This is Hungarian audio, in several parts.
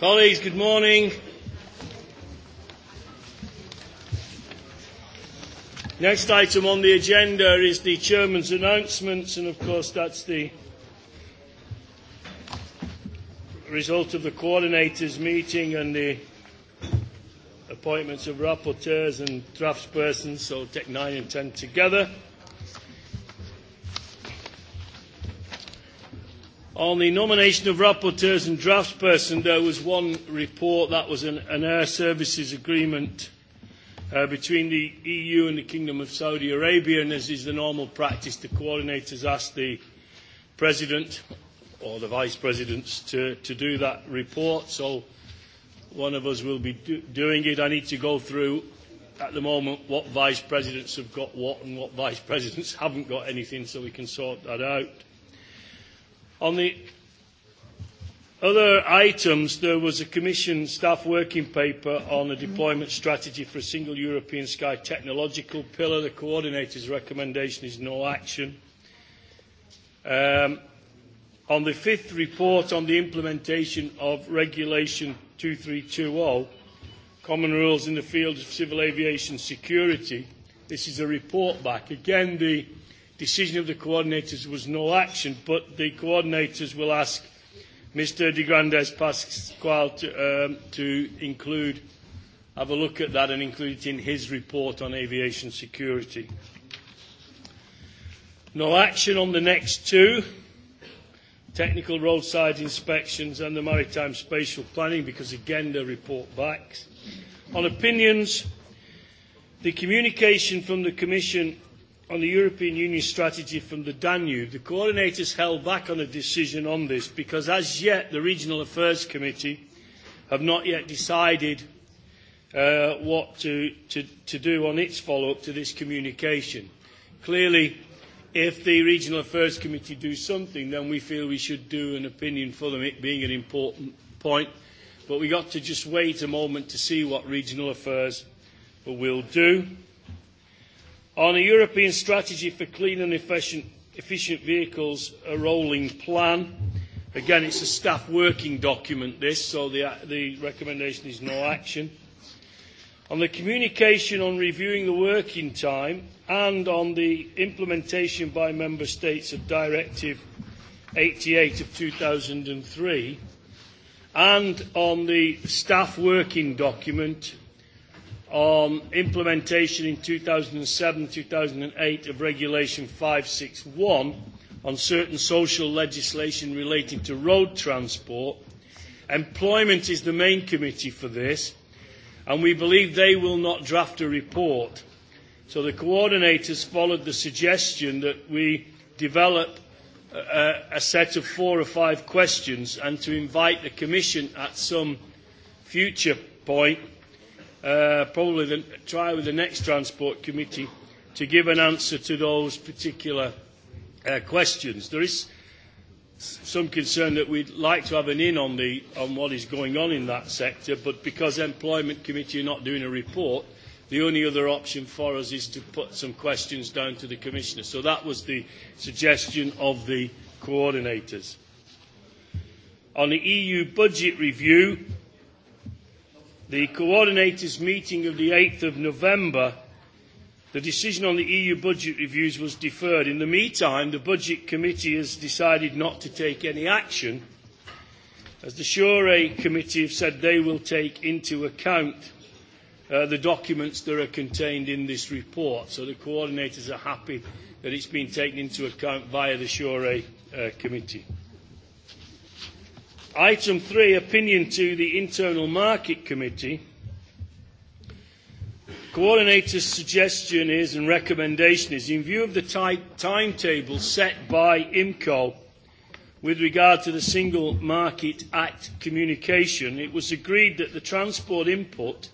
Colleagues, good morning. Next item on the agenda is the chairman's announcements, and of course, that's the result of the coordinators' meeting and the appointments of rapporteurs and draftspersons, so take nine and ten together. On the nomination of rapporteurs and draftsperson, there was one report that was an, an air services agreement uh, between the EU and the Kingdom of Saudi Arabia, and as is the normal practice, the coordinators asked the President or the Vice Presidents to, to do that report. So one of us will be do, doing it. I need to go through at the moment what Vice Presidents have got what and what Vice Presidents haven't got anything, so we can sort that out. On the other items, there was a Commission staff working paper on a deployment strategy for a single European sky technological pillar. The coordinator's recommendation is no action. Um, on the fifth report on the implementation of Regulation 2320, Common Rules in the Field of Civil Aviation Security, this is a report back. Again, the decision of the coordinators was no action, but the coordinators will ask Mr. De Grandes Pasquale to, um, to include, have a look at that and include it in his report on aviation security. No action on the next two technical roadside inspections and the maritime spatial planning because again the report backs. On opinions, the communication from the Commission on the European Union strategy from the Danube, the coordinators held back on a decision on this because as yet the Regional Affairs Committee have not yet decided uh, what to, to, to do on its follow-up to this communication. Clearly, if the Regional Affairs Committee do something, then we feel we should do an opinion for them, it being an important point. But we got to just wait a moment to see what Regional Affairs will do on a European strategy for clean and efficient, efficient vehicles, a rolling plan. Again, it's a staff working document, this, so the, the recommendation is no action. On the communication on reviewing the working time and on the implementation by Member States of Directive 88 of 2003, and on the staff working document on um, implementation in 2007-2008 of Regulation 561 on certain social legislation relating to road transport. Employment is the main committee for this, and we believe they will not draft a report. So the coordinators followed the suggestion that we develop a, uh, uh, a set of four or five questions and to invite the Commission at some future point Uh, probably the, try with the next Transport Committee to give an answer to those particular uh, questions. There is some concern that we'd like to have an in on, the, on what is going on in that sector, but because Employment Committee are not doing a report, the only other option for us is to put some questions down to the Commissioner. So that was the suggestion of the coordinators. On the EU budget review, the coordinators' meeting of the 8th of November, the decision on the EU budget reviews was deferred. In the meantime, the Budget Committee has decided not to take any action, as the Sure Committee have said they will take into account uh, the documents that are contained in this report. So the coordinators are happy that it's been taken into account via the Sure uh, Committee. Item three, opinion to the Internal Market Committee. Coordinator's suggestion is and recommendation is in view of the timetable set by IMCO with regard to the Single Market Act communication, it was agreed that the transport input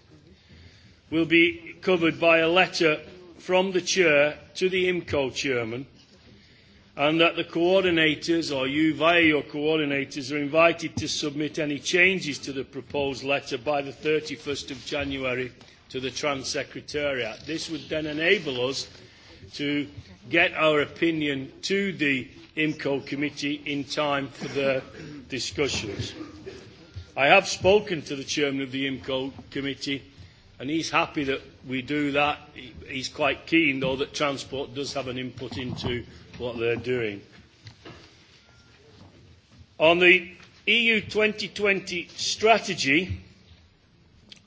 will be covered by a letter from the Chair to the IMCO chairman and that the coordinators or you via your coordinators are invited to submit any changes to the proposed letter by the 31st of January to the Trans Secretariat. This would then enable us to get our opinion to the IMCO committee in time for their discussions. I have spoken to the chairman of the IMCO committee and he's happy that we do that. He's quite keen though that transport does have an input into what they're doing. On the EU 2020 strategy,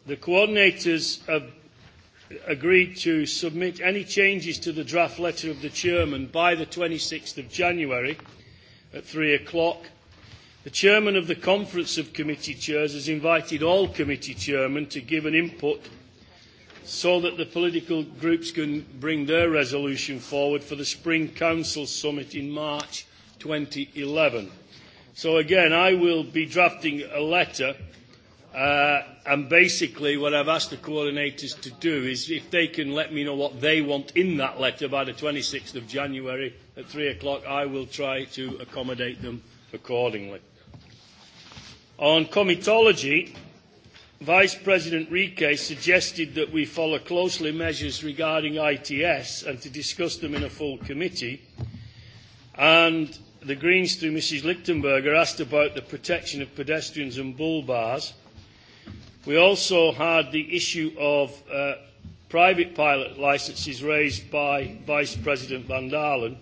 the coordinators have agreed to submit any changes to the draft letter of the chairman by the 26th of January at 3 o'clock. The chairman of the Conference of Committee Chairs has invited all committee chairmen to give an input so that the political groups can bring their resolution forward for the Spring Council Summit in March 2011. So again, I will be drafting a letter uh, and basically what I've asked the coordinators to do is if they can let me know what they want in that letter by the 26th of January at 3 o'clock, I will try to accommodate them accordingly. On comitology, Vice President Rike suggested that we follow closely measures regarding ITS and to discuss them in a full committee. And the Greens, through Mrs. Lichtenberger, asked about the protection of pedestrians and bull bars. We also had the issue of uh, private pilot licences raised by Vice President Van Dalen.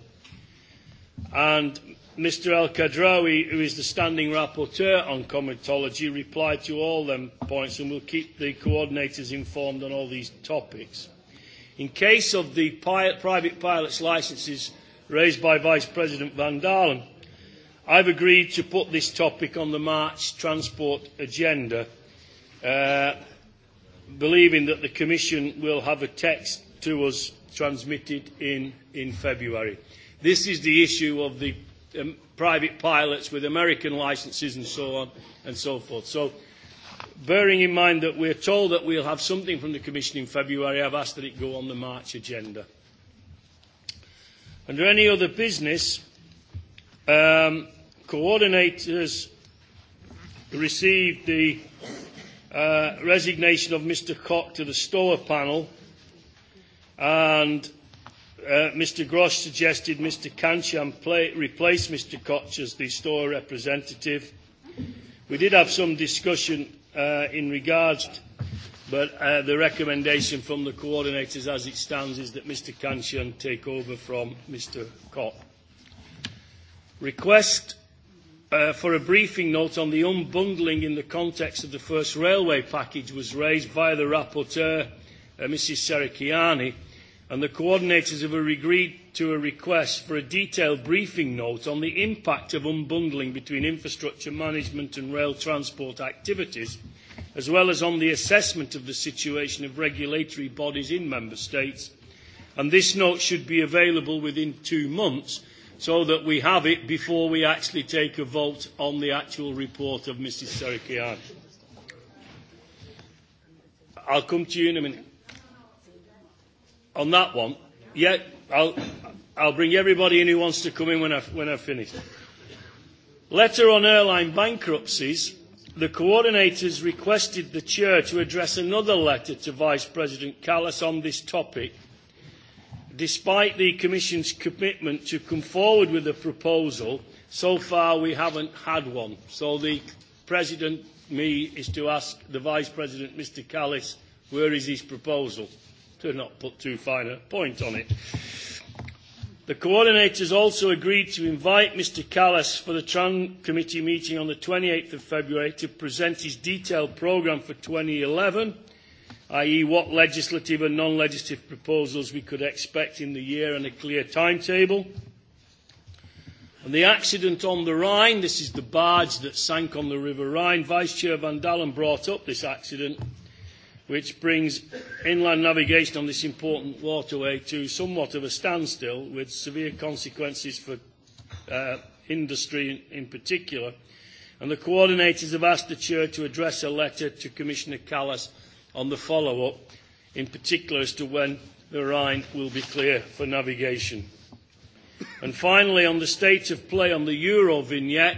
And Mr El Kadrawi, who is the standing rapporteur on comitology, replied to all them points and will keep the coordinators informed on all these topics. In case of the pilot, private pilot's licences raised by Vice President Van Dalen, I've agreed to put this topic on the March transport agenda, uh, believing that the Commission will have a text to us transmitted in, in February. This is the issue of the um, private pilots with American licenses and so on and so forth. So bearing in mind that we're told that we'll have something from the Commission in February, I've asked that it go on the March agenda. Under any other business, um, coordinators received the uh, resignation of Mr Cock to the Stoa panel and Uh, Mr Grosh suggested Mr Kanchan play, replace Mr Koch as the store representative. We did have some discussion uh, in regards, but uh, the recommendation from the coordinators as it stands is that Mr Kanchan take over from Mr Koch. Request uh, for a briefing note on the unbundling in the context of the first railway package was raised by the rapporteur, uh, Mrs Serikiani and the coordinators have agreed to a request for a detailed briefing note on the impact of unbundling between infrastructure management and rail transport activities, as well as on the assessment of the situation of regulatory bodies in Member States. And this note should be available within two months so that we have it before we actually take a vote on the actual report of Mrs. Serekian. I'll come to you in a minute on that one, yeah, I'll, I'll bring everybody in who wants to come in when, I, when I've finished. Letter on airline bankruptcies. The coordinators requested the chair to address another letter to Vice President Callas on this topic, despite the Commission's commitment to come forward with a proposal. So far, we haven't had one. So the President, me, is to ask the Vice President, Mr Callis, where is his proposal? to not put too fine a point on it. The coordinators also agreed to invite Mr Callas for the TRAN committee meeting on the 28th of February to present his detailed programme for 2011, i.e. what legislative and non-legislative proposals we could expect in the year and a clear timetable. And the accident on the Rhine, this is the barge that sank on the River Rhine, Vice Chair Van Dalen brought up this accident which brings inland navigation on this important waterway to somewhat of a standstill with severe consequences for uh, industry in particular. And the coordinators have asked the Chair to address a letter to Commissioner Callas on the follow-up, in particular as to when the Rhine will be clear for navigation. And finally, on the state of play on the Euro vignette,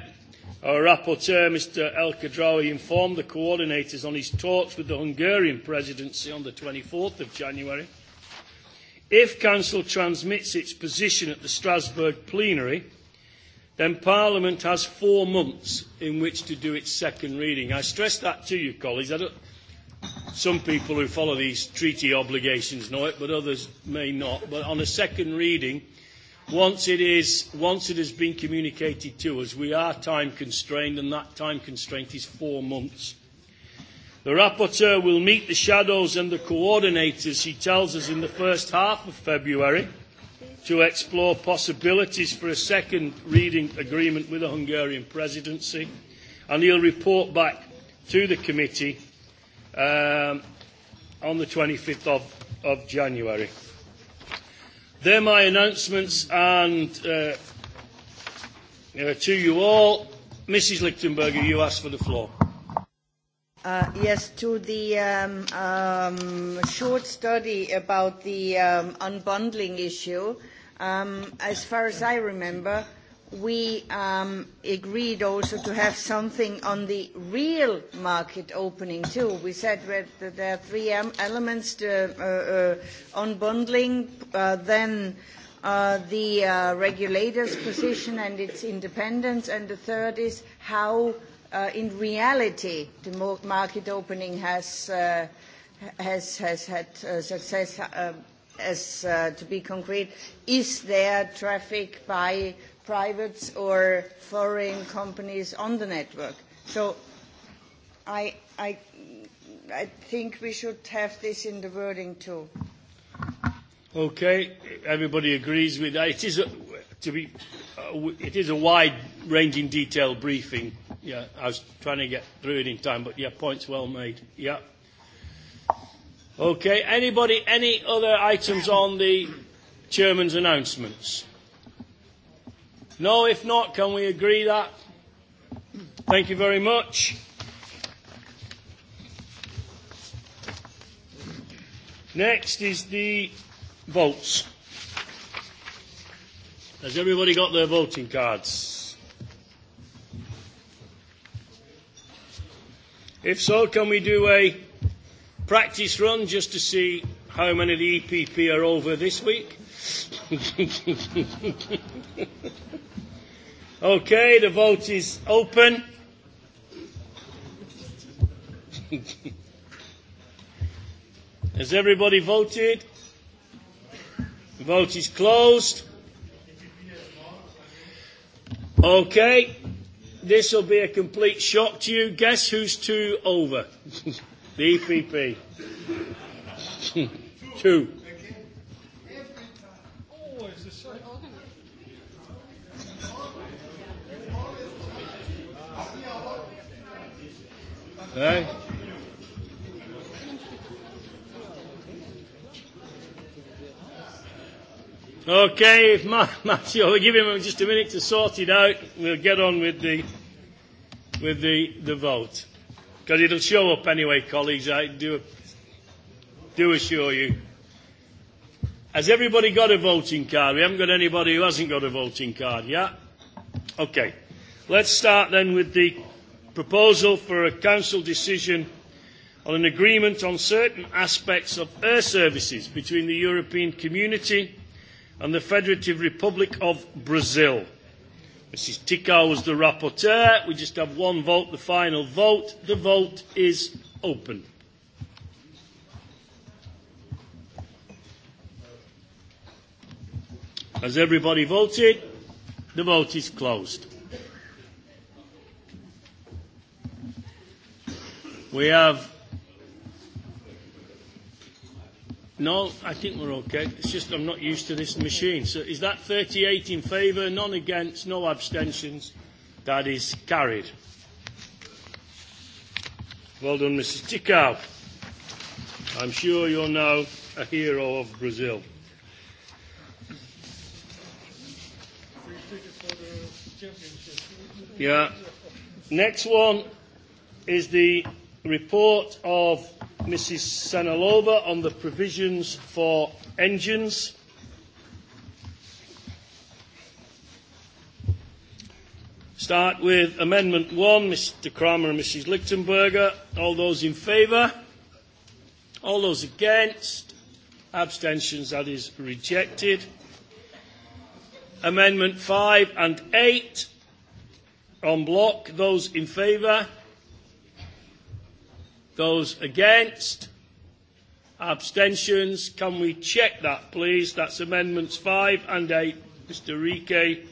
Our rapporteur, Mr El Khadraoui, informed the coordinators on his talks with the Hungarian presidency on the 24th of January. If Council transmits its position at the Strasbourg plenary, then Parliament has four months in which to do its second reading. I stress that to you, colleagues. I don't, some people who follow these treaty obligations know it, but others may not. But on a second reading, once it is once it has been communicated to us, we are time constrained, and that time constraint is four months. The rapporteur will meet the shadows and the coordinators, he tells us, in the first half of February to explore possibilities for a second reading agreement with the Hungarian presidency, and he'll report back to the committee um, on the 25th of, of January. They're my announcements, and uh, uh, to you all, Mrs. Lichtenberger, you ask for the floor. Uh, yes, to the um, um, short study about the um, unbundling issue. Um, as far as I remember, we um, agreed also to have something on the real market opening too. We said that there are three elements, to, uh, uh, unbundling, uh, uh, then uh, the uh, regulator's position and its independence, and the third is how uh, in reality the market opening has, uh, has, has had uh, success. Uh, as uh, to be concrete, is there traffic by private or foreign companies on the network. So I, I, I think we should have this in the wording too. Okay, everybody agrees with that. It is a, to be, uh, it is a wide-ranging, detailed briefing. Yeah, I was trying to get through it in time, but yeah, points well made. Yeah. Okay, anybody, any other items on the chairman's announcements? No, if not, can we agree that? Thank you very much. Next is the votes. Has everybody got their voting cards? If so, can we do a practice run just to see how many of the EPP are over this week? Okay, the vote is open. Has everybody voted? The vote is closed. Okay, this will be a complete shock to you. Guess who's two over? the EPP. two. Hey. Okay, if Matthew, we'll give him just a minute to sort it out. We'll get on with the with the, the vote because it'll show up anyway, colleagues. I do do assure you. Has everybody got a voting card? We haven't got anybody who hasn't got a voting card. Yeah. Okay. Let's start then with the proposal for a council decision on an agreement on certain aspects of air services between the European Community and the Federative Republic of Brazil. Mrs. Tickow was the rapporteur. We just have one vote, the final vote. The vote is open. Has everybody voted? The vote is closed. We have. No, I think we're okay. It's just I'm not used to this machine. So is that 38 in favour, none against, no abstentions? That is carried. Well done, Mrs. Tikau. I'm sure you're now a hero of Brazil. Yeah. Next one is the the report of Mrs. Senalova on the provisions for engines. Start with Amendment 1, Mr. Kramer and Mrs. Lichtenberger. All those in favour? All those against? Abstentions, that is rejected. Amendment 5 and 8 en bloc, Those in favour? Those against? Abstentions? Can we check that, please? That's amendments 5 and 8. Mr. Rike.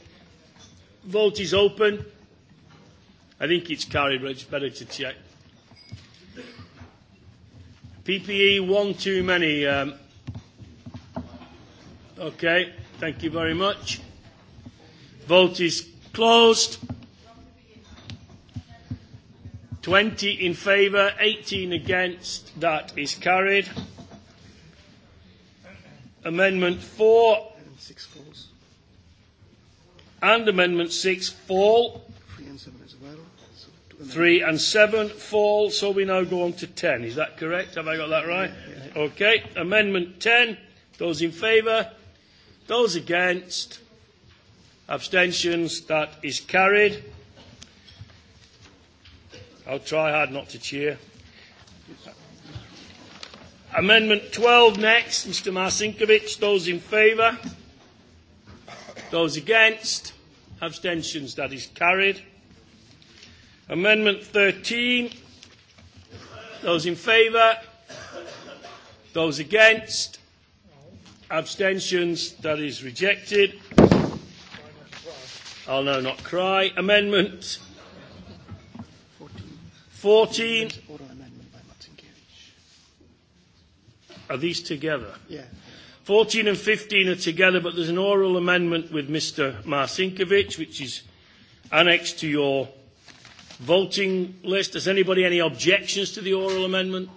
Vote is open. I think it's carried, but it's better to check. PPE, one too many. Um, okay, thank you very much. Vote is closed 20 in favour, 18 against. That is carried. Amendment 4. Six falls. And Amendment 6 fall. 3 and 7 as well. So 3 and 7 fall, so we now go on to 10. Is that correct? Have I got that right? Yeah, yeah. Okay. Amendment 10. Those in favour? Those against? Abstentions? That is carried. I'll try hard not to cheer. Amendment 12 next, Mr. Marcinkovic. Those in favour? Those against? Abstentions, that is carried. Amendment 13. Those in favour? Those against? Abstentions, that is rejected. I'll now not cry. Amendment 14. Are these together? Yeah. 14 and 15 are together, but there's an oral amendment with Mr. Marcinkovic, which is annexed to your voting list. Has anybody any objections to the oral amendment?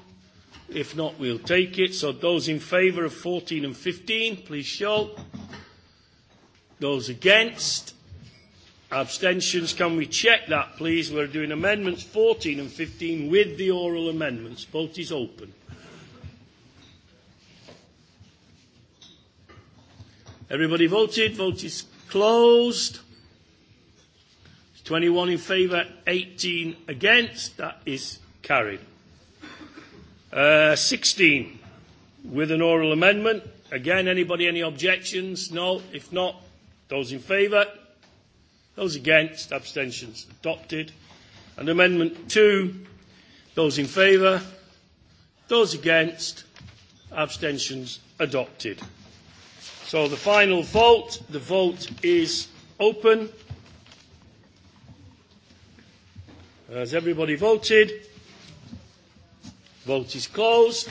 If not, we'll take it. So those in favour of 14 and 15, please show. Those against, Abstentions, can we check that, please? We're doing amendments 14 and 15 with the oral amendments. Vote is open. Everybody voted. Vote is closed. 21 in favour, 18 against. That is carried. Uh, 16 with an oral amendment. Again, anybody, any objections? No. If not, those in favour? Those against, abstentions adopted. And Amendment 2, those in favour, those against, abstentions adopted. So the final vote, the vote is open. Has everybody voted? Vote is closed.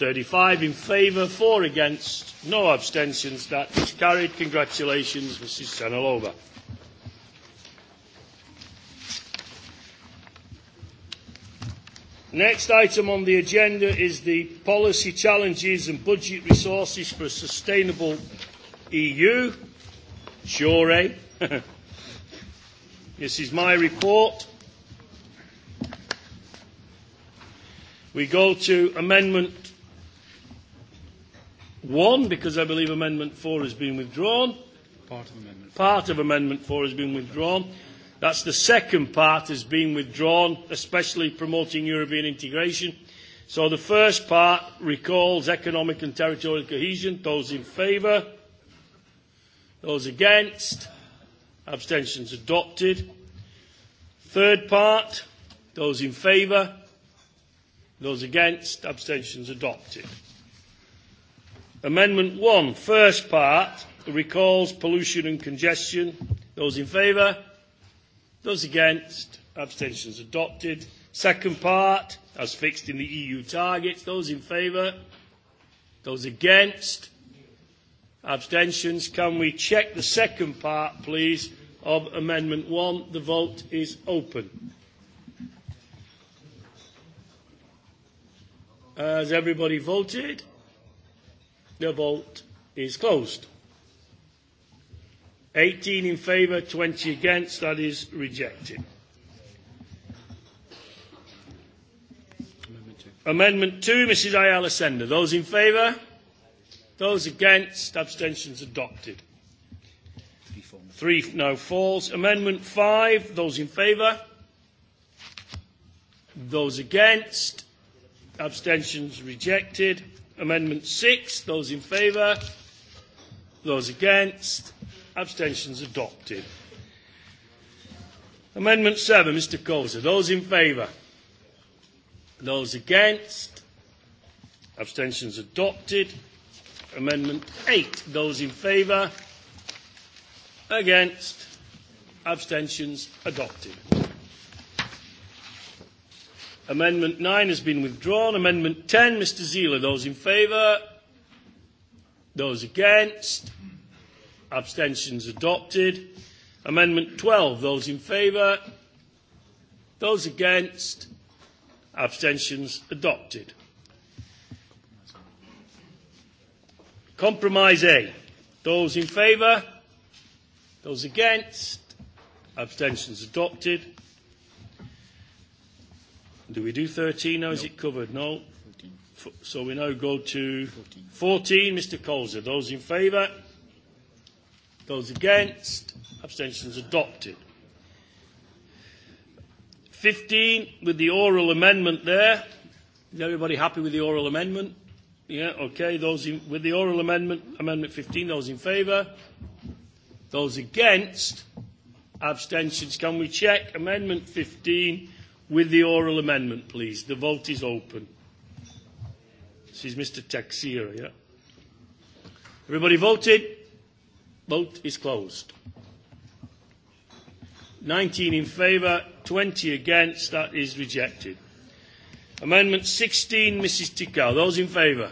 35 in favour, 4 against, no abstentions. That is carried. Congratulations, Mrs. Senalova. Next item on the agenda is the policy challenges and budget resources for a sustainable EU. Sure, eh? this is my report. We go to Amendment One, because I believe Amendment 4 has been withdrawn. Part of Amendment 4. Part of Amendment four has been withdrawn. That's the second part has been withdrawn, especially promoting European integration. So the first part recalls economic and territorial cohesion. Those in favour? Those against? Abstentions adopted. Third part? Those in favour? Those against? Abstentions adopted. Amendment 1, first part, recalls pollution and congestion. Those in favour? Those against? Abstentions adopted. Second part, as fixed in the EU targets. Those in favour? Those against? Abstentions. Can we check the second part, please, of Amendment 1? The vote is open. Has everybody voted? The vote is closed. 18 in favor, 20 against. That is rejected. Amendment 2, two Mrs Ayala Sender. Those in favor? Those against? Abstentions adopted. Three, no. falls. Amendment 5. Those in favor? Those against? Abstentions rejected. Amendment 6, those in favour, those against, abstentions adopted. Amendment 7, Mr Coulter, those in favour, those against, abstentions adopted. Amendment 8, those in favour, against, abstentions adopted. Amendment 9 has been withdrawn. Amendment 10, Mr. Zeeler. Those in favour? Those against? Abstentions adopted. Amendment 12, those in favour? Those against? Abstentions adopted. Compromise A. Those in favour? Those against? Abstentions adopted. Do we do 13 or is it covered? No. 14. So we now go to 14. 14 Mr. Colza. Those in favour? Those against? Abstentions adopted. 15 with the oral amendment there. Is everybody happy with the oral amendment? Yeah, okay. Those in, with the oral amendment, Amendment 15, those in favour? Those against? Abstentions. Can we check Amendment 15? with the oral amendment, please. The vote is open. This is Mr. Taxira, yeah? Everybody voted? Vote is closed. 19 in favour, 20 against. That is rejected. Amendment 16, Mrs Tikal. Mm, those in favour?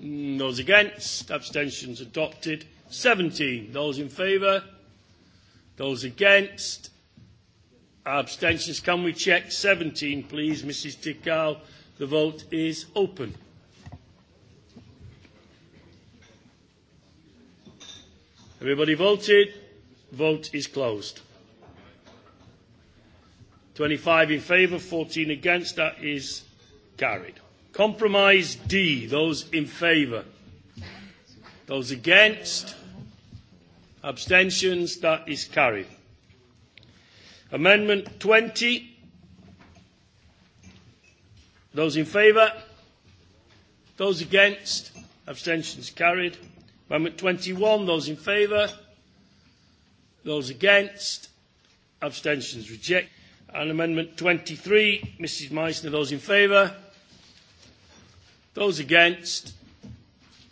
Those against? Abstentions adopted. 17. Those in favour? Those against? Abstentions. Can we check 17, please, Mrs. Tikal? The vote is open. Everybody voted. Vote is closed. 25 in favour, 14 against. That is carried. Compromise D. Those in favour. Those against. Abstentions. That is carried. Amendment 20. Those in favour? Those against? Abstentions carried. Amendment 21. Those in favour? Those against? Abstentions rejected. And Amendment 23, Mrs Meissner, those in favour? Those against?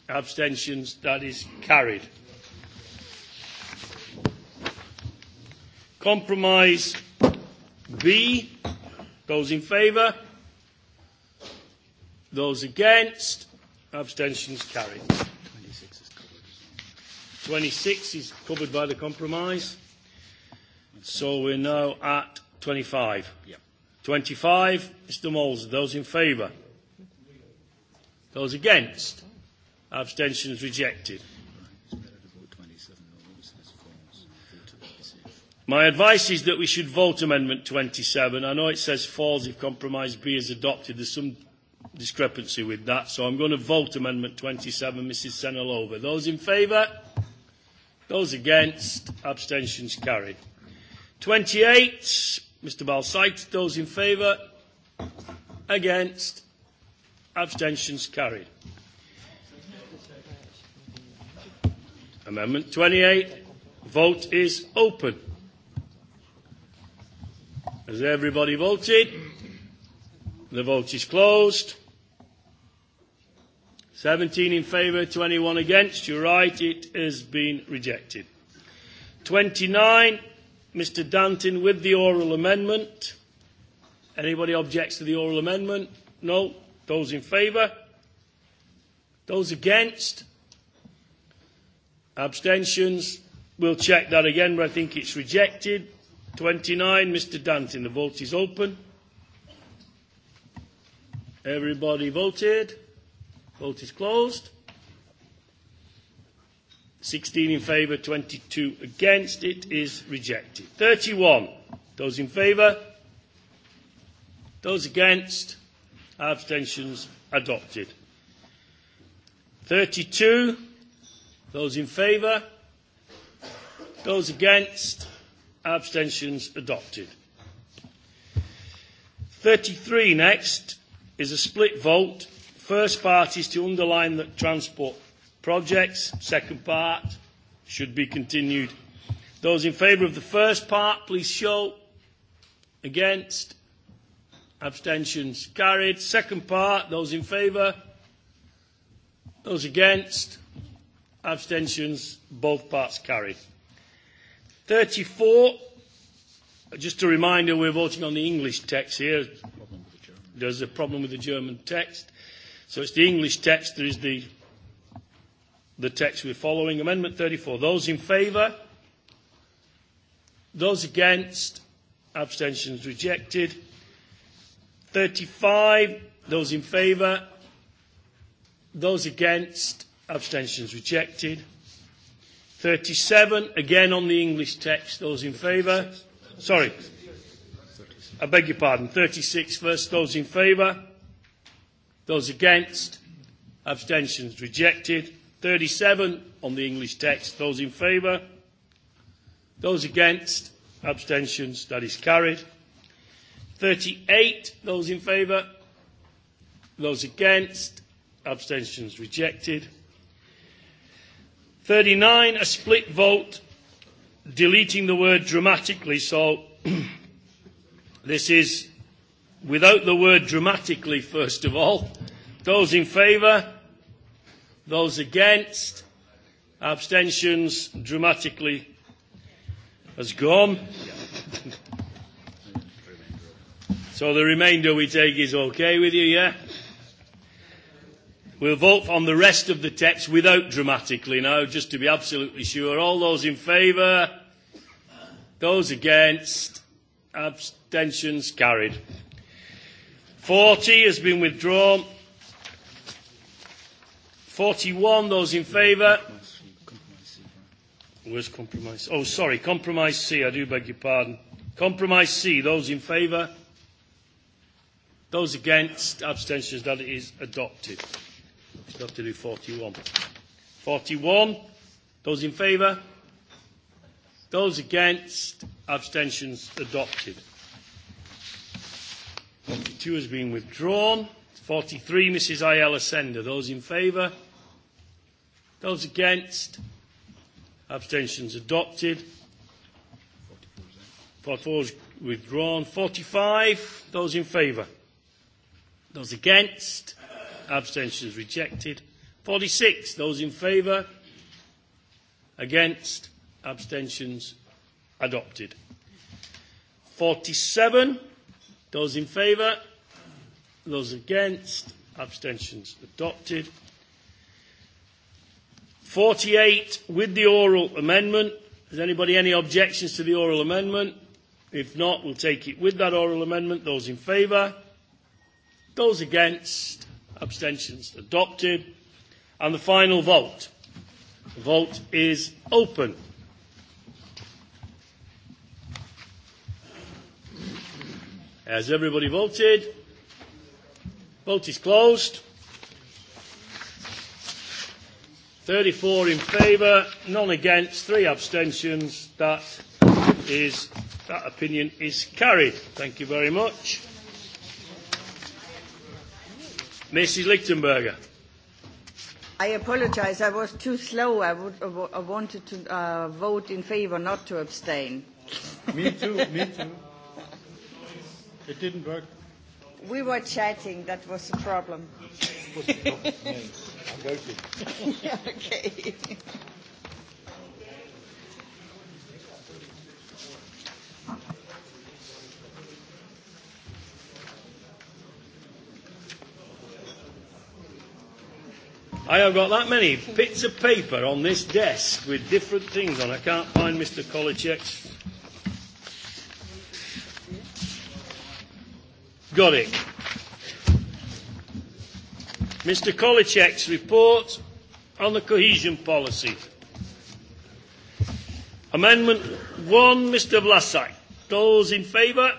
Abstentions, that is carried. Compromise B. Those in favour? Those against? Abstentions carried. 26 is covered. 26 is covered by the compromise. So we're now at 25. Yep. 25, Mr Moles, those in favour? Those against? Abstentions rejected. My advice is that we should vote Amendment 27. I know it says falls if Compromise B is adopted. There's some discrepancy with that, so I'm going to vote Amendment 27, Mrs Senelova. Those in favour? Those against? Abstentions carried. 28, Mr Balsight. Those in favour? Against? Abstentions carried. Amendment 28. Vote is open. Has everybody voted? The vote is closed. 17 in favour, 21 against. You're right, it has been rejected. 29, Mr Danton with the oral amendment. Anybody objects to the oral amendment? No. Those in favour? Those against? Abstentions? We'll check that again, but I think it's rejected. 29, Mr. Danton. The vote is open. Everybody voted. Vote is closed. 16 in favour, 22 against. It is rejected. 31. Those in favour? Those against? Abstentions adopted. 32. Those in favour? Those against? Abstentions adopted. 33 next is a split vote. First part is to underline that transport projects, second part, should be continued. Those in favour of the first part, please show. Against? Abstentions carried. Second part, those in favour? Those against? Abstentions, both parts carried. 34, just a reminder, we're voting on the English text here. There's a problem with the German text. So it's the English text that is the, the text we're following. Amendment 34. Those in favour? Those against? Abstentions rejected. 35. Those in favour? Those against? Abstentions rejected. 37, again on the English text. Those in favour? Sorry. I beg your pardon. 36 first. Those in favour? Those against? Abstentions rejected. 37 on the English text. Those in favour? Those against? Abstentions. That is carried. 38. Those in favour? Those against? Abstentions rejected. 39, a split vote, deleting the word dramatically. So this is without the word dramatically, first of all. Those in favour? Those against? Abstentions dramatically has gone. so the remainder we take is okay with you, yeah? We'll vote on the rest of the text without dramatically now, just to be absolutely sure. All those in favour? Those against? Abstentions carried. 40 has been withdrawn. 41, those in favour? Where's compromise? Oh, sorry, compromise C, I do beg your pardon. Compromise C, those in favour? Those against? Abstentions, that is adopted. We've have to do 41. 41. Those in favour? Those against? Abstentions adopted. 42 has been withdrawn. 43, Mrs. Ayala Sender. Those in favour? Those against? Abstentions adopted. 44 is withdrawn. 45, those in favour? Those against? abstentions rejected. 46, those in favour, against, abstentions adopted. 47, those in favour, those against, abstentions adopted. 48 with the oral amendment. Has anybody any objections to the oral amendment? If not, we'll take it with that oral amendment. Those in favour? Those against? abstentions adopted. And the final vote. The vote is open. Has everybody voted? Vote is closed. 34 in favour, none against, three abstentions. That is that opinion is carried. Thank you very much. Mrs. Lichtenberger. I apologize. I was too slow. I, would, I wanted to uh, vote in favor, not to abstain. me too. Me too. It didn't work. We were chatting. That was the problem. I'm voting. yeah, okay. I have got that many bits of paper on this desk with different things on. I can't find Mr. Kolicek's. Got it. Mr. Kolicek's report on the cohesion policy. Amendment 1, Mr. Vlasak. Those in favour?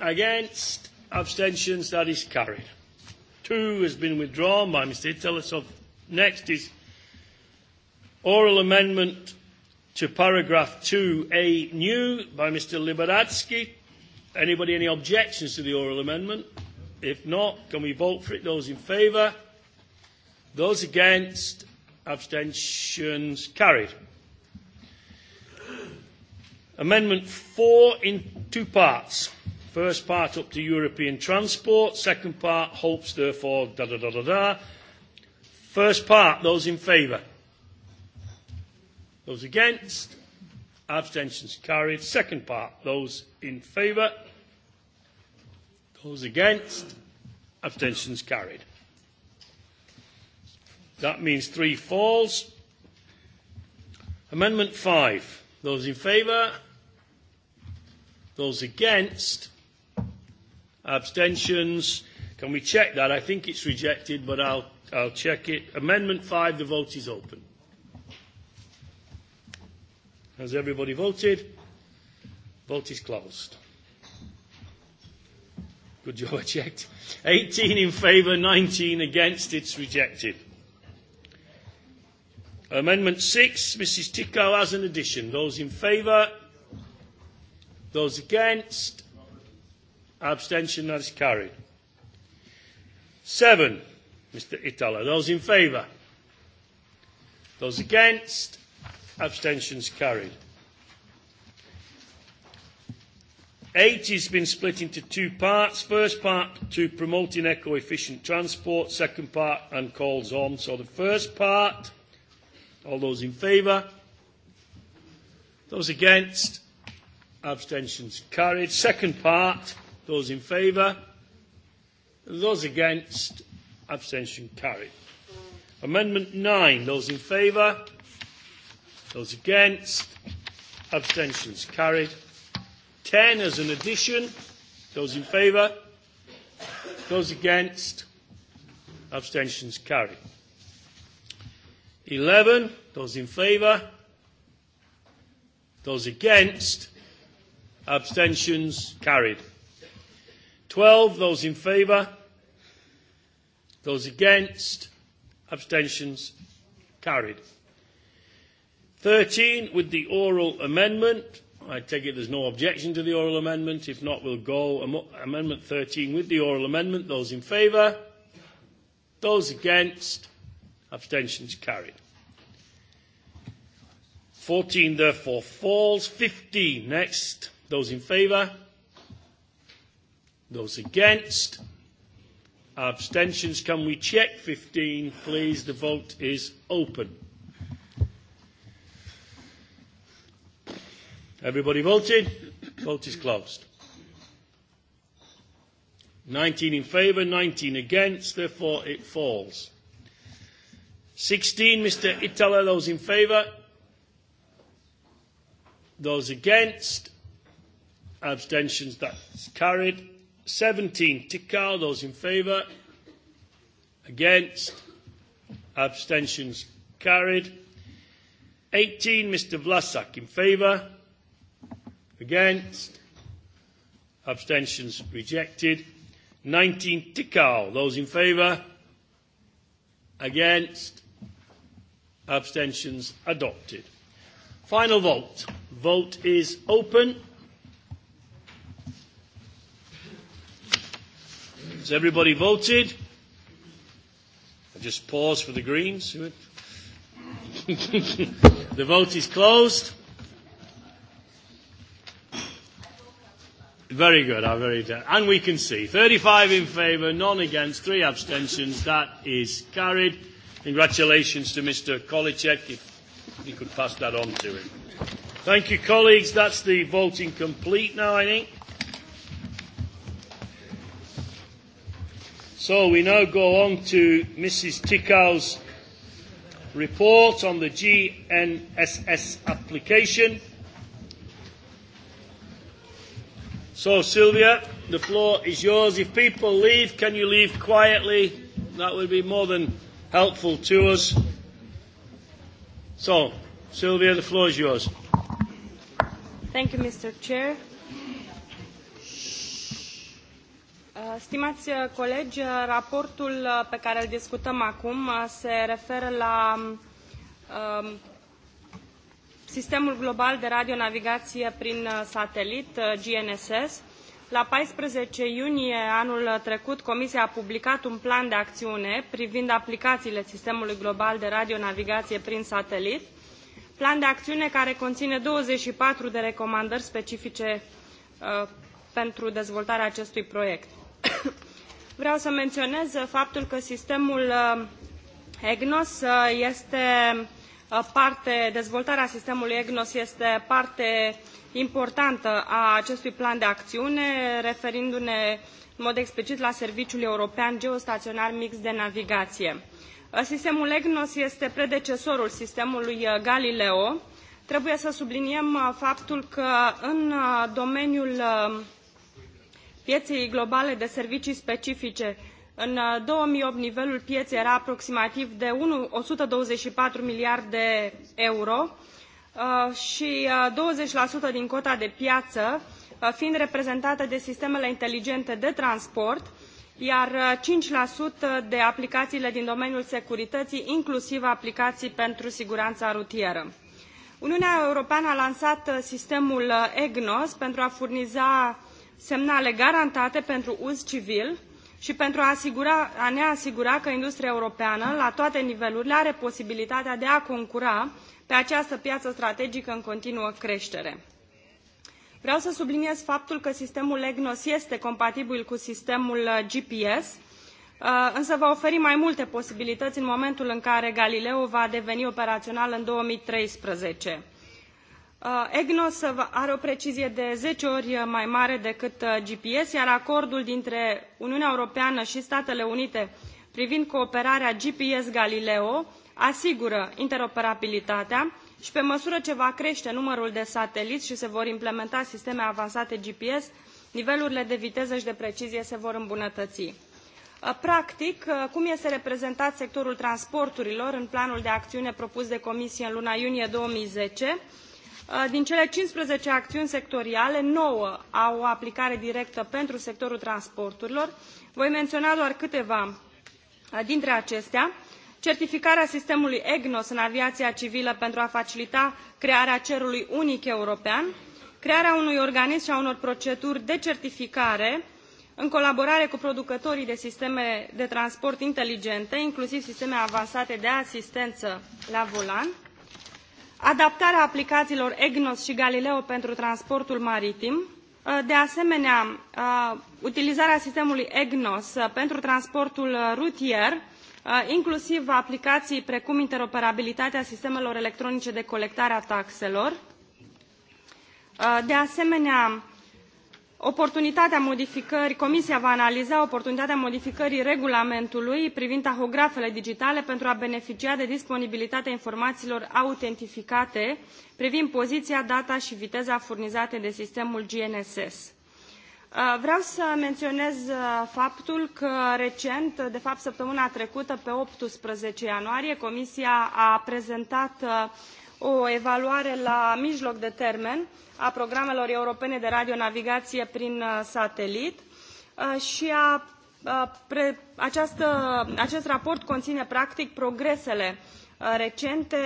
Against? Abstentions? That is carried two has been withdrawn by Mr. Itella. So next is oral amendment to paragraph 2A new by Mr. Liberadsky. Anybody any objections to the oral amendment? If not, can we vote for it? Those in favour? Those against? Abstentions carried. Amendment 4 in two parts. First part up to European transport, second part hopes therefore da da da da da. First part, those in favour. Those against, abstentions carried. Second part, those in favour. Those against, abstentions carried. That means three falls. Amendment five. Those in favour? Those against? Abstentions? Can we check that? I think it's rejected, but I'll, I'll check it. Amendment 5, the vote is open. Has everybody voted? Vote is closed. Good job, I checked. 18 in favour, 19 against. It's rejected. Amendment 6, Mrs Tickow has an addition. Those in favour? Those against? Abstention, that is carried. Seven, Mr Itala. Those in favour? Those against? Abstentions carried. Eight has been split into two parts. First part to promoting eco-efficient transport. Second part and calls on. So the first part, all those in favour? Those against? Abstentions carried. Second part, Those in favour? Those against? Abstention carried. Amendment 9. Those in favour? Those against? Abstentions carried. 10 as an addition. Those in favour? Those against? Abstentions carried. 11. Those in favour? Those against? Abstentions carried. 12, those in favour. Those against. Abstentions carried. 13, with the oral amendment. I take it there's no objection to the oral amendment. If not, we'll go am- Amendment 13 with the oral amendment. Those in favour? Those against? Abstentions carried. 14, therefore, falls. 15, next. Those in favour? Those against? Abstentions. Can we check 15, please? The vote is open. Everybody voted? Vote is closed. 19 in favour, 19 against, therefore it falls. 16, Mr Itala, those in favour? Those against? Abstentions, that's carried. 17, Tikal, those in favour. Against. Abstentions carried. 18, Mr Vlasak, in favour. Against. Abstentions rejected. 19, Tikal, those in favour. Against. Abstentions adopted. Final vote. Vote is open. Has everybody voted? I just pause for the Greens. the vote is closed. Very good. I very and we can see 35 in favour, none against, three abstentions. That is carried. Congratulations to Mr. Kolicek. If you could pass that on to him. Thank you, colleagues. That's the voting complete now. I think. So we now go on to Mrs. Tickow's report on the GNSS application. So, Sylvia, the floor is yours. If people leave, can you leave quietly? That would be more than helpful to us. So, Sylvia, the floor is yours. Thank you, Mr. Chair. Uh, stimați uh, colegi, uh, raportul pe care îl discutăm acum se referă la um, um, sistemul global de radionavigație prin satelit, GNSS. La 14 iunie anul trecut, Comisia a publicat un plan de acțiune privind aplicațiile sistemului global de radionavigație prin satelit, plan de acțiune care conține 24 de recomandări specifice uh, pentru dezvoltarea acestui proiect. Vreau să menionez faptul că sistemul uh, EGNOS uh, este uh, parte, dezvoltarea sistemului EGNOS este parte importantă a acestui plan de aciune referindu-ne în mod explicit la Serviciul European geostaionar Mix de navigaie. Sistemul EGNOS este predecesorul sistemului Galileo. Trebuie să subliniem faptul că în domeniul pieței globale de servicii specifice. În 2008 uh, nivelul pieței era aproximativ de 1.124 miliarde de euro uh, și 20% uh, din cota de piață fiind reprezentată de sistemele inteligente de transport, iar 5% de aplicațiile din domeniul securității, inclusiv aplicații pentru siguranța rutieră. Uniunea Europeană a lansat sistemul EGNOS pentru a furniza semnale garantate pentru uz civil și pentru a, asigura, a ne asigura că industria europeană, la toate nivelurile, are posibilitatea de a concura pe această piață strategică în continuă creștere. Vreau să subliniez faptul că sistemul EGNOS este compatibil cu sistemul uh, GPS, uh, însă va oferi mai multe posibilități în momentul în care Galileo va deveni operațional în 2013. EGNOS are o precizie de zece ori mai mare decât uh, GPS, iar acordul dintre Uniunea Europeană i Statele Unite privind cooperarea GPS Galileo asigură interoperabilitatea i pe măsură ce va crete numărul de satelii i se vor implementa sisteme avansate GPS, nivelurile de viteză i de precizie se vor îmbunătăi. Uh, practic, uh, cum este reprezentat sectorul transporturilor în planul de aciune propus de Comisie în luna iunie două mii zece? Din cele 15 acțiuni sectoriale, nouă au o aplicare directă pentru sectorul transporturilor. Voi menționa doar câteva dintre acestea. Certificarea sistemului EGNOS în aviația civilă pentru a facilita crearea cerului unic european, crearea unui organism și a unor proceduri de certificare în colaborare cu producătorii de sisteme de transport inteligente, inclusiv sisteme avansate de asistență la volan, adaptarea aplicațiilor EGNOS și Galileo pentru transportul maritim, uh, de asemenea, uh, utilizarea sistemului EGNOS uh, pentru transportul rutier, inclusiv aplicații precum interoperabilitatea sistemelor electronice de colectare a taxelor, de asemenea, oportunitatea modificării comisia va analiza oportunitatea modificării regulamentului privind tahografele digitale pentru a beneficia de disponibilitatea informațiilor autentificate privind poziția data și viteza furnizate de sistemul gnss. Uh, vreau să menționez uh, faptul că recent, uh, de fapt săptămâna trecută, pe 18 ianuarie, Comisia a prezentat o evaluare la mijloc de termen a programelor europene de radionavigație prin uh, satelit uh, și a, a, uh, pre, această, acest raport conține practic progresele recente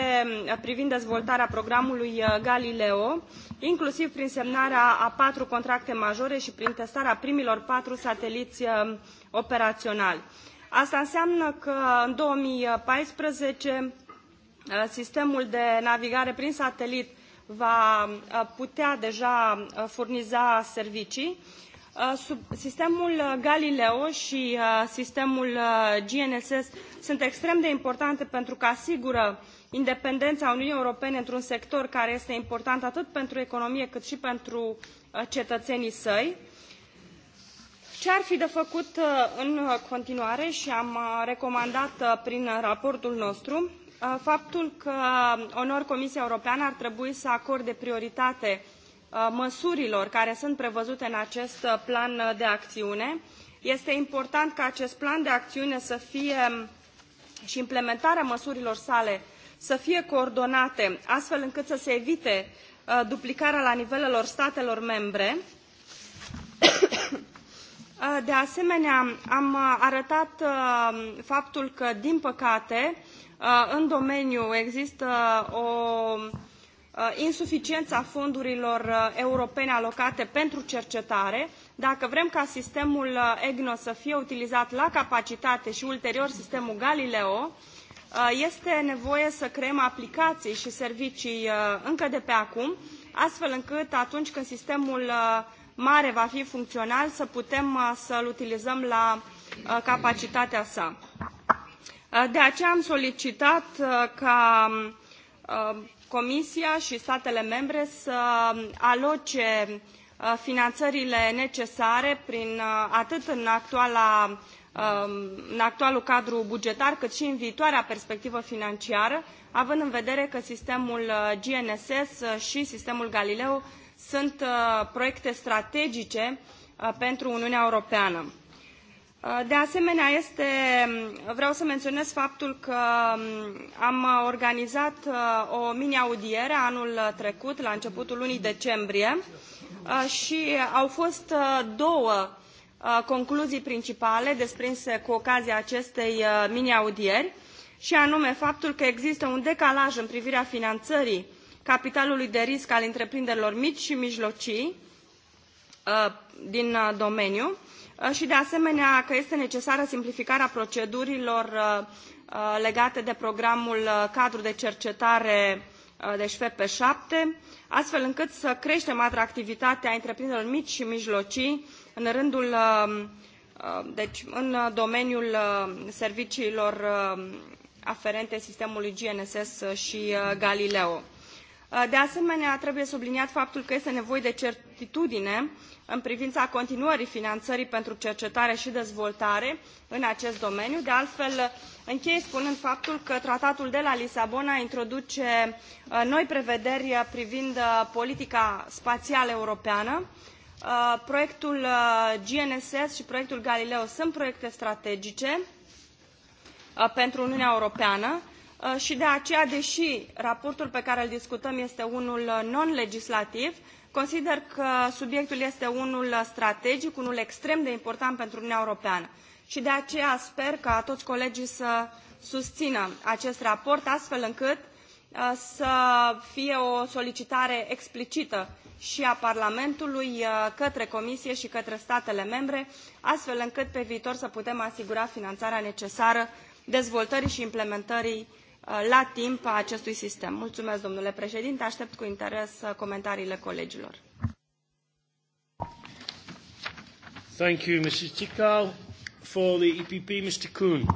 privind dezvoltarea programului Galileo, inclusiv prin semnarea a patru contracte majore și prin testarea primilor patru sateliți operaționali. Asta înseamnă că în 2014 Sistemul de navigare prin satelit va putea deja furniza servicii. sistemul Galileo și sistemul GNSS sunt extrem de importante pentru că asigură independența Uniunii Europene într-un sector care este important atât pentru economie cât și pentru cetățenii săi. Ce ar fi de făcut în continuare și am recomandat prin raportul nostru Uh, faptul că um, onor Comisia Europeană ar trebui să acorde prioritate uh, măsurilor care sunt prevăzute în acest uh, plan de acțiune. Este important ca acest plan de acțiune să fie um, și implementarea măsurilor sale să fie coordonate astfel încât să se evite duplicarea la nivelelor statelor membre. De asemenea, am arătat um, faptul că, din păcate, în domeniu există o insuficiență a fondurilor europene alocate pentru cercetare. Dacă vrem ca sistemul EGNOS să fie utilizat la capacitate și ulterior sistemul Galileo, este nevoie să creăm aplicații și servicii încă de pe acum, astfel încât atunci când sistemul mare va fi funcțional să putem să-l utilizăm la capacitatea sa. De aceea am solicitat uh, ca um, uh, Comisia și statele membre să um, aloce uh, finanțările necesare prin, atât în, actuala, um, în actualul cadru bugetar, cât și în viitoarea perspectivă financiară, având în vedere că sistemul GNSS și sistemul Galileo sunt proiecte strategice pentru Uniunea Europeană. Uh, de asemenea, este, um, vreau să menționez faptul că um, am organizat uh, o mini-audiere anul trecut, la începutul lunii decembrie, uh, și au fost două concluzii principale desprinse cu ocazia acestei mini-audieri, și anume faptul că există un decalaj în privirea finanțării capitalului de risc al întreprinderilor mici și mijlocii din domeniu, Uh, și de asemenea că este necesară simplificarea procedurilor uh, uh, legate de programul cadru de cercetare deci FP7, astfel încât să creștem atractivitatea întreprinderilor mici și mijlocii în rândul deci în domeniul serviciilor aferente sistemului GNSS și Galileo. De asemenea, trebuie subliniat faptul că este nevoie de certitudine în privina continuării finanării pentru cercetare i dezvoltare în acest domeniu. De altfel, închei spunând faptul că tratatul de la Lisabona introduce uh, noi prevederi privind uh, politica spaială europeană. Uh, proiectul GNSS i proiectul Galileo sunt proiecte strategice pentru Uniunea Europeană i de aceea, dei raportul pe care îl discutăm este unul non-legislativ, Consider că subiectul este unul uh, strategic, unul extrem de important pentru Uniunea Europeană și de aceea sper ca toți colegii să susțină acest raport astfel încât uh, să fie o solicitare explicită și a Parlamentului uh, către Comisie și către statele membre, astfel încât pe viitor să putem asigura finanțarea necesară dezvoltării și implementării Uh, la timp a acestui sistem. Mulțumesc, domnule președinte. Aștept cu interes uh, comentariile colegilor. Thank you, Mrs. Tickau, For the EPP, Mr. Kuhn.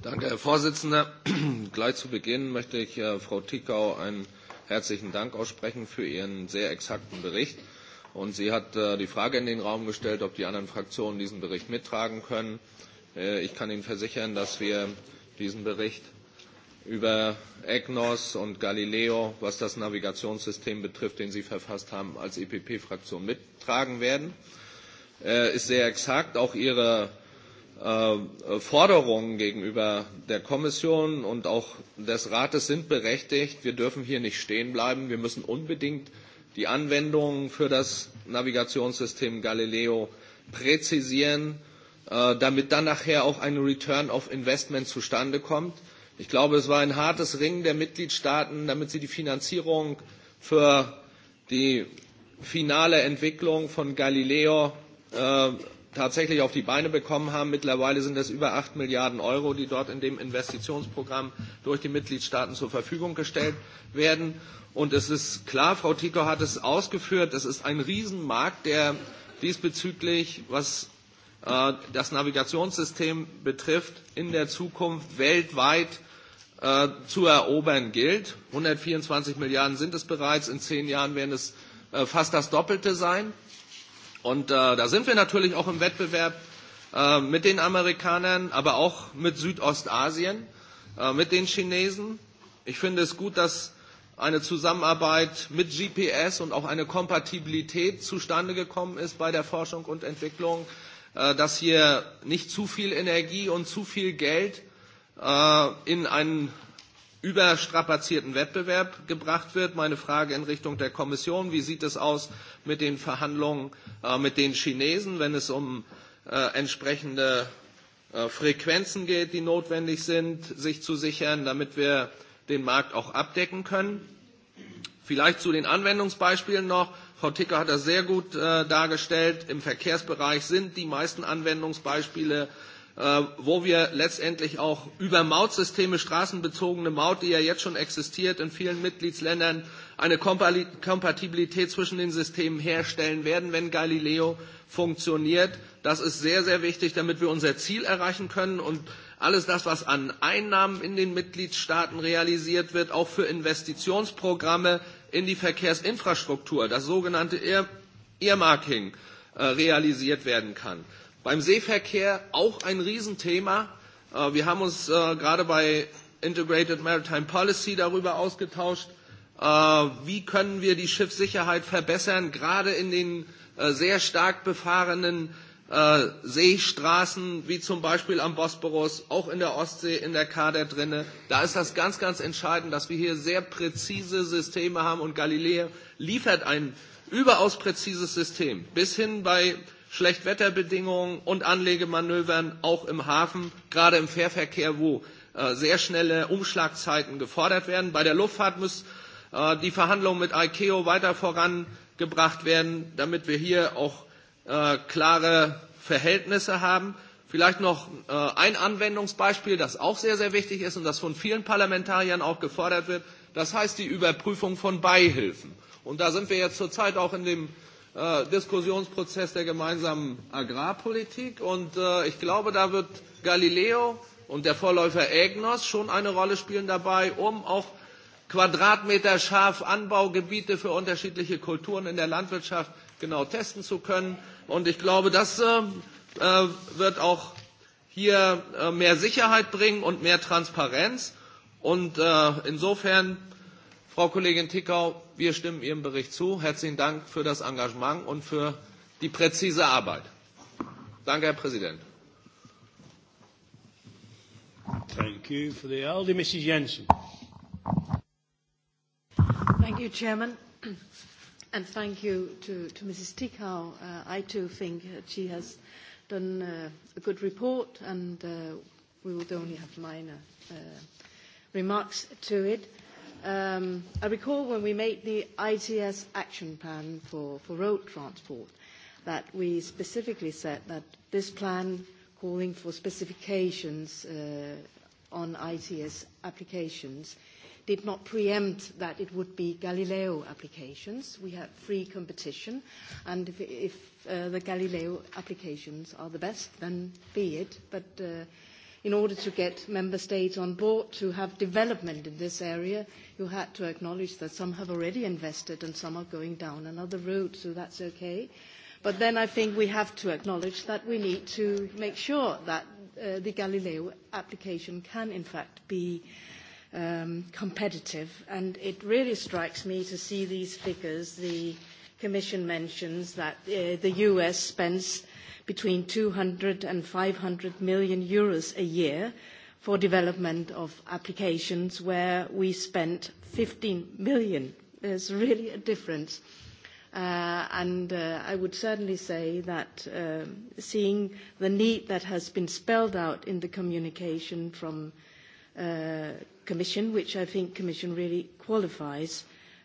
Danke, Herr Vorsitzender. Gleich zu Beginn möchte ich äh, Frau Tickau einen herzlichen Dank aussprechen für Ihren sehr exakten Bericht. Und sie hat äh, die Frage in den Raum gestellt, ob die anderen Fraktionen diesen Bericht mittragen können. Äh, ich kann Ihnen versichern, dass wir diesen Bericht über EGNOS und Galileo, was das Navigationssystem betrifft, den Sie verfasst haben, als EPP-Fraktion mittragen werden. Äh, ist sehr exakt. Auch Ihre äh, Forderungen gegenüber der Kommission und auch des Rates sind berechtigt. Wir dürfen hier nicht stehen bleiben. Wir müssen unbedingt die Anwendungen für das Navigationssystem Galileo präzisieren Äh, damit dann nachher auch ein Return of Investment zustande kommt. Ich glaube, es war ein hartes Ringen der Mitgliedstaaten, damit sie die Finanzierung für die finale Entwicklung von Galileo äh, tatsächlich auf die Beine bekommen haben. Mittlerweile sind es über 8 Milliarden Euro, die dort in dem Investitionsprogramm durch die Mitgliedstaaten zur Verfügung gestellt werden. Und es ist klar, Frau Tico hat es ausgeführt, es ist ein Riesenmarkt, der diesbezüglich, was Äh, das Navigationssystem betrifft, in der Zukunft weltweit äh, zu erobern gilt. 124 Milliarden sind es bereits, in zehn Jahren werden es äh, fast das Doppelte sein. Und da sind wir natürlich auch im Wettbewerb mit den Amerikanern, aber auch mit Südostasien, mit den Chinesen. Ich finde es gut, dass eine Zusammenarbeit mit GPS und auch eine Kompatibilität zustande gekommen ist bei der Forschung und Entwicklung Äh, dass hier nicht zu viel Energie und zu viel Geld äh, in einen überstrapazierten Wettbewerb gebracht wird. Meine Frage in Richtung der Kommission, wie sieht es aus mit den Verhandlungen äh, mit den Chinesen, wenn es um entsprechende Frequenzen geht, die notwendig sind, sich zu sichern, damit wir den Markt auch abdecken können? Vielleicht zu den Anwendungsbeispielen noch. Frau Ticker hat das sehr gut äh, dargestellt. Im Verkehrsbereich sind die meisten Anwendungsbeispiele, äh, wo wir letztendlich auch über Mautsysteme, straßenbezogene Maut, die ja jetzt schon existiert in vielen Mitgliedsländern, eine Kompatibilität zwischen den Systemen herstellen werden, wenn Galileo funktioniert. Das ist sehr, sehr wichtig, damit wir unser Ziel erreichen können. Und alles das, was an Einnahmen in den Mitgliedstaaten realisiert wird, auch für Investitionsprogramme in die Verkehrsinfrastruktur, das sogenannte Earmarking, äh, realisiert werden kann. Beim Seeverkehr auch ein Riesenthema. Äh, wir haben uns äh, gerade bei Integrated Maritime Policy darüber ausgetauscht, wie können wir die Schiffssicherheit verbessern, gerade in den sehr stark befahrenen äh, Seestraßen wie zum Beispiel am Bosporus, auch in der Ostsee, in der Kader drinne. Da ist das ganz, ganz entscheidend, dass wir hier sehr präzise Systeme haben und Galileo liefert ein überaus präzises System bis hin bei Schlechtwetterbedingungen und Anlegemanövern auch im Hafen, gerade im Fährverkehr, wo äh, sehr schnelle Umschlagzeiten gefordert werden. Bei der Luftfahrt muss äh, die Verhandlung mit ICAO weiter vorangebracht werden, damit wir hier auch Äh, klare Verhältnisse haben. Vielleicht noch äh, ein Anwendungsbeispiel, das auch sehr, sehr wichtig ist und das von vielen Parlamentariern auch gefordert wird. Das heißt die Überprüfung von Beihilfen. Und da sind wir jetzt zurzeit auch in dem äh, Diskussionsprozess der gemeinsamen Agrarpolitik. Und äh, ich glaube, da wird Galileo und der Vorläufer EGNOS schon eine Rolle spielen dabei, um auch Quadratmeter scharf Anbaugebiete für unterschiedliche Kulturen in der Landwirtschaft genau testen zu können. Und ich glaube, das äh, äh, wird auch hier äh, mehr Sicherheit bringen und mehr Transparenz. Und äh, insofern, Frau Kollegin Tickau, wir stimmen Ihrem Bericht zu. Herzlichen Dank für das Engagement und für die präzise Arbeit. Danke, Herr Präsident. Thank you for the elder, Mrs. Jensen. Thank you, Chairman. And thank you to, to Mrs. Tikau. Uh, I too think that she has done uh, a good report and uh, we would only have minor uh, remarks to it. Um, I recall when we made the ITS action plan for, for road transport that we specifically said that this plan calling for specifications uh, on ITS applications uh, did not preempt that it would be Galileo applications. We have free competition, and if, if uh, the Galileo applications are the best, then be it. But uh, in order to get member states on board to have development in this area, you had to acknowledge that some have already invested and some are going down another road, so that's okay. But then I think we have to acknowledge that we need to make sure that uh, the Galileo application can in fact be uh, um, competitive. And it really strikes me to see these figures. The Commission mentions that uh, the US spends between 200 and 500 million euros a year for development of applications where we spent 15 million. There's really a difference. Uh, and uh, I would certainly say that uh, seeing the need that has been spelled out in the communication from uh, Commission, which I think Commission really qualifies.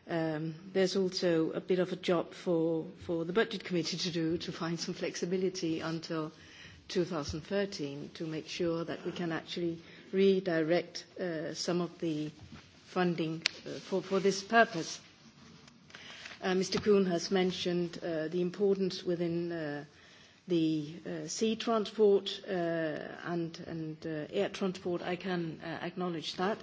Um, there's also a bit of a job for, for the Budget Committee to do to find some flexibility until 2013 to make sure that we can actually redirect uh, some of the funding uh, for, for this purpose. Uh, Mr. Kuhn has mentioned uh, the importance within uh, the uh, sea transport uh, and, and uh, air transport, I can uh, acknowledge that.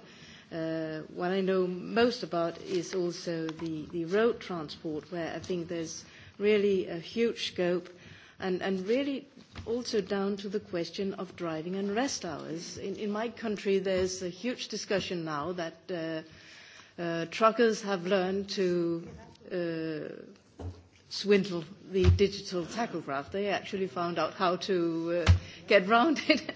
Uh, what I know most about is also the, the road transport, where I think there's really a huge scope and, and really also down to the question of driving and rest hours. In, in my country, there's a huge discussion now that uh, uh, truckers have learned to uh, swindle the digital tachograph. They actually found out how to uh, get round it.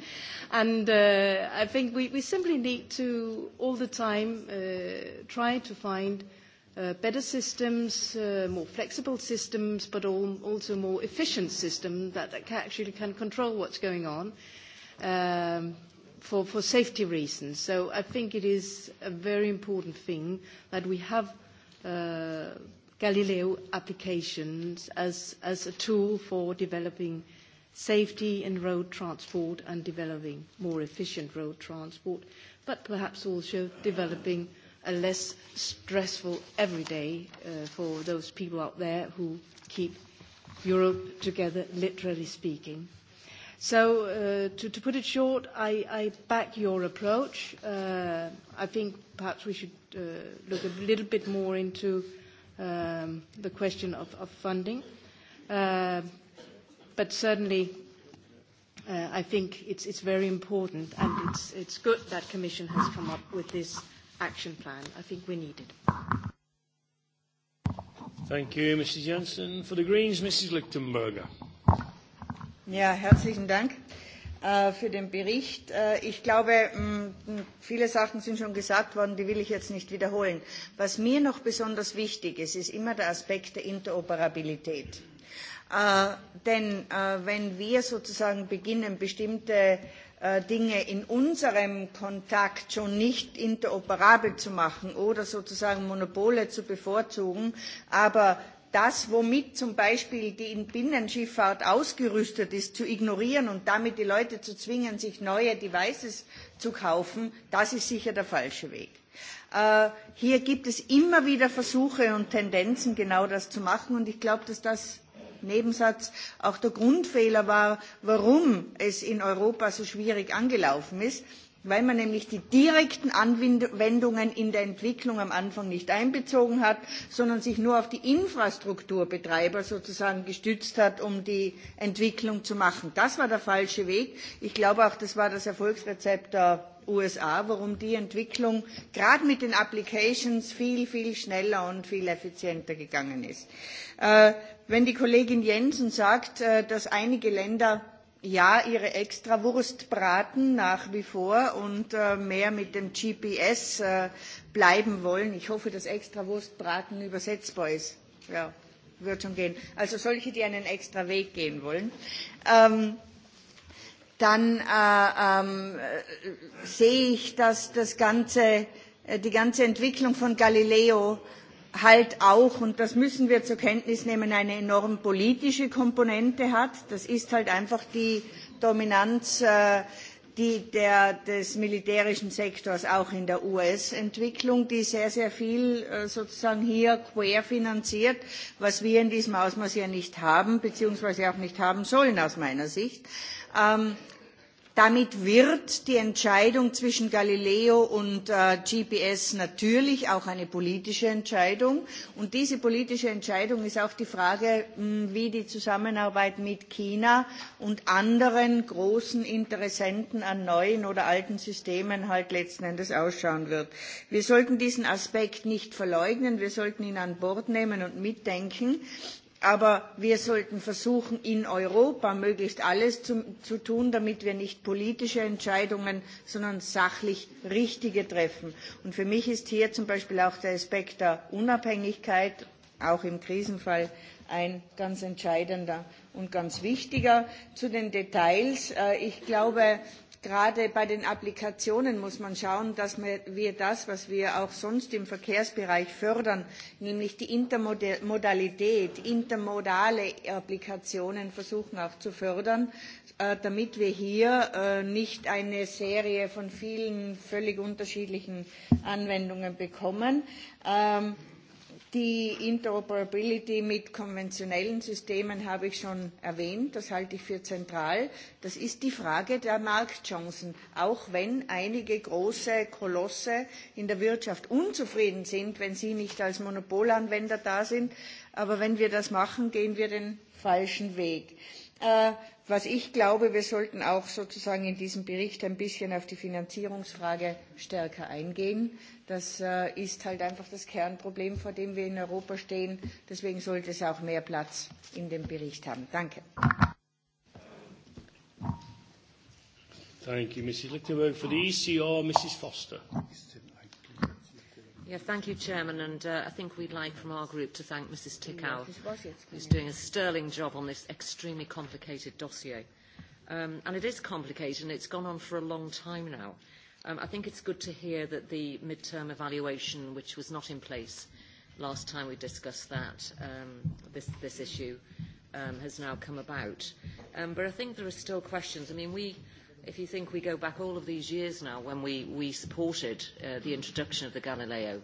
and uh, I think we, we simply need to, all the time, uh, try to find uh, better systems, uh, more flexible systems, but all, also more efficient systems that, that can actually can control what's going on um, for, for safety reasons. So I think it is a very important thing that we have uh, Galileo applications as, as a tool for developing safety in road transport and developing more efficient road transport, but perhaps also developing a less stressful everyday uh, for those people out there who keep Europe together, literally speaking. So uh, to, to put it short, I, I back your approach. Uh, I think perhaps we should uh, look a little bit more into uh, um, the question of, of funding. Uh, but certainly, uh, I think it's, it's very important, and it's, it's good that Commission has come up with this action plan. I think we need it. Thank you, Mrs. Jensen. For the Greens, Mrs. Lichtenberger. Ja, herzlichen Dank. Äh, für den Bericht. Äh, ich glaube, mm, viele Sachen sind schon gesagt worden, die will ich jetzt nicht wiederholen. Was mir noch besonders wichtig ist, ist immer der Aspekt der Interoperabilität. Äh, denn wenn wir sozusagen beginnen, bestimmte Dinge in unserem Kontakt schon nicht interoperabel zu machen oder sozusagen Monopole zu bevorzugen, aber das, womit zum Beispiel die Binnenschifffahrt ausgerüstet ist, zu ignorieren und damit die Leute zu zwingen, sich neue Devices zu kaufen, das ist sicher der falsche Weg. Äh, hier gibt es immer wieder Versuche und Tendenzen, genau das zu machen. Und ich glaube, dass das Nebensatz auch der Grundfehler war, warum es in Europa so schwierig angelaufen ist weil man nämlich die direkten Anwendungen in der Entwicklung am Anfang nicht einbezogen hat, sondern sich nur auf die Infrastrukturbetreiber sozusagen gestützt hat, um die Entwicklung zu machen. Das war der falsche Weg. Ich glaube auch, das war das Erfolgsrezept der USA, warum die Entwicklung gerade mit den Applications viel, viel schneller und viel effizienter gegangen ist. Äh, wenn die Kollegin Jensen sagt, äh, dass einige Länder ja ihre Extrawurst braten nach wie vor und äh, mehr mit dem GPS äh, bleiben wollen. Ich hoffe, dass Extrawurstbraten übersetzbar ist. Ja, wird schon gehen. Also solche, die einen extra Weg gehen wollen. Ähm, dann äh, ähm, äh, sehe ich, dass das ganze, äh, die ganze Entwicklung von Galileo äh, halt auch, und das müssen wir zur Kenntnis nehmen, eine enorm politische Komponente hat. Das ist halt einfach die Dominanz äh, die der, des militärischen Sektors auch in der US-Entwicklung, die sehr, sehr viel äh, sozusagen hier querfinanziert, was wir in diesem Ausmaß ja nicht haben, beziehungsweise auch nicht haben sollen aus meiner Sicht. Ähm, Damit wird die Entscheidung zwischen Galileo und äh, GPS natürlich auch eine politische Entscheidung. Und diese politische Entscheidung ist auch die Frage, hm, wie die Zusammenarbeit mit China und anderen großen Interessenten an neuen oder alten Systemen halt letzten Endes ausschauen wird. Wir sollten diesen Aspekt nicht verleugnen. Wir sollten ihn an Bord nehmen und mitdenken aber wir sollten versuchen in europa möglichst alles zu, zu tun damit wir nicht politische entscheidungen sondern sachlich richtige treffen. Und für mich ist hier zum beispiel auch der aspekt der unabhängigkeit auch im krisenfall ein ganz entscheidender und ganz wichtiger. zu den details äh, ich glaube gerade bei den Applikationen muss man schauen, dass wir das, was wir auch sonst im Verkehrsbereich fördern, nämlich die Intermodalität, intermodale Applikationen versuchen auch zu fördern, äh, damit wir hier äh, nicht eine Serie von vielen völlig unterschiedlichen Anwendungen bekommen. Ähm, Die Interoperability mit konventionellen Systemen habe ich schon erwähnt. Das halte ich für zentral. Das ist die Frage der Marktchancen. Auch wenn einige große Kolosse in der Wirtschaft unzufrieden sind, wenn sie nicht als Monopolanwender da sind. Aber wenn wir das machen, gehen wir den falschen Weg. Äh, was ich glaube, wir sollten auch sozusagen in diesem Bericht ein bisschen auf die Finanzierungsfrage stärker eingehen Das äh, ist halt einfach das Kernproblem, vor dem wir in Europa stehen. Deswegen sollte es auch mehr Platz in dem Bericht haben. Danke. Thank you, Mrs. Lichtenberg. For the ECR, Mrs. Foster. Yeah, thank you, Chairman, and uh, I think we'd like from our group to thank Mrs. Tickow, who's doing a sterling job on this extremely complicated dossier. Um, and it is complicated, and it's gone on for a long time now. Um, I think it's good to hear that the midterm evaluation, which was not in place last time we discussed that, um, this, this issue, um, has now come about. Um, but I think there are still questions. I mean, we, if you think we go back all of these years now when we, we supported uh, the introduction of the Galileo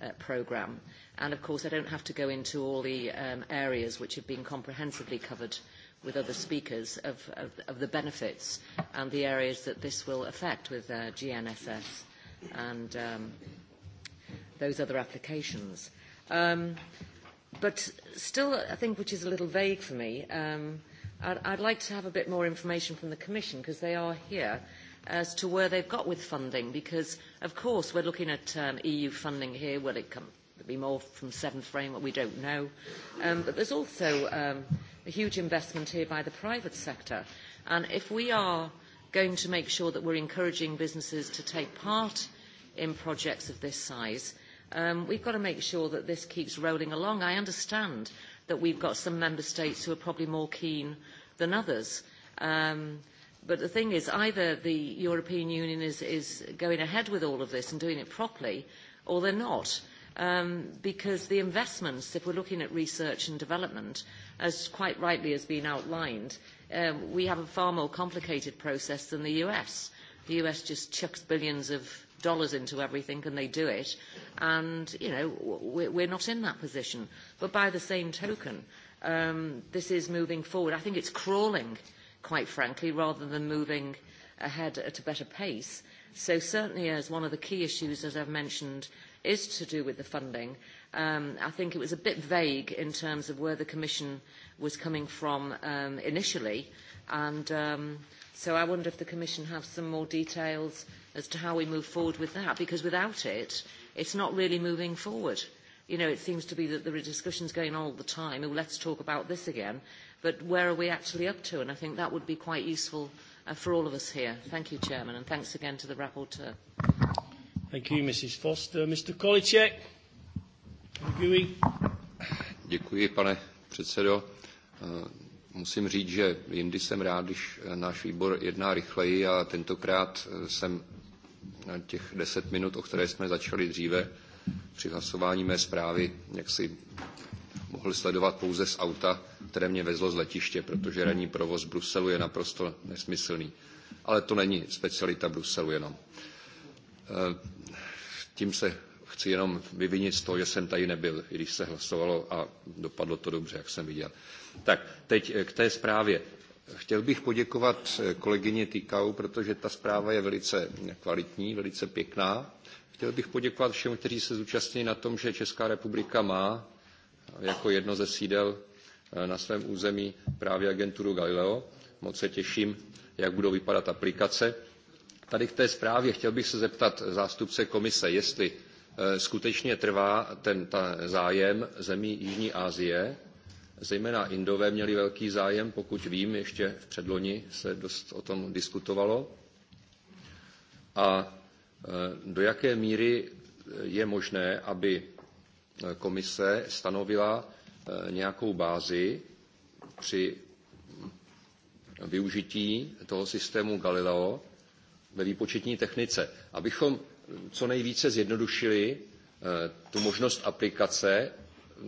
uh, programme, and of course I don't have to go into all the um, areas which have been comprehensively covered uh, with other speakers of, of, of the benefits and the areas that this will affect with uh, GNSS and um, those other applications. Um, but still, I think, which is a little vague for me, um, I'd, I'd like to have a bit more information from the Commission, because they are here, as to where they've got with funding, because, of course, we're looking at um, EU funding here. Will it come, be more from seventh framework? We don't know. Um, but there's also... Um, a huge investment here by the private sector. And if we are going to make sure that we're encouraging businesses to take part in projects of this size, um, we've got to make sure that this keeps rolling along. I understand that we've got some member states who are probably more keen than others. Um, but the thing is, either the European Union is, is going ahead with all of this and doing it properly, or they're not. Um, because the investments, if we're looking at research and development, as quite rightly has been outlined, um, we have a far more complicated process than the US. The US just chucks billions of dollars into everything and they do it. And, you know, we're not in that position. But by the same token, um, this is moving forward. I think it's crawling, quite frankly, rather than moving ahead at a better pace. So certainly as one of the key issues, as I've mentioned, is to do with the funding um, I think it was a bit vague in terms of where the Commission was coming from um, initially. And um, so I wonder if the Commission has some more details as to how we move forward with that, because without it, it's not really moving forward. You know, it seems to be that there are discussions going on all the time, oh, let's talk about this again, but where are we actually up to? And I think that would be quite useful uh, for all of us here. Thank you, Chairman, and thanks again to the Rapporteur. Thank you, Mrs Foster. Mr Kolicek. Děkuji, pane předsedo. Eh, musím říct, že jindy jsem rád, když eh, náš výbor jedná rychleji a tentokrát eh, jsem na těch deset minut, o které jsme začali dříve při hlasování mé zprávy, jak si mohl sledovat pouze z auta, které mě vezlo z letiště, protože ranní provoz Bruselu je naprosto nesmyslný. Ale to není specialita Bruselu jenom. Tím se chci jenom vyvinit z toho, že jsem tady nebyl, i když se hlasovalo a dopadlo to dobře, jak jsem viděl. Tak, teď eh, k té zprávě. Chtěl bych poděkovat eh, kolegyně Tykau, protože ta zpráva je velice eh, kvalitní, velice pěkná. Chtěl bych poděkovat všem, kteří se zúčastnili na tom, že Česká republika má jako jedno ze sídel na svém území právě agenturu Galileo. Moc se těším, jak budou vypadat aplikace. Tady k té zprávě chtěl bych se zeptat zástupce komise, jestli Eh, skutečně trvá ten ta zájem zemí Jižní Asie. Zejména Indové měli velký zájem, pokud vím, ještě v předloni se dost o tom diskutovalo. A eh, do jaké míry eh, je možné, aby komise stanovila nějakou bázi při využití toho systému Galileo ve výpočetní technice, abychom co nejvíce zjednodušili eh, tu možnost aplikace,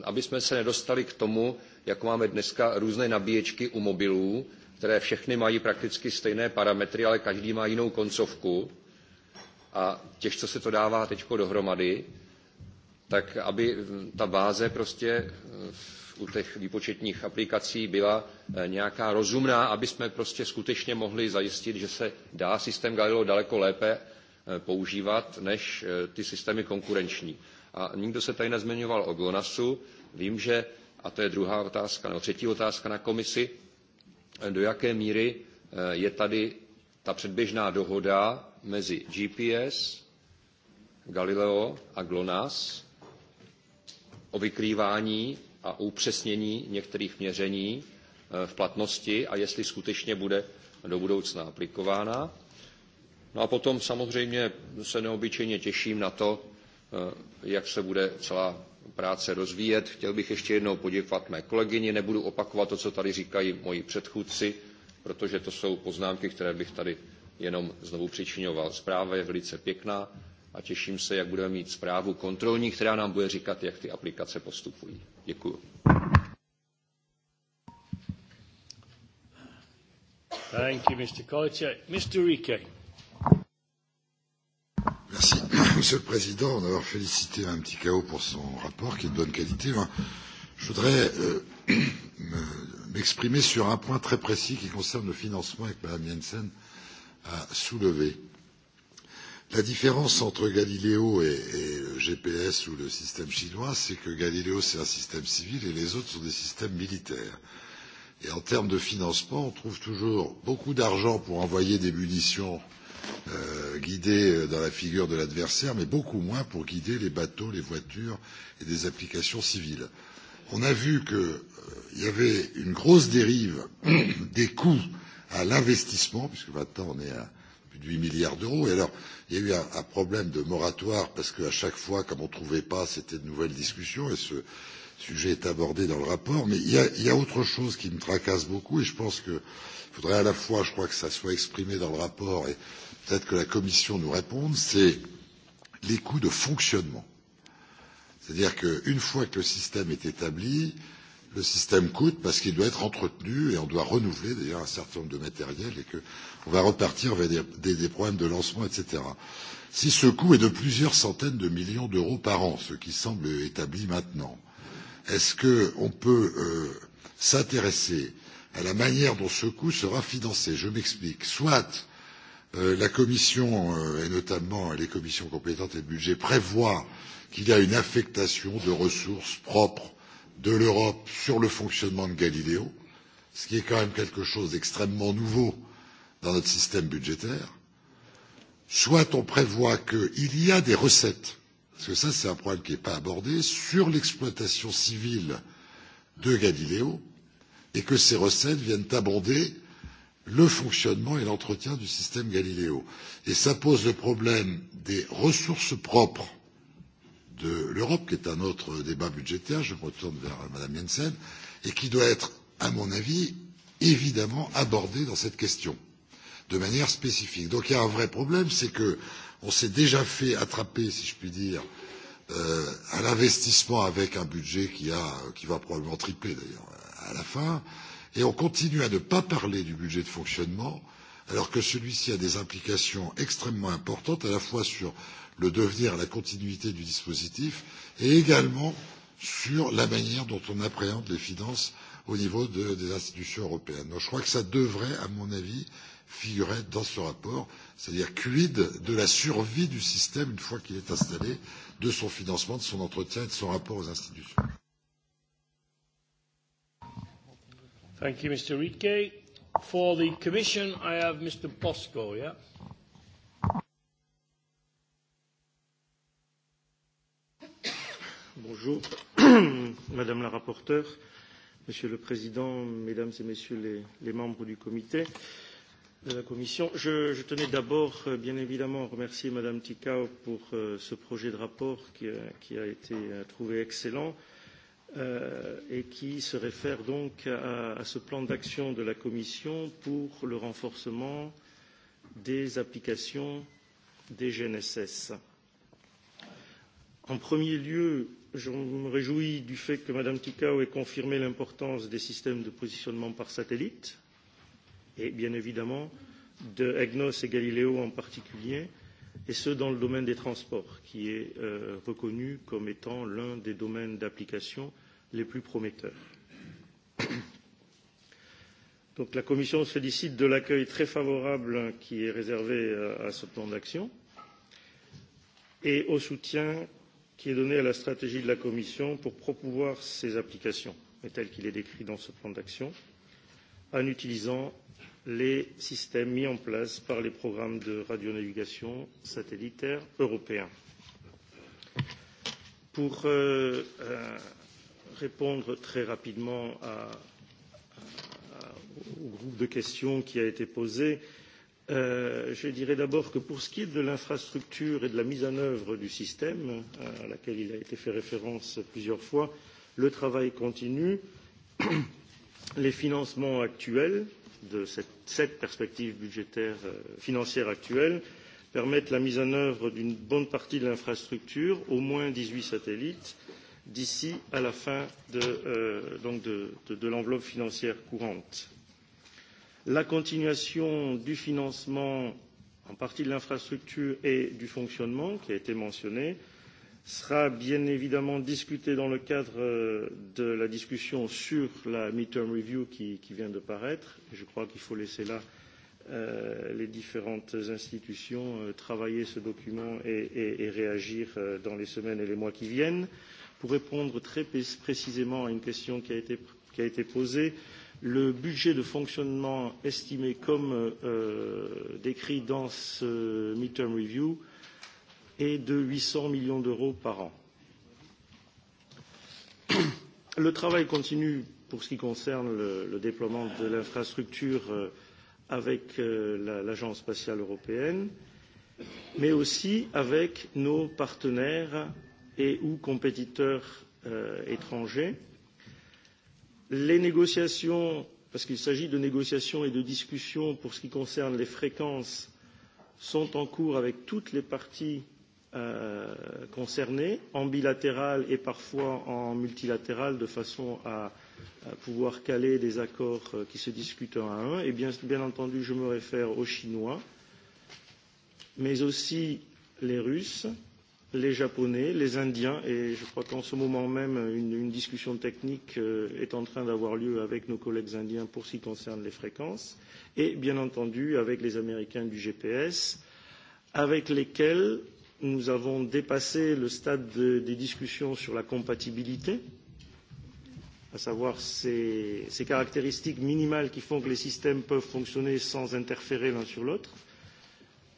aby jsme se nedostali k tomu, jako máme dneska různé nabíječky u mobilů, které všechny mají prakticky stejné parametry, ale každý má jinou koncovku a těžko se to dává teď dohromady, tak aby ta báze prostě eh, u těch výpočetních aplikací byla eh, nějaká rozumná, aby jsme prostě skutečně mohli zajistit, že se dá systém Galileo daleko lépe Eh, používat než eh, ty systémy konkurenční. A nikdo se tady nezmiňoval o GLONASSu. Vím, že, a to je druhá otázka, nebo třetí otázka na komisi, eh, do jaké míry je tady ta předběžná dohoda mezi GPS, Galileo a GLONASS o vykrývání a upřesnění některých měření v platnosti a jestli skutečně bude do budoucna aplikována. No a potom samozřejmě se neobyčejně těším na to, eh, jak se bude celá práce rozvíjet. Chtěl bych ještě jednou poděkovat mé kolegyni, nebudu opakovat to, co tady říkají moji předchůdci, protože to jsou poznámky, které bych tady jenom znovu přičiňoval. Zpráva je velice pěkná a těším se, jak budeme mít zprávu kontrolní, která nám bude říkat, jak ty aplikace postupují. Děkuju. Thank you, Mr. Kolicek. Mr. Rike. Merci, Monsieur le Président, d'avoir félicité un petit chaos pour son rapport qui est de bonne qualité. je voudrais euh, m'exprimer sur un point très précis qui concerne le financement et que Mme Jensen a soulevé. La différence entre Galileo et, et le GPS ou le système chinois, c'est que Galileo, c'est un système civil et les autres sont des systèmes militaires. Et en termes de financement, on trouve toujours beaucoup d'argent pour envoyer des munitions euh, euh, guider euh, dans la figure de l'adversaire, mais beaucoup moins pour guider les bateaux, les voitures et des applications civiles. On a vu qu'il euh, y avait une grosse dérive des coûts à l'investissement, puisque maintenant on est à plus de 8 milliards d'euros. Et alors, il y a eu un, un problème de moratoire, parce qu'à chaque fois, comme on ne trouvait pas, c'était de nouvelles discussions, et ce sujet est abordé dans le rapport. Mais il y a, il y a autre chose qui me tracasse beaucoup, et je pense que faudrait à la fois, je crois que ça soit exprimé dans le rapport, et peut-être que la Commission nous réponde, c'est les coûts de fonctionnement. C'est-à-dire qu'une fois que le système est établi, le système coûte parce qu'il doit être entretenu et on doit renouveler d'ailleurs un certain nombre de matériels et qu'on va repartir vers des, des, des problèmes de lancement, etc. Si ce coût est de plusieurs centaines de millions d'euros par an, ce qui semble établi maintenant, est-ce qu'on peut euh, s'intéresser à la manière dont ce coût sera financé Je m'explique. Soit Euh, la Commission, euh, et notamment les commissions compétentes et le budget, prévoient qu'il y a une affectation de ressources propres de l'Europe sur le fonctionnement de Galileo, ce qui est quand même quelque chose d'extrêmement nouveau dans notre système budgétaire, soit on prévoit qu'il y a des recettes, parce que ça c'est un problème qui n'est pas abordé, sur l'exploitation civile de Galileo, et que ces recettes viennent abonder le fonctionnement et l'entretien du système Galileo. Et ça pose le problème des ressources propres de l'Europe, qui est un autre débat budgétaire, je me retourne vers Mme Jensen, et qui doit être, à mon avis, évidemment abordé dans cette question, de manière spécifique. Donc il y a un vrai problème, c'est que on s'est déjà fait attraper, si je puis dire, euh, à l'investissement avec un budget qui, a, qui va probablement tripler d'ailleurs à la fin, euh, et on continue à ne pas parler du budget de fonctionnement alors que celui-ci a des implications extrêmement importantes à la fois sur le devenir, la continuité du dispositif et également sur la manière dont on appréhende les finances au niveau de, des institutions européennes. Donc je crois que ça devrait, à mon avis, figurer dans ce rapport, c'est-à-dire quid de la survie du système une fois qu'il est installé, de son financement, de son entretien et de son rapport aux institutions. Thank you, Mr. Rietke. For the Commission, I have Mr. Bosco, yeah? Bonjour, Madame la rapporteure, Monsieur le Président, Mesdames et Messieurs les, les membres du comité de la Commission. Je, je tenais d'abord, euh, bien évidemment, à remercier Madame Ticao pour euh, ce projet de rapport qui a, qui a été euh, trouvé excellent. Euh, euh, et qui se réfère donc à, à ce plan d'action de la Commission pour le renforcement des applications des GNSS. En premier lieu, je me réjouis du fait que Mme Ticao ait confirmé l'importance des systèmes de positionnement par satellite et bien évidemment de EGNOS et Galileo en particulier, et ce dans le domaine des transports, qui est euh, reconnu comme étant l'un des domaines d'application euh, les plus prometteurs. Donc la Commission se félicite de l'accueil très favorable qui est réservé euh, à ce plan d'action et au soutien qui est donné à la stratégie de la Commission pour promouvoir ses applications, tel qu'il est décrit dans ce plan d'action, en utilisant les systèmes mis en place par les programmes de radionavigation satellitaire européens. Pour euh, euh, répondre très rapidement à, à, au groupe de questions qui a été posé. Euh, je dirais d'abord que pour ce qui est de l'infrastructure et de la mise en œuvre du système, euh, à laquelle il a été fait référence plusieurs fois, le travail continue. Les financements actuels de cette, cette perspective budgétaire euh, financière actuelle permettent la mise en œuvre d'une bonne partie de l'infrastructure, au moins 18 satellites, d'ici à la fin de, euh, donc de, de, de l'enveloppe financière courante. La continuation du financement, en partie de l'infrastructure et du fonctionnement, qui a été mentionné, sera bien évidemment discutée dans le cadre euh, de la discussion sur la midterm review qui, qui vient de paraître. Je crois qu'il faut laisser là euh, les différentes institutions euh, travailler ce document et, et, et réagir euh, dans les semaines et les mois qui viennent. Euh, Pour répondre très précisément à une question qui a été, qui a été posée, le budget de fonctionnement estimé comme euh, décrit dans ce midterm review est de 800 millions d'euros par an. Le travail continue pour ce qui concerne le, le déploiement de l'infrastructure euh, avec euh, l'Agence la, spatiale européenne, mais aussi avec nos partenaires et ou compétiteurs euh, étrangers. Les négociations, parce qu'il s'agit de négociations et de discussions pour ce qui concerne les fréquences, sont en cours avec toutes les parties euh, concernées, en bilatéral et parfois en multilatéral, de façon à, à pouvoir caler des accords euh, qui se discutent un à un. Et bien, bien entendu, je me réfère aux Chinois, mais aussi les Russes, les Japonais, les Indiens, et je crois qu'en ce moment même, une, une discussion technique euh, est en train d'avoir lieu avec nos collègues indiens pour ce qui concerne les fréquences, et bien entendu avec les Américains du GPS, avec lesquels nous avons dépassé le stade de, des discussions sur la compatibilité, à savoir ces, ces caractéristiques minimales qui font que les systèmes peuvent fonctionner sans interférer l'un sur l'autre.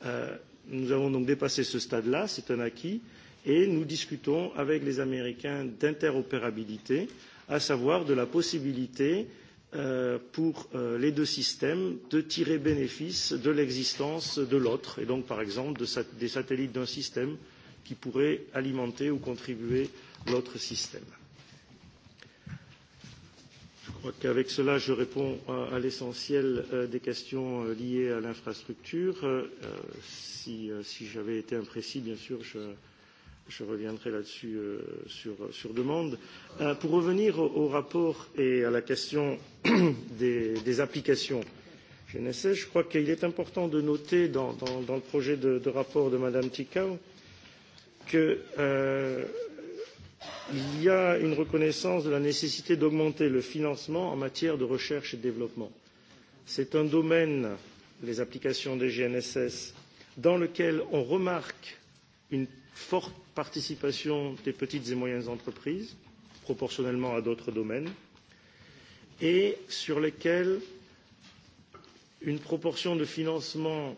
Euh, Nous avons donc dépassé ce stade-là, c'est un acquis, et nous discutons avec les Américains d'interopérabilité, à savoir de la possibilité euh, pour euh, les deux systèmes de tirer bénéfice de l'existence de l'autre, et donc par exemple des satellites d'un système qui pourraient alimenter ou contribuer l'autre système crois qu'avec cela, je réponds à, l'essentiel euh, des questions euh, liées à l'infrastructure. Euh, si si j'avais été imprécis, bien sûr, je, je reviendrai là-dessus euh, sur, sur demande. Euh, pour revenir au, au rapport et à la question des, des applications GNSS, je crois qu'il est important de noter dans, dans, dans le projet de, de rapport de Mme Ticao que euh, il y a une reconnaissance de la nécessité d'augmenter le financement en matière de recherche et développement. C'est un domaine, les applications des GNSS, dans lequel on remarque une forte participation des petites et moyennes entreprises, proportionnellement à d'autres domaines, et sur lesquels une proportion de financement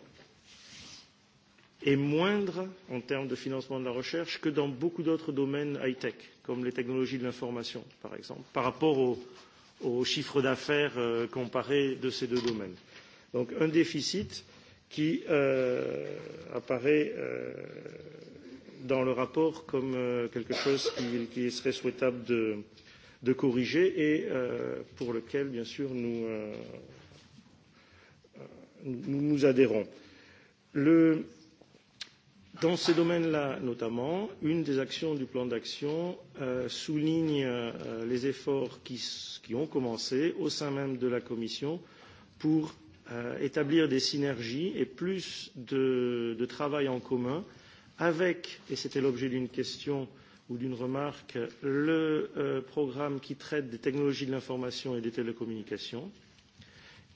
est moindre en termes de financement de la recherche que dans beaucoup d'autres domaines high-tech, comme les technologies de l'information, par exemple, par rapport aux au chiffres d'affaires euh, comparés de ces deux domaines. Donc un déficit qui euh, apparaît euh, dans le rapport comme euh, quelque chose qui, qui serait souhaitable de, de corriger et euh, pour lequel, bien sûr, nous, euh, euh nous, nous adhérons. Le, euh, Dans ces domaines-là, notamment, une des actions du plan d'action euh, souligne euh, les efforts qui, qui ont commencé au sein même de la Commission pour euh, établir des synergies et plus de, de travail en commun avec, et c'était l'objet d'une question ou d'une remarque, le programme qui traite des technologies de l'information et des télécommunications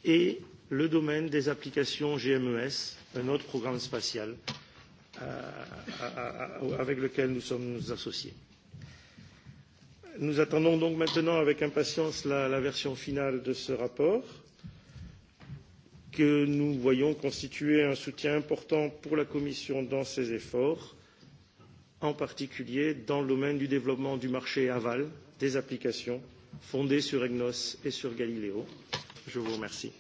et le domaine des applications GMES, un autre programme spatial à, avec lequel nous sommes associés. Nous attendons donc maintenant avec impatience la, la version finale de ce rapport que nous voyons constituer un soutien important pour la Commission dans ses efforts, en particulier dans le domaine du développement du marché aval des applications fondées sur EGNOS et sur Galileo. Je vous remercie.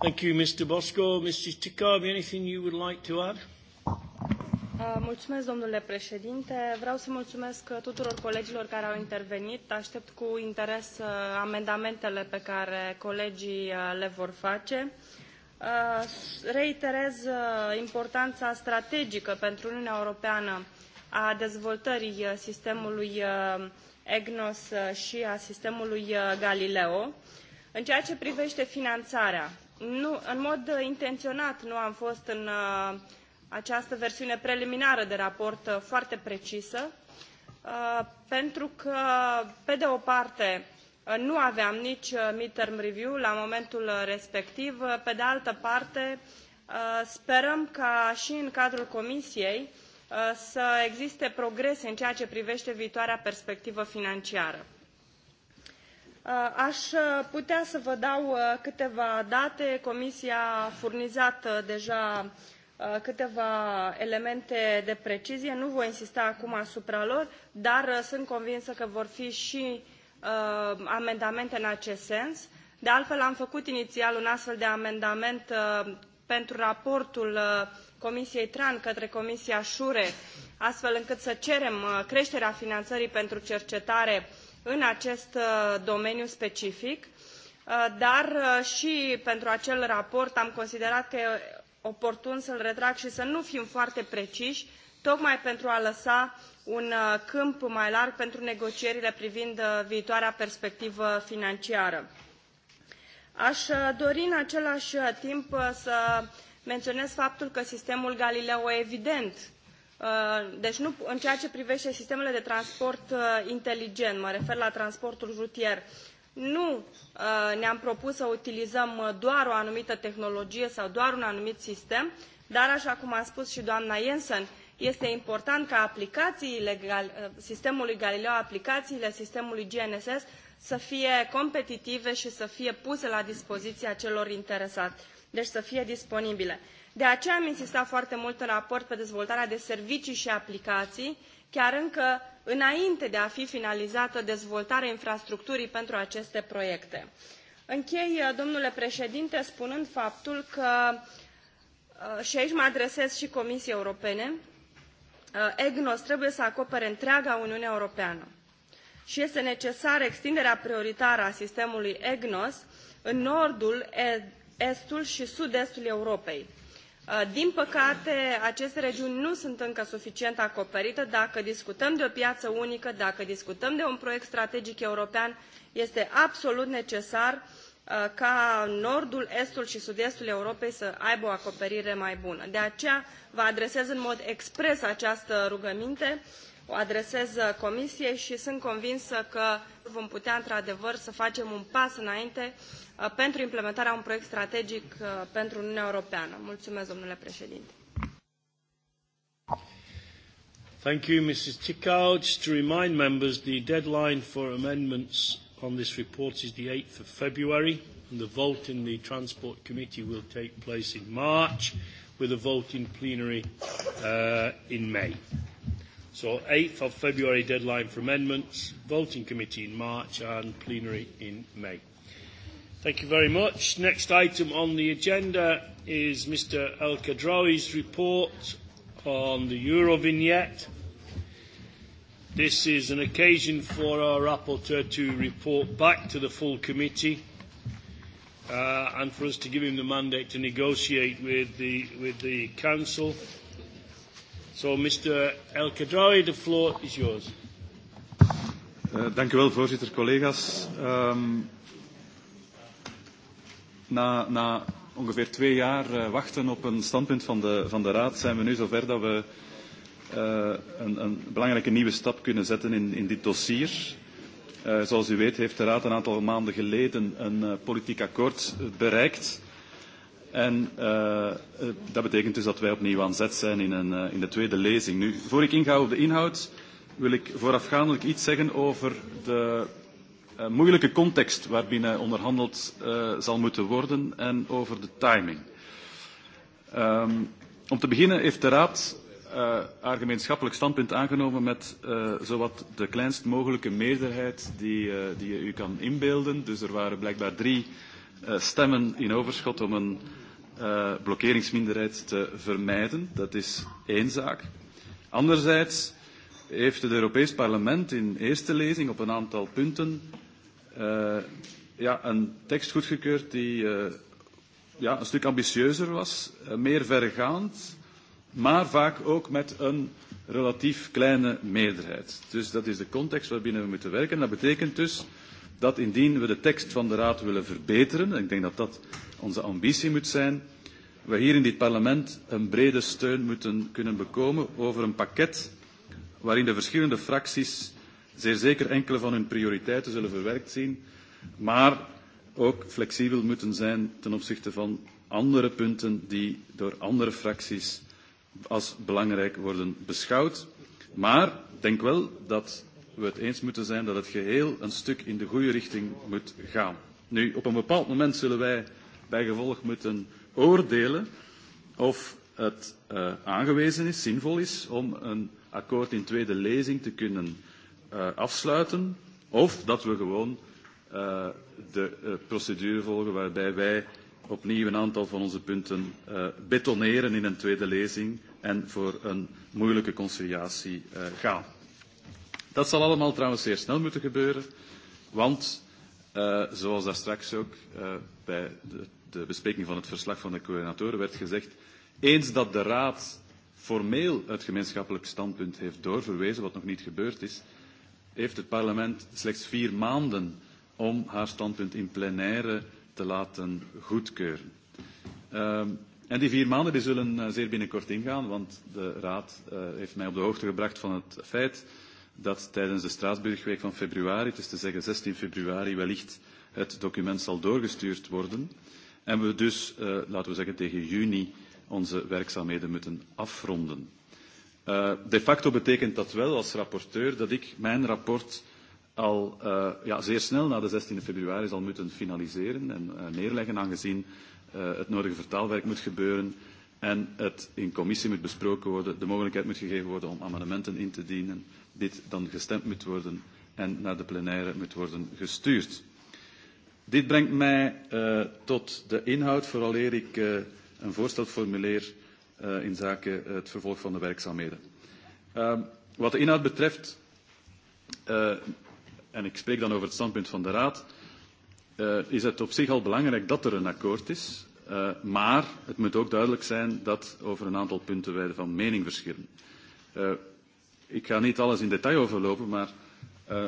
Thank you, Mr. Bosco. Mrs. Ticavi, anything you would like to add? Uh, mulțumesc, domnule președinte. Vreau să mulțumesc tuturor colegilor care au intervenit. Aștept cu interes uh, amendamentele pe care colegii uh, le vor face. Reiterez importanța strategică pentru Uniunea Europeană a dezvoltării sistemului EGNOS și a sistemului Galileo. În ceea ce privește finanțarea, Nu, în mod intenționat nu am fost în uh, această versiune preliminară de raport uh, foarte precisă, uh, pentru că, pe de o parte, nu aveam nici midterm review la momentul respectiv, pe de altă parte, sperăm ca și în cadrul Comisiei să existe progrese în ceea ce privește viitoarea perspectivă financiară. Uh, aș uh, putea să vă dau uh, câteva date. Comisia a furnizat deja câteva elemente de precizie. Nu voi insista acum asupra lor, dar sunt convinsă că vor fi și amendamente în acest sens. De altfel, am făcut inițial un astfel de amendament pentru raportul Comisiei TRAN către Comisia SURE, astfel încât să cerem creșterea finanțării pentru cercetare uh, în acest uh, domeniu specific, uh, dar uh, și pentru acel raport am considerat că e oportun să-l retrag și să nu fim foarte preciși, tocmai pentru a lăsa un câmp mai larg pentru negocierile privind viitoarea perspectivă financiară. Aș dori în același timp să menționez faptul că sistemul Galileo, e evident, Uh, deci nu, în ceea ce privește sistemele de transport uh, inteligent, mă refer la transportul rutier, nu uh, ne-am propus să utilizăm doar o anumită tehnologie sau doar un anumit sistem, dar, așa cum a spus și doamna Jensen, este important ca aplicațiile sistemului Galileo, aplicațiile sistemului GNSS să fie competitive și să fie puse la dispoziția celor interesați, deci să fie disponibile. De aceea am insistat foarte mult în raport pe dezvoltarea de servicii și aplicații, chiar încă înainte de a fi finalizată dezvoltarea infrastructurii pentru aceste proiecte. Închei, uh, domnule președinte, spunând faptul că, uh, și aici mă adresez și Comisiei Europene, uh, EGNOS trebuie să acopere întreaga Uniune Europeană și este necesară extinderea prioritară a sistemului EGNOS în nordul, e, estul și sud-estul Europei Uh, din păcate, aceste regiuni nu sunt încă suficient acoperite. Dacă discutăm de o piață unică, dacă discutăm de un proiect strategic european, este absolut necesar uh, ca nordul, estul și sud-estul Europei să aibă o acoperire mai bună. De aceea vă adresez în mod expres această rugăminte uh, o adresez uh, Comisiei și sunt convinsă că vom putea într-adevăr să facem un pas înainte uh, pentru implementarea unui proiect strategic uh, pentru Uniunea Europeană. Mulțumesc, domnule președinte. Thank you, Mrs. Tickau. Just to remind members, the deadline for amendments on this report is the 8th of February, and the vote in the Transport Committee will take place in March, with a vote in plenary uh, in May. So 8th of February deadline for amendments, voting committee in March and plenary in May. Thank you very much. Next item on the agenda is Mr El Kadrawi's report on the Euro vignette. This is an occasion for our rapporteur to report back to the full committee uh, and for us to give him the mandate to negotiate with the, with the Council. So, Mr. El Khadraoui, the floor is yours. Uh, dank u wel, voorzitter, collega's. Um, na, na ongeveer twee jaar uh, wachten op een standpunt van de, van de Raad zijn we nu zover dat we uh, een, een belangrijke nieuwe stap kunnen zetten in, in dit dossier. Uh, zoals u weet heeft de Raad een aantal maanden geleden een uh, politiek akkoord bereikt En uh, uh, dat betekent dus dat wij opnieuw aan zet zijn in, een, uh, in de tweede lezing. Nu, voor ik inga op de inhoud, wil ik voorafgaandelijk iets zeggen over de uh, moeilijke context waarbinnen onderhandeld uh, zal moeten worden en over de timing. Um, om te beginnen heeft de Raad uh, haar gemeenschappelijk standpunt aangenomen met uh, zowat de kleinst mogelijke meerderheid die, uh, die je u kan inbeelden. Dus er waren blijkbaar drie Eh, stemmen in overschot om een uh, blokkeringsminderheid te vermijden. Dat is één zaak. Anderzijds heeft het Europees Parlement in eerste lezing op een aantal punten uh, ja, een tekst goedgekeurd die uh, ja, een stuk ambitieuzer was, uh, meer verregaand, maar vaak ook met een relatief kleine meerderheid. Dus dat is de context waarbinnen we moeten werken. Dat betekent dus dat indien we de tekst van de Raad willen verbeteren, en ik denk dat dat onze ambitie moet zijn, we hier in dit parlement een brede steun moeten kunnen bekomen over een pakket waarin de verschillende fracties zeer zeker enkele van hun prioriteiten zullen verwerkt zien, maar ook flexibel moeten zijn ten opzichte van andere punten die door andere fracties als belangrijk worden beschouwd. Maar ik denk wel dat we het eens moeten zijn dat het geheel een stuk in de goede richting moet gaan. Nu, op een bepaald moment zullen wij bijgevolg moeten oordelen of het uh, aangewezen is, zinvol is, om een akkoord in tweede lezing te kunnen uh, afsluiten, of dat we gewoon uh, de uh, procedure volgen waarbij wij opnieuw een aantal van onze punten uh, betoneren in een tweede lezing en voor een moeilijke conciliatie uh, gaan. Dat zal allemaal trouwens zeer snel moeten gebeuren, want uh, zoals daar straks ook uh, bij de, de bespreking van het verslag van de coördinatoren werd gezegd, eens dat de Raad formeel het gemeenschappelijk standpunt heeft doorverwezen, wat nog niet gebeurd is, heeft het parlement slechts vier maanden om haar standpunt in plenaire te laten goedkeuren. Uh, en die vier maanden die zullen uh, zeer binnenkort ingaan, want de Raad uh, heeft mij op de hoogte gebracht van het feit dat tijdens de Straatsburgweek van februari, het is te zeggen 16 februari, wellicht het document zal doorgestuurd worden. En we dus, uh, laten we zeggen, tegen juni onze werkzaamheden moeten afronden. Uh, de facto betekent dat wel als rapporteur dat ik mijn rapport al uh, ja, zeer snel na de 16 februari zal moeten finaliseren en uh, neerleggen, aangezien uh, het nodige vertaalwerk moet gebeuren en het in commissie moet besproken worden, de mogelijkheid moet gegeven worden om amendementen in te dienen, dit dan gestemd moet worden en naar de plenaire moet worden gestuurd. Dit brengt mij uh, tot de inhoud, vooraleer ik uh, een voorstel formuleer uh, in zaken het vervolg van de werkzaamheden. Uh, wat de inhoud betreft, uh, en ik spreek dan over het standpunt van de Raad, uh, is het op zich al belangrijk dat er een akkoord is. Uh, maar het moet ook duidelijk zijn dat over een aantal punten wij van mening verschillen. Uh, Ik ga niet alles in detail overlopen, maar uh,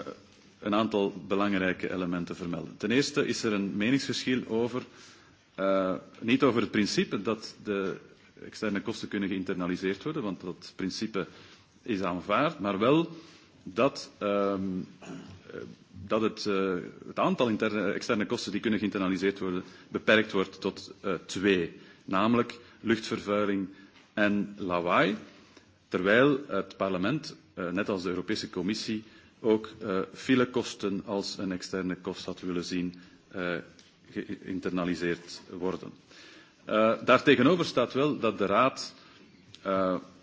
een aantal belangrijke elementen vermelden. Ten eerste is er een meningsverschil over, uh, niet over het principe dat de externe kosten kunnen geïnternaliseerd worden, want dat principe is aanvaard, maar wel dat, um, dat het, uh, het aantal interne, externe kosten die kunnen geïnternaliseerd worden beperkt wordt tot uh, twee, namelijk luchtvervuiling en lawaai. Terwijl het parlement, eh, net als de Europese Commissie, ook eh, filekosten als een externe kost had willen zien eh, geïnternaliseerd worden. Daartegenover staat wel dat de Raad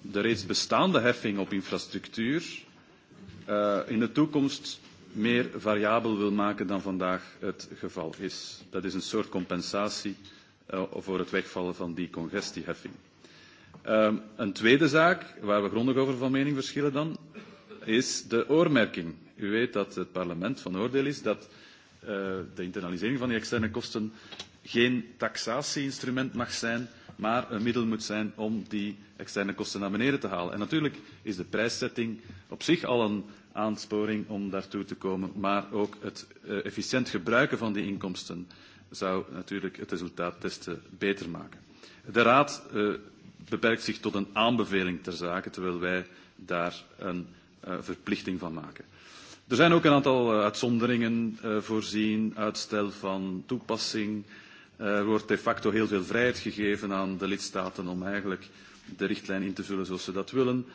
de reeds bestaande heffing op infrastructuur in de toekomst meer variabel wil maken dan vandaag het geval is. Dat is een soort compensatie voor het wegvallen van die congestieheffing. Um, een tweede zaak, waar we grondig over van mening verschillen dan, is de oormerking. U weet dat het parlement van oordeel is dat uh, de internalisering van die externe kosten geen taxatie-instrument mag zijn, maar een middel moet zijn om die externe kosten naar beneden te halen. En natuurlijk is de prijszetting op zich al een aansporing om daartoe te komen, maar ook het uh, efficiënt gebruiken van die inkomsten zou natuurlijk het resultaat testen beter maken. De Raad uh, beperkt zich tot een aanbeveling ter zake, terwijl wij daar een uh, verplichting van maken. Er zijn ook een aantal uh, uitzonderingen uh, voorzien, uitstel van toepassing. Er wordt de facto heel veel vrijheid gegeven aan de lidstaten om eigenlijk de richtlijn in te vullen zoals ze dat willen.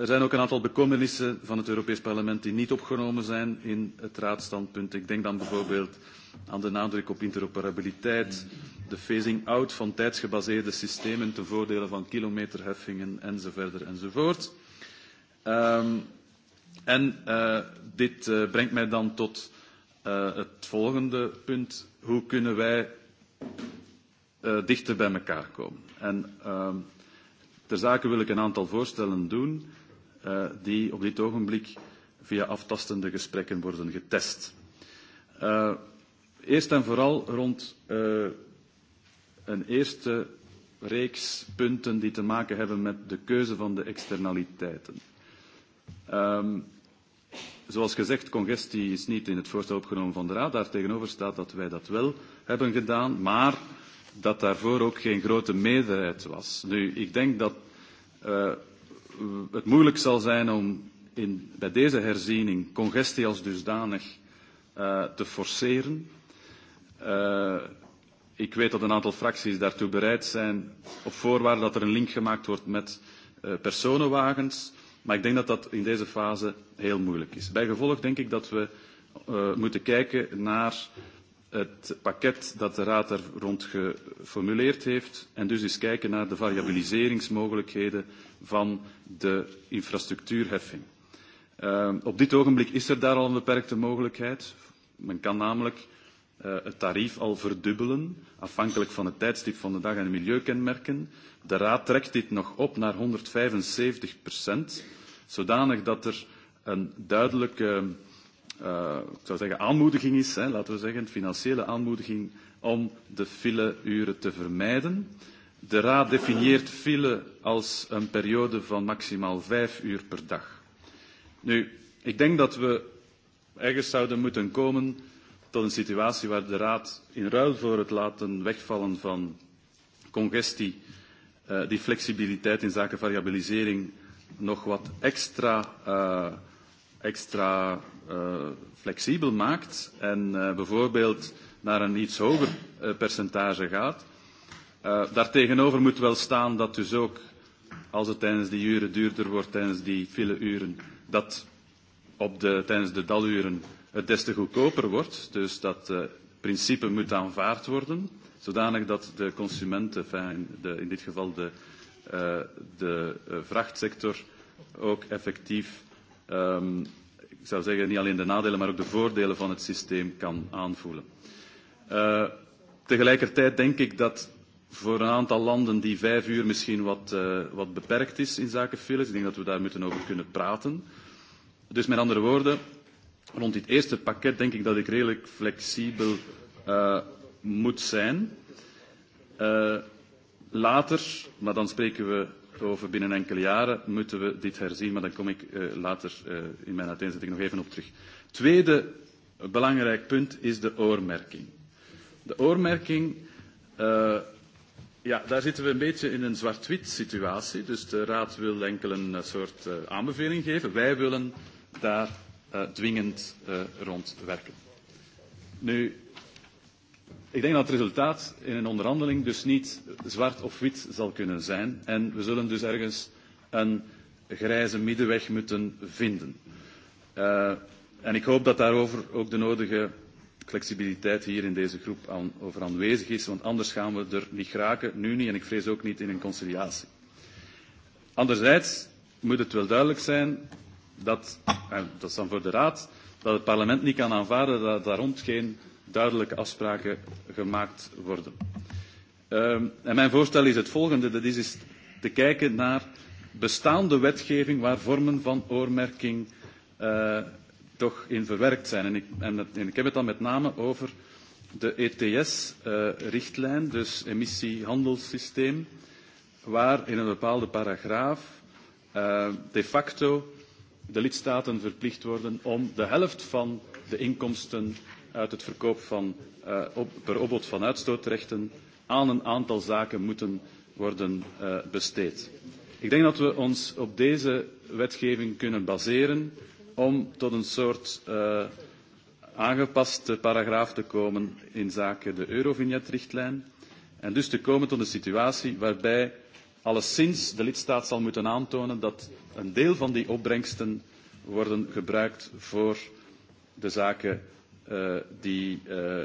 Er zijn ook een aantal bekommernissen van het Europees Parlement die niet opgenomen zijn in het raadstandpunt. Ik denk dan bijvoorbeeld aan de nadruk op interoperabiliteit, de phasing out van tijdsgebaseerde systemen ten voordele van kilometerheffingen enzovoort enzovoort. Um, en uh, dit uh, brengt mij dan tot uh, het volgende punt. Hoe kunnen wij uh, dichter bij elkaar komen? En uh, ter zake wil ik een aantal voorstellen doen uh, die op dit ogenblik via aftastende gesprekken worden getest. Uh, eerst en vooral rond uh, een eerste reeks punten die te maken hebben met de keuze van de externaliteiten. Um, zoals gezegd, congestie is niet in het voorstel opgenomen van de Raad. Daartegenover staat dat wij dat wel hebben gedaan, maar dat daarvoor ook geen grote meerderheid was. Nu, ik denk dat uh, Eh, het moeilijk zal zijn om in, bij deze herziening congestie als dusdanig uh, te forceren. Uh, ik weet dat een aantal fracties daartoe bereid zijn op voorwaarde dat er een link gemaakt wordt met uh, personenwagens. Maar ik denk dat dat in deze fase heel moeilijk is. Bijgevolg denk ik dat we uh, moeten kijken naar het pakket dat de Raad er rond geformuleerd heeft en dus eens kijken naar de variabiliseringsmogelijkheden van de infrastructuurheffing. Uh, op dit ogenblik is er daar al een beperkte mogelijkheid. Men kan namelijk uh, het tarief al verdubbelen, afhankelijk van het tijdstip van de dag en de milieukenmerken. De Raad trekt dit nog op naar 175 procent, zodanig dat er een duidelijke uh, ik zou zeggen, aanmoediging is, hè, laten we zeggen, financiële aanmoediging om de fileuren te vermijden. De Raad definieert file als een periode van maximaal vijf uur per dag. Nu, ik denk dat we ergens zouden moeten komen tot een situatie waar de Raad in ruil voor het laten wegvallen van congestie uh, die flexibiliteit in zaken variabilisering nog wat extra, uh, extra uh, flexibel maakt en uh, bijvoorbeeld naar een iets hoger uh, percentage gaat Uh, daartegenover moet wel staan dat dus ook, als het tijdens die uren duurder wordt, tijdens die file uren, dat op de, tijdens de daluren het des te goedkoper wordt. Dus dat uh, principe moet aanvaard worden, zodanig dat de consumenten, enfin, de, in dit geval de, uh, de uh, vrachtsector, ook effectief, um, ik zou zeggen, niet alleen de nadelen, maar ook de voordelen van het systeem kan aanvoelen. Uh, tegelijkertijd denk ik dat voor een aantal landen die vijf uur misschien wat, uh, wat beperkt is in zaken files. Ik denk dat we daar moeten over kunnen praten. Dus met andere woorden, rond dit eerste pakket denk ik dat ik redelijk flexibel uh, moet zijn. Uh, later, maar dan spreken we over binnen enkele jaren, moeten we dit herzien. Maar daar kom ik uh, later uh, in mijn uiteenzetting nog even op terug. Tweede belangrijk punt is de oormerking. De oormerking... Uh, Ja, daar zitten we een beetje in een zwart-wit situatie. Dus de Raad wil enkel een eh, soort uh, aanbeveling geven. Wij willen daar uh, dwingend uh, rond werken. Nu, ik denk dat het resultaat in een onderhandeling dus niet zwart of wit zal kunnen zijn. En we zullen dus ergens een grijze middenweg moeten vinden. Uh, en ik hoop dat daarover ook de nodige flexibiliteit hier in deze groep aan, over aanwezig is, want anders gaan we er niet raken, nu niet en ik vrees ook niet in een conciliatie. Anderzijds moet het wel duidelijk zijn dat, en dat is dan voor de Raad, dat het parlement niet kan aanvaarden dat daar rond geen duidelijke afspraken gemaakt worden. Um, en mijn voorstel is het volgende, dat is, eens te kijken naar bestaande wetgeving waar vormen van oormerking uh, toch in verwerkt zijn. En ik, en, en ik heb het dan met name over de ETS-richtlijn, uh, dus emissiehandelssysteem, waar in een bepaalde paragraaf uh, de facto de lidstaten verplicht worden om de helft van de inkomsten uit het verkoop van, uh, op, per opbod van uitstootrechten aan een aantal zaken moeten worden uh, besteed. Ik denk dat we ons op deze wetgeving kunnen baseren om tot een soort uh, aangepaste paragraaf te komen in zaken de Eurovignetrichtlijn. En dus te komen tot een situatie waarbij alleszins de lidstaat zal moeten aantonen dat een deel van die opbrengsten worden gebruikt voor de zaken uh, die uh,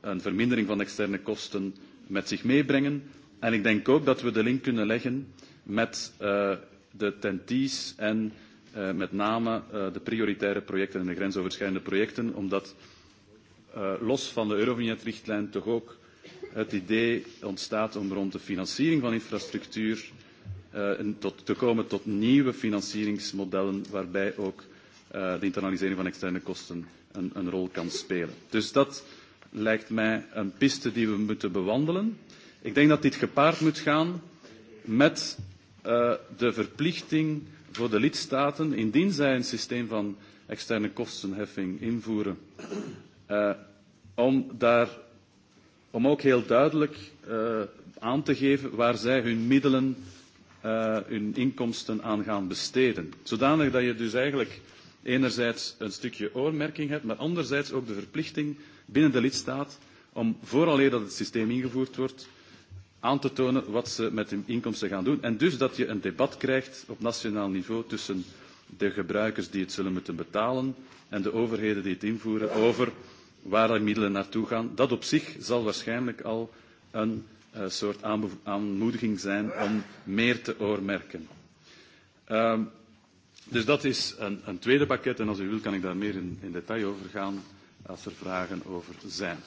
een vermindering van externe kosten met zich meebrengen. En ik denk ook dat we de link kunnen leggen met uh, de tenties en Eh, met name eh, de prioritaire projecten en de grensoverschrijdende projecten, omdat eh, los van de Eurovignet-richtlijn toch ook het idee ontstaat om rond de financiering van infrastructuur te komen tot nieuwe financieringsmodellen waarbij ook de internalisering van externe kosten een, rol kan spelen. Dus dat lijkt mij een piste die we moeten bewandelen. Ik denk dat dit gepaard moet gaan met de verplichting voor de lidstaten, indien zij een systeem van externe kostenheffing invoeren, uh, om, daar, om ook heel duidelijk uh, aan te geven waar zij hun middelen, uh, hun inkomsten aan gaan besteden. Zodanig dat je dus eigenlijk enerzijds een stukje oormerking hebt, maar anderzijds ook de verplichting binnen de lidstaat om, vooraleer dat het systeem ingevoerd wordt, aan te tonen wat ze met hun inkomsten gaan doen. En dus dat je een debat krijgt op nationaal niveau tussen de gebruikers die het zullen moeten betalen en de overheden die het invoeren over waar de middelen naartoe gaan. Dat op zich zal waarschijnlijk al een uh, soort aanmoediging zijn om meer te oormerken. Um, dus dat is een, een tweede pakket en als u wil kan ik daar meer in, in detail over gaan als er vragen over zijn.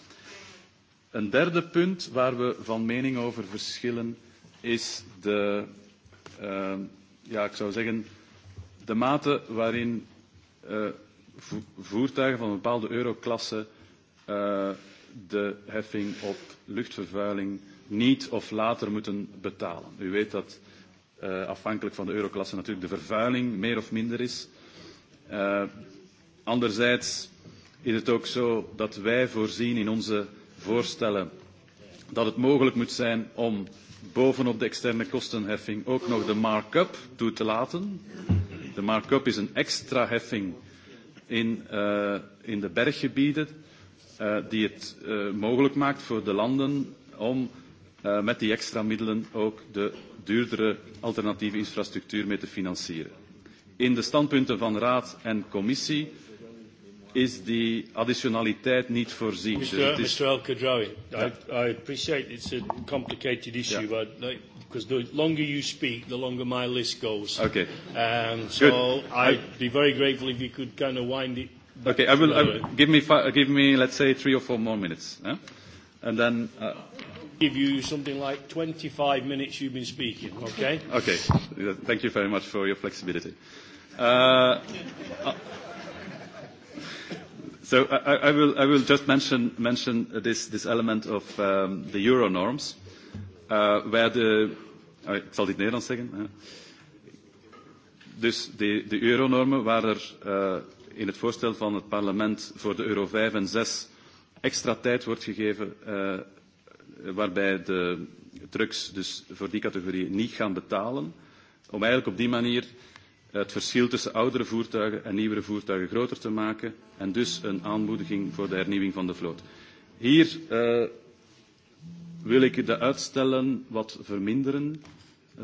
Een derde punt waar we van mening over verschillen is de, uh, ja, ik zou zeggen, de mate waarin uh, vo voertuigen van een bepaalde euroklasse uh, de heffing op luchtvervuiling niet of later moeten betalen. U weet dat uh, afhankelijk van de euroklasse natuurlijk de vervuiling meer of minder is. Uh, anderzijds is het ook zo dat wij voorzien in onze voorstellen dat het mogelijk moet zijn om bovenop de externe kostenheffing ook nog de markup toe te laten. De markup is een extra heffing in, uh, in de berggebieden uh, die het uh, mogelijk maakt voor de landen om uh, met die extra middelen ook de duurdere alternatieve infrastructuur mee te financieren. In de standpunten van Raad en Commissie is the additionaliteit niet voorzien. Mr. El-Khadraoui, yeah. I, I appreciate it's a complicated issue, yeah. but because the longer you speak, the longer my list goes. Okay. Um, so Good. I'd be very grateful if you could kind of wind it. okay, I will, I give me five, give me let's say three or four more minutes, yeah? and then. Uh, give you something like 25 minutes you've been speaking, okay? Okay, thank you very much for your flexibility. Uh, uh So I, will, just mention, this, element of um, the euro norms, uh, where the Oh, ik zal er uh, in het voorstel van het parlement voor de euro 5 en 6 extra tijd wordt gegeven uh, waarbij de trucks dus voor die categorie niet gaan betalen. Om eigenlijk op die manier Eh, het verschil tussen oudere voertuigen en nieuwere voertuigen groter te maken en dus een aanmoediging voor de hernieuwing van de vloot. Hier uh, wil ik de uitstellen wat verminderen.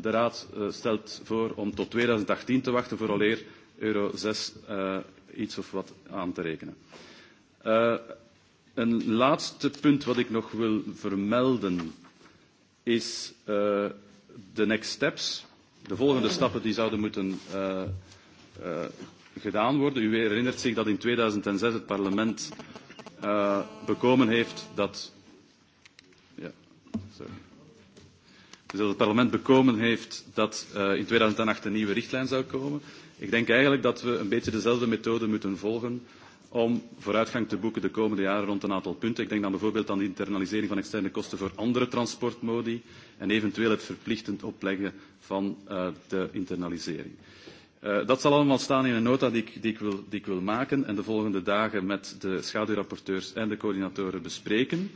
De Raad uh, stelt voor om tot 2018 te wachten vooraleer euro 6 uh, iets of wat aan te rekenen. Uh, een laatste punt wat ik nog wil vermelden is de next steps de volgende stappen die zouden moeten uh, uh, gedaan worden. U herinnert zich dat in 2006 het parlement uh, bekomen heeft dat... Ja, sorry. Dus dat het parlement bekomen heeft dat uh, in 2008 een nieuwe richtlijn zou komen. Ik denk eigenlijk dat we een beetje dezelfde methode moeten volgen om vooruitgang te boeken de komende jaren rond een aantal punten. Ik denk dan bijvoorbeeld aan de internalisering van externe kosten voor andere transportmodi en eventueel het verplichtend opleggen van eh, de internalisering. Eh, dat zal allemaal staan in een nota die ik, die, ik wil, die ik wil maken en de volgende dagen met de schaduwrapporteurs en de coördinatoren bespreken.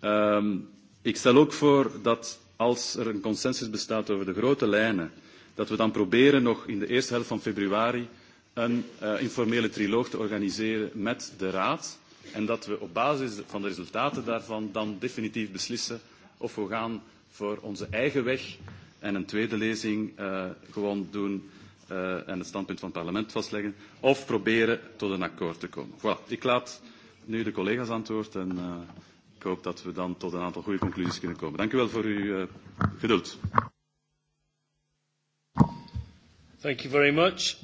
Ehm, ik stel ook voor dat als er een consensus bestaat over de grote lijnen, dat we dan proberen nog in de eerste helft van februari een uh, informele triloog te organiseren met de Raad. En dat we op basis van de resultaten daarvan dan definitief beslissen of we gaan voor onze eigen weg en een tweede lezing uh, gewoon doen uh, en het standpunt van het parlement vastleggen. Of proberen tot een akkoord te komen. Voilà, ik laat nu de collega's antwoord en uh, ik hoop dat we dan tot een aantal goede conclusies kunnen komen. Dank u wel voor uw uh, geduld. Thank you very much.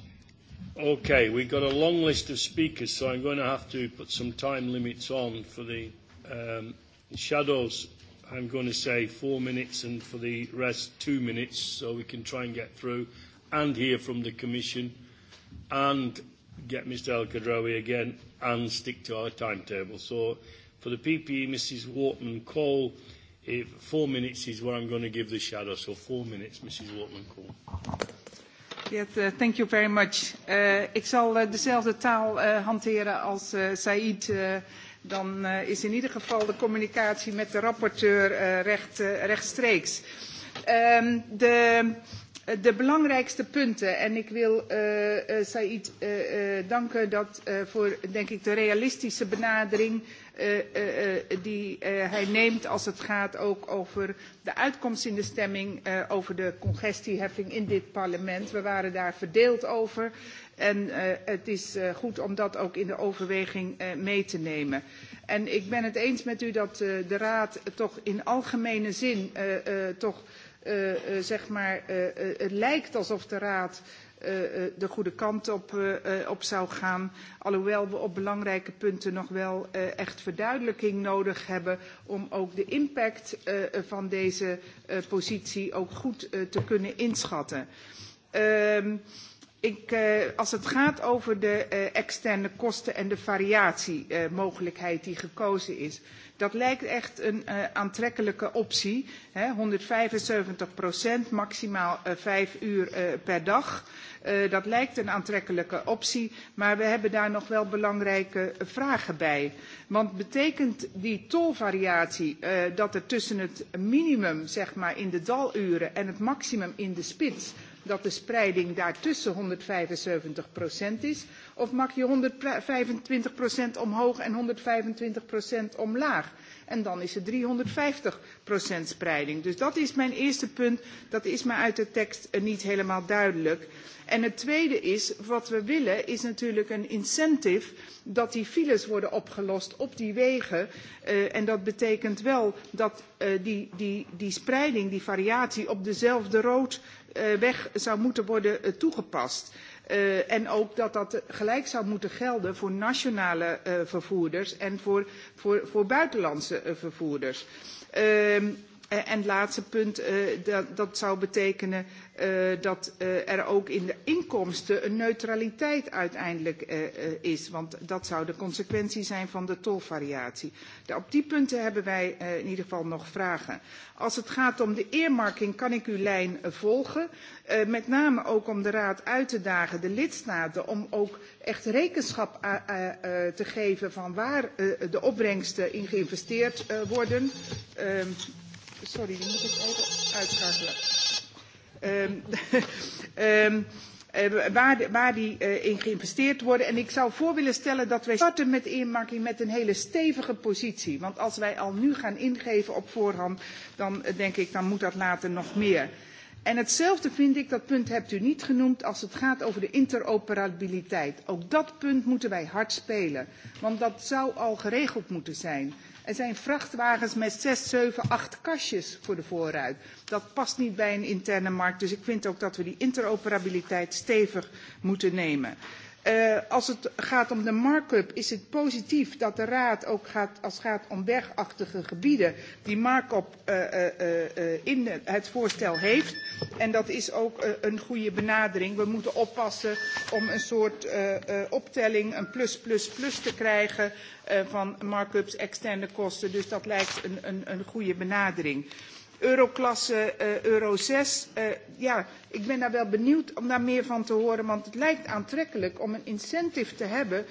Okay, we've got a long list of speakers, so I'm going to have to put some time limits on for the um, shadows. I'm going to say four minutes, and for the rest, two minutes, so we can try and get through and hear from the Commission and get Mr. El Kadrawi again and stick to our timetable. So for the PPE, Mrs. Wharton Cole, if four minutes is what I'm going to give the shadow, so four minutes, Mrs. Wharton Cole. Eh, eh, ik zal eh, dezelfde taal hanteren als Said. dan is in ieder geval de communicatie met de rapporteur rechtstreeks. Ehm, de, belangrijkste punten en ik wil Said danken voor denk ik, de realistische benadering uh, uh, die uh, hij neemt als het gaat ook over de uitkomst in de stemming uh, over de congestieheffing in dit parlement. We waren daar verdeeld over en uh, het is uh, goed om dat ook in de overweging uh, mee te nemen. En ik ben het eens met u dat uh, de Raad toch in algemene zin uh, uh, toch, uh, uh, zeg maar, uh, uh, het lijkt alsof de Raad Eh, eh, de goede kant op, eh, op zou gaan. Alhoewel we op belangrijke punten nog wel echt verduidelijking nodig hebben om ook de impact van deze positie ook goed te kunnen inschatten. Ehm, ik, als het gaat over de externe kosten en de variatiemogelijkheid die gekozen is Dat lijkt echt een uh, aantrekkelijke optie. Hè, 175 procent, maximaal uh, vijf uur uh, per dag. Uh, dat lijkt een aantrekkelijke optie, maar we hebben daar nog wel belangrijke vragen bij. Want betekent die tolvariatie uh, dat er tussen het minimum zeg maar, in de daluren en het maximum in de spits dat de spreiding daartussen 175 procent is? Of mag je 125 procent omhoog en 125 procent omlaag? En dan is er het 350 procent spreiding. Dus dat is mijn eerste punt. Dat is mij uit de tekst eh, niet helemaal duidelijk. En het tweede is, wat we willen is natuurlijk een incentive dat die files worden opgelost op die wegen. Uh, en dat betekent wel dat uh, die, die, die spreiding, die variatie op dezelfde rood Eh, weg zou moeten worden eh, toegepast. Eh, en ook dat dat gelijk zou moeten gelden voor nationale vervoerders en voor, voor, voor buitenlandse vervoerders. Uh, Eh, en laatste punt, eh, dat, dat zou betekenen eh, dat er ook in de inkomsten een neutraliteit uiteindelijk is. Want dat zou de consequentie zijn van de tolvariatie. op die punten hebben wij in ieder geval nog vragen. Als het gaat om de eermarking kan ik uw lijn volgen. met name ook om de Raad uit te dagen, de lidstaten, om ook echt rekenschap te geven van waar de opbrengsten in geïnvesteerd worden. Uh, sorry, die moet ik even uitschakelen. Um, um, uh, waar, de, waar die uh, in geïnvesteerd worden. En ik zou voor willen stellen dat wij starten met inmarking met een hele stevige positie. Want als wij al nu gaan ingeven op voorhand, dan uh, denk ik, dan moet dat later nog meer. En hetzelfde vind ik, dat punt hebt u niet genoemd, als het gaat over de interoperabiliteit. Ook dat punt moeten wij hard spelen, want dat zou al geregeld moeten zijn. Er zijn vrachtwagens met zes, zeven, acht kastjes voor de voorruit. Dat past niet bij een interne markt, dus ik vind ook dat we die interoperabiliteit stevig moeten nemen. Eh, als het gaat om de markup is het positief dat de Raad ook gaat, als het gaat om bergachtige gebieden, die markup uh, uh, in het voorstel heeft. En dat is ook een goede benadering. We moeten oppassen om een soort optelling, een plus plus plus te krijgen van markups, externe kosten. Dus dat lijkt een, een, een goede benadering. Uh, euroklasse, eh, euro zes eh, ja, ik ben daar wel benieuwd om daar meer van te horen, want het lijkt aantrekkelijk om een incentive te hebben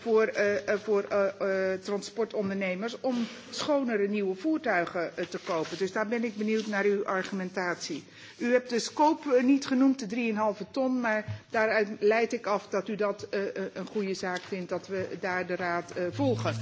voor, eh, transportondernemers om schonere nieuwe voertuigen te kopen. Dus daar ben ik benieuwd naar uw argumentatie. U hebt de scope niet genoemd, de 3,5 ton, maar daaruit leid ik af dat u dat een goede zaak vindt dat we daar de raad volgen.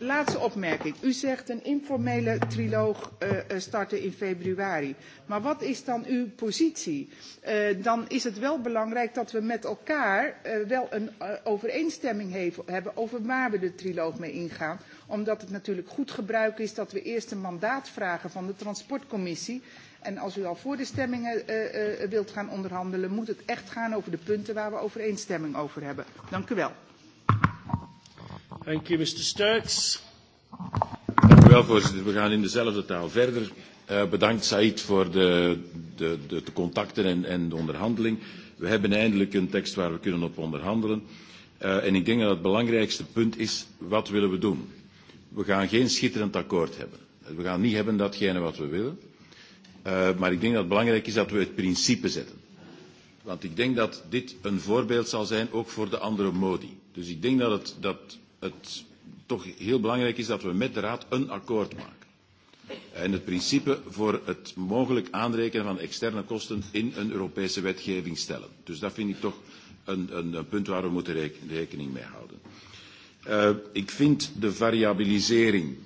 Laatste opmerking. U zegt een informele triloog uh, starten in februari. Maar wat is dan uw positie? Uh, dan is het wel belangrijk dat we met elkaar uh, wel een uh, overeenstemming hef, hebben over waar we de triloog mee ingaan. Omdat het natuurlijk goed gebruik is dat we eerst een mandaat vragen van de transportcommissie. En als u al voor de stemmingen uh, uh, wilt gaan onderhandelen, moet het echt gaan over de punten waar we overeenstemming over hebben. Dank u wel. Thank you, Mr. Sturks. Dank u wel, voorzitter. We gaan in dezelfde taal verder. Uh, bedankt, Said, voor de, de, de, de contacten en, en de onderhandeling. We hebben eindelijk een tekst waar we kunnen op onderhandelen. Uh, en ik denk dat het belangrijkste punt is, wat willen we doen? We gaan geen schitterend akkoord hebben. We gaan niet hebben datgene wat we willen. Uh, maar ik denk dat het belangrijk is dat we het principe zetten. Want ik denk dat dit een voorbeeld zal zijn, ook voor de andere modi. Dus ik denk dat, het, dat het toch heel belangrijk is dat we met de Raad een akkoord maken. En het principe voor het mogelijk aanrekenen van externe kosten in een Europese wetgeving stellen. Dus dat vind ik toch een, een, een punt waar we moeten rekening mee houden. Uh, ik vind de variabilisering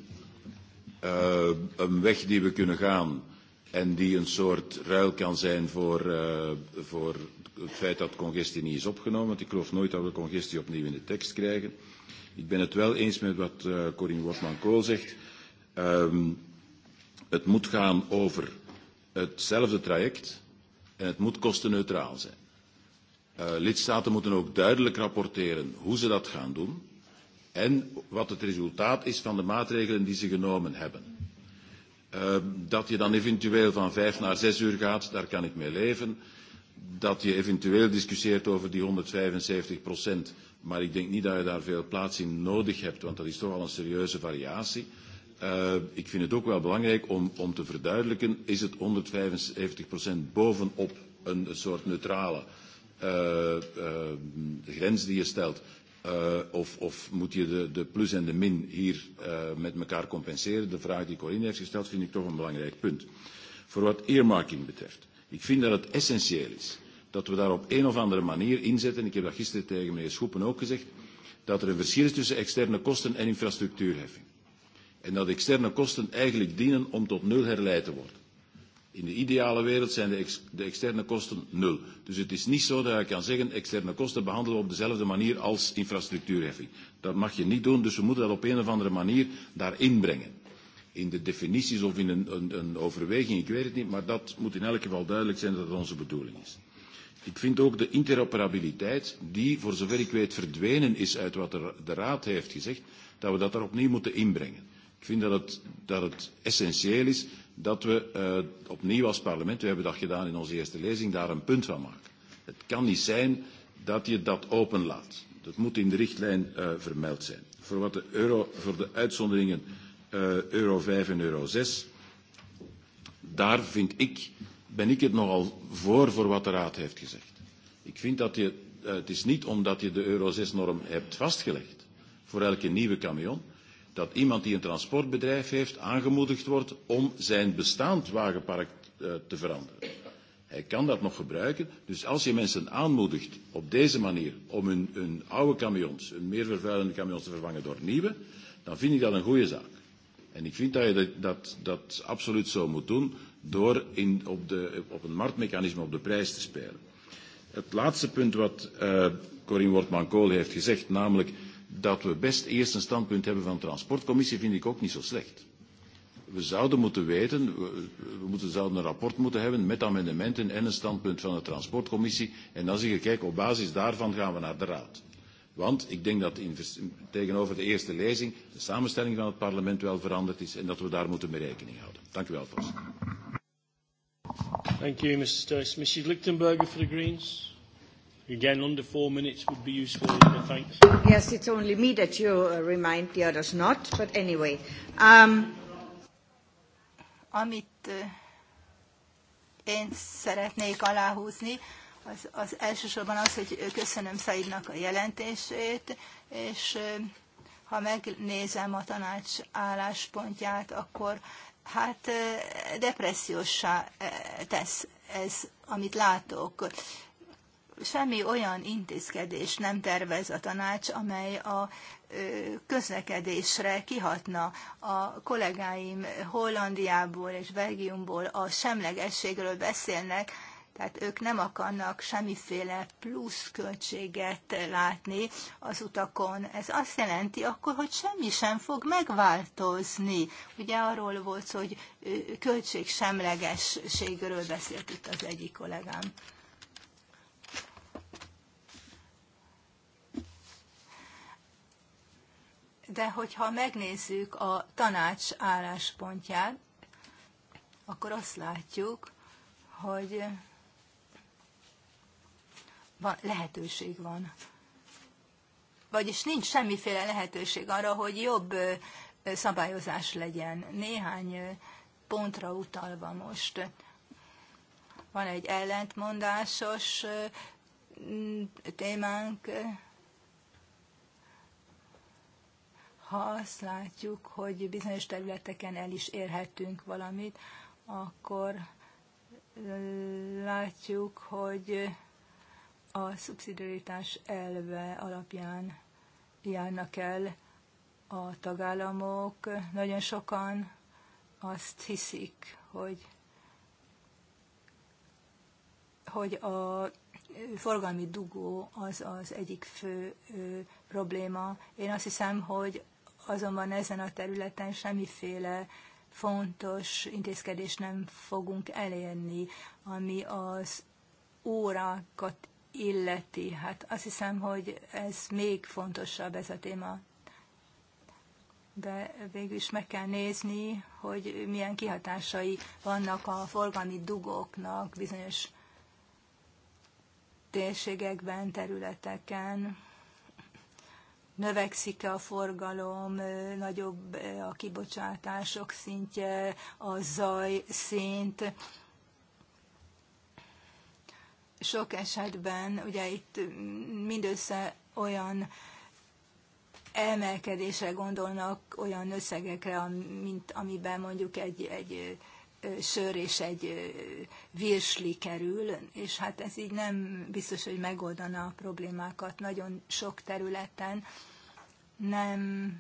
uh, een weg die we kunnen gaan en die een soort ruil kan zijn voor, uh, voor het feit dat congestie niet is opgenomen. Want ik geloof nooit dat we congestie opnieuw in de tekst krijgen. Ik ben het wel eens met wat uh, eh, Corinne Wortman-Kool zegt. Um, het moet gaan over hetzelfde traject en het moet kostenneutraal zijn. Uh, lidstaten moeten ook duidelijk rapporteren hoe ze dat gaan doen en wat het resultaat is van de maatregelen die ze genomen hebben. Uh, dat je dan eventueel van vijf naar zes uur gaat, daar kan ik mee leven. Dat je eventueel discussieert over die 175 procent, Maar ik denk niet dat je daar veel plaats in nodig hebt, want dat is toch al een serieuze variatie. Eh, ik vind het ook wel belangrijk om, te verduidelijken, is het 175% bovenop een, soort neutrale eh, eh, grens die je stelt? of, moet je de, plus en de min hier met elkaar compenseren? De vraag die Corinne heeft gesteld vind ik toch een belangrijk punt. Voor wat earmarking betreft. Ik vind dat het essentieel is dat we daar op een of andere manier inzetten. Ik heb dat gisteren tegen meneer Schoepen ook gezegd. Dat er een verschil is tussen externe kosten en infrastructuurheffing. En dat externe kosten eigenlijk dienen om tot nul herleid te worden. In de ideale wereld zijn de, ex de externe kosten nul. Dus het is niet zo dat je kan zeggen, externe kosten behandelen we op dezelfde manier als infrastructuurheffing. Dat mag je niet doen, dus we moeten dat op een of andere manier daarin brengen. In de definities of in een, een, een overweging, ik weet het niet, maar dat moet in elk geval duidelijk zijn dat dat onze bedoeling is. Ik vind ook de interoperabiliteit, die voor zover ik weet verdwenen is uit wat er de Raad heeft gezegd, dat we dat er opnieuw moeten inbrengen. Ik vind dat het, dat het essentieel is dat we uh, opnieuw als parlement, we hebben dat gedaan in onze eerste lezing, daar een punt van maken. Het kan niet zijn dat je dat openlaat. Dat moet in de richtlijn uh, vermeld zijn. Voor, wat de euro, voor de uitzonderingen uh, euro 5 en euro 6, daar vind ik ben ik het nogal voor voor wat de Raad heeft gezegd. Ik vind dat je, eh, het is niet omdat je de Euro 6-norm hebt vastgelegd voor elke nieuwe camion, dat iemand die een transportbedrijf heeft aangemoedigd wordt om zijn bestaand wagenpark eh, te veranderen. Hij kan dat nog gebruiken. Dus als je mensen aanmoedigt op deze manier om hun, hun oude camions, hun meer vervuilende camions te vervangen door nieuwe, dan vind ik dat een goede zaak. En ik vind dat je dat, dat, dat absoluut zo moet doen door in, op, de, op een marktmechanisme op de prijs te spelen. Het laatste punt wat uh, eh, Corinne Wortman-Kool heeft gezegd, namelijk dat we best eerst een standpunt hebben van de transportcommissie, vind ik ook niet zo slecht. We zouden moeten weten, we, we moeten, zouden een rapport moeten hebben met amendementen en een standpunt van de transportcommissie. En dan zeggen, kijk, op basis daarvan gaan we naar de raad. Want ik denk dat tegenover de eerste lezing de samenstelling van het parlement wel veranderd is en dat we daar moeten mee rekening houden. Dank u wel, voorzitter. Thank you, Mr. Sturz. Mrs. Lichtenberger for the Greens. Again, under four minutes would be useful. Thanks. Yes, it's only me that you uh, remind the others not, but anyway. Um, Amit uh, én szeretnék aláhúzni, az, az elsősorban az, hogy köszönöm Szaidnak a jelentését, és ha megnézem a tanács álláspontját, akkor hát depressziósá tesz ez, amit látok. Semmi olyan intézkedés nem tervez a tanács, amely a közlekedésre kihatna a kollégáim Hollandiából és Belgiumból a semlegességről beszélnek, tehát ők nem akarnak semmiféle plusz költséget látni az utakon. Ez azt jelenti akkor, hogy semmi sem fog megváltozni. Ugye arról volt, hogy költségsemlegességről beszélt itt az egyik kollégám. De hogyha megnézzük a tanács álláspontját, akkor azt látjuk, hogy van, lehetőség van. Vagyis nincs semmiféle lehetőség arra, hogy jobb szabályozás legyen. Néhány pontra utalva most. Van egy ellentmondásos témánk, ha azt látjuk, hogy bizonyos területeken el is érhetünk valamit, akkor látjuk, hogy a szubszidiaritás elve alapján járnak el a tagállamok. Nagyon sokan azt hiszik, hogy, hogy a forgalmi dugó az az egyik fő ö, probléma. Én azt hiszem, hogy azonban ezen a területen semmiféle fontos intézkedést nem fogunk elérni, ami az órákat illeti, hát azt hiszem, hogy ez még fontosabb ez a téma. De végül is meg kell nézni, hogy milyen kihatásai vannak a forgalmi dugóknak bizonyos térségekben, területeken. Növekszik-e a forgalom, nagyobb a kibocsátások szintje, a zaj szint, sok esetben ugye itt mindössze olyan emelkedésre gondolnak, olyan összegekre, mint amiben mondjuk egy, egy sör és egy virsli kerül, és hát ez így nem biztos, hogy megoldana a problémákat nagyon sok területen. Nem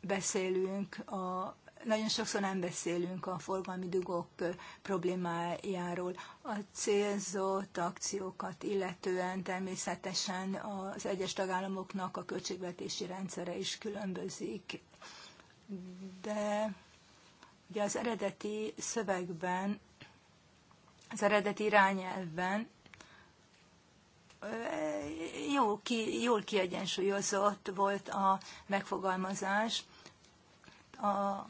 beszélünk a nagyon sokszor nem beszélünk a forgalmi dugók problémájáról. A célzott akciókat illetően természetesen az egyes tagállamoknak a költségvetési rendszere is különbözik. De ugye az eredeti szövegben, az eredeti irányelvben jó, ki, jól kiegyensúlyozott volt a megfogalmazás, a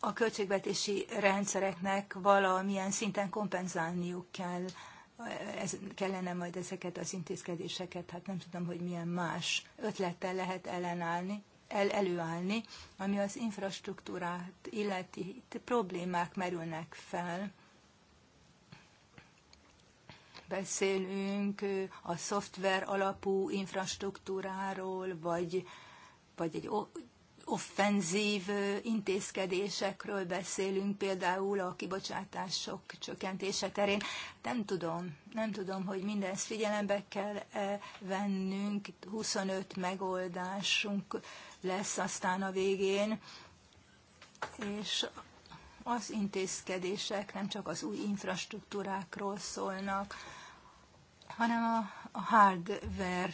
a költségvetési rendszereknek valamilyen szinten kompenzálniuk kell, ez, kellene majd ezeket az intézkedéseket, hát nem tudom, hogy milyen más ötlettel lehet ellenállni, el, előállni, ami az infrastruktúrát illeti problémák merülnek fel. Beszélünk a szoftver alapú infrastruktúráról, vagy, vagy egy offenzív intézkedésekről beszélünk, például a kibocsátások csökkentése terén. Nem tudom, nem tudom, hogy mindezt figyelembe kell -e vennünk, 25 megoldásunk lesz aztán a végén, és az intézkedések nem csak az új infrastruktúrákról szólnak, hanem a, a hardware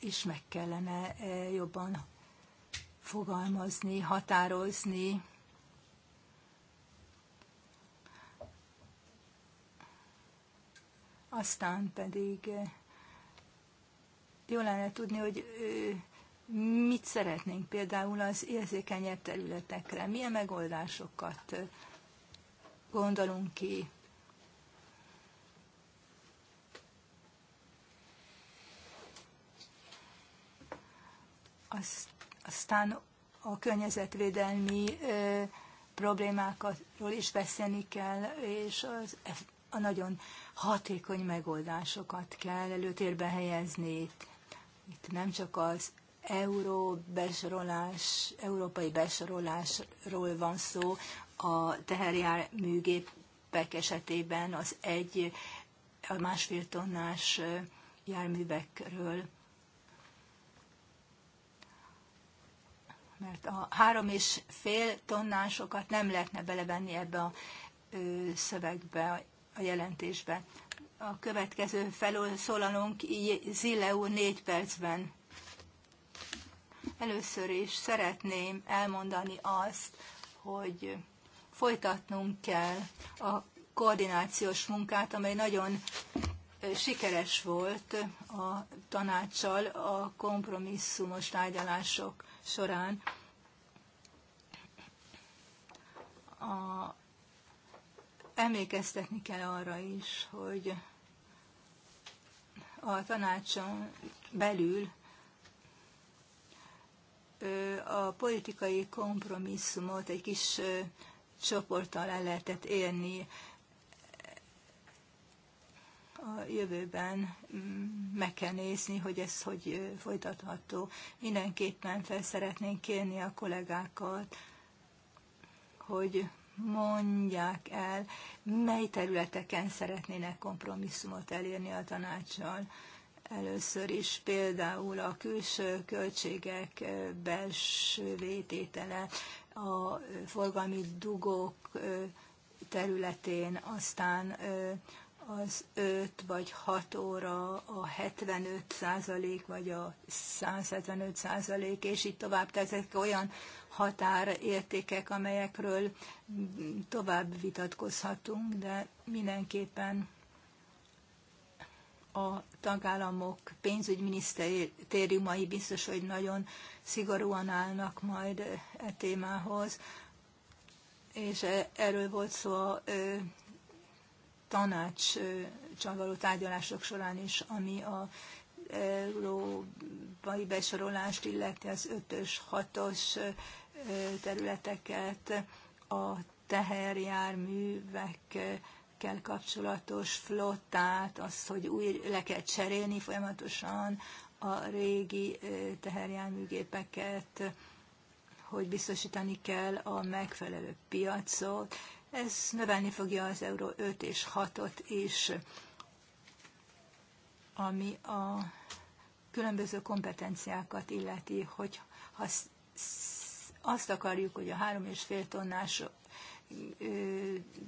is meg kellene jobban fogalmazni, határozni. Aztán pedig eh, jó lenne tudni, hogy eh, mit szeretnénk például az érzékenyebb területekre, milyen megoldásokat eh, gondolunk ki. Azt aztán a környezetvédelmi problémákról is beszélni kell, és az, e-, a nagyon hatékony megoldásokat kell előtérbe helyezni. Itt, itt nem csak az euró besorolás, európai besorolásról van szó, a teherjárműgépek esetében az egy, a másfél tonnás járművekről mert a három és fél tonnásokat nem lehetne belevenni ebbe a szövegbe, a jelentésbe. A következő felszólalónk Zille úr négy percben. Először is szeretném elmondani azt, hogy folytatnunk kell a koordinációs munkát, amely nagyon sikeres volt a tanácssal a kompromisszumos tárgyalások során a, emlékeztetni kell arra is, hogy a tanácson belül a politikai kompromisszumot egy kis csoporttal el lehetett élni a jövőben mm, meg kell nézni, hogy ez hogy folytatható. Mindenképpen fel szeretnénk kérni a kollégákat, hogy mondják el, mely területeken szeretnének kompromisszumot elérni a tanácssal. Először is például a külső költségek belső vététele, a forgalmi dugók területén, aztán az 5 vagy 6 óra, a 75 százalék, vagy a 175 százalék, és így tovább. Tehát ezek olyan határértékek, amelyekről tovább vitatkozhatunk, de mindenképpen a tagállamok pénzügyminisztériumai biztos, hogy nagyon szigorúan állnak majd e témához, és e- erről volt szó a tanácssal való tárgyalások során is, ami a európai besorolást, illeti az ötös, hatos területeket, a teherjárművekkel kapcsolatos flottát, az hogy új le kell cserélni folyamatosan a régi teherjárműgépeket, hogy biztosítani kell a megfelelő piacot, ez növelni fogja az euró 5 és 6-ot is, ami a különböző kompetenciákat illeti, hogy ha azt akarjuk, hogy a három és fél tonnás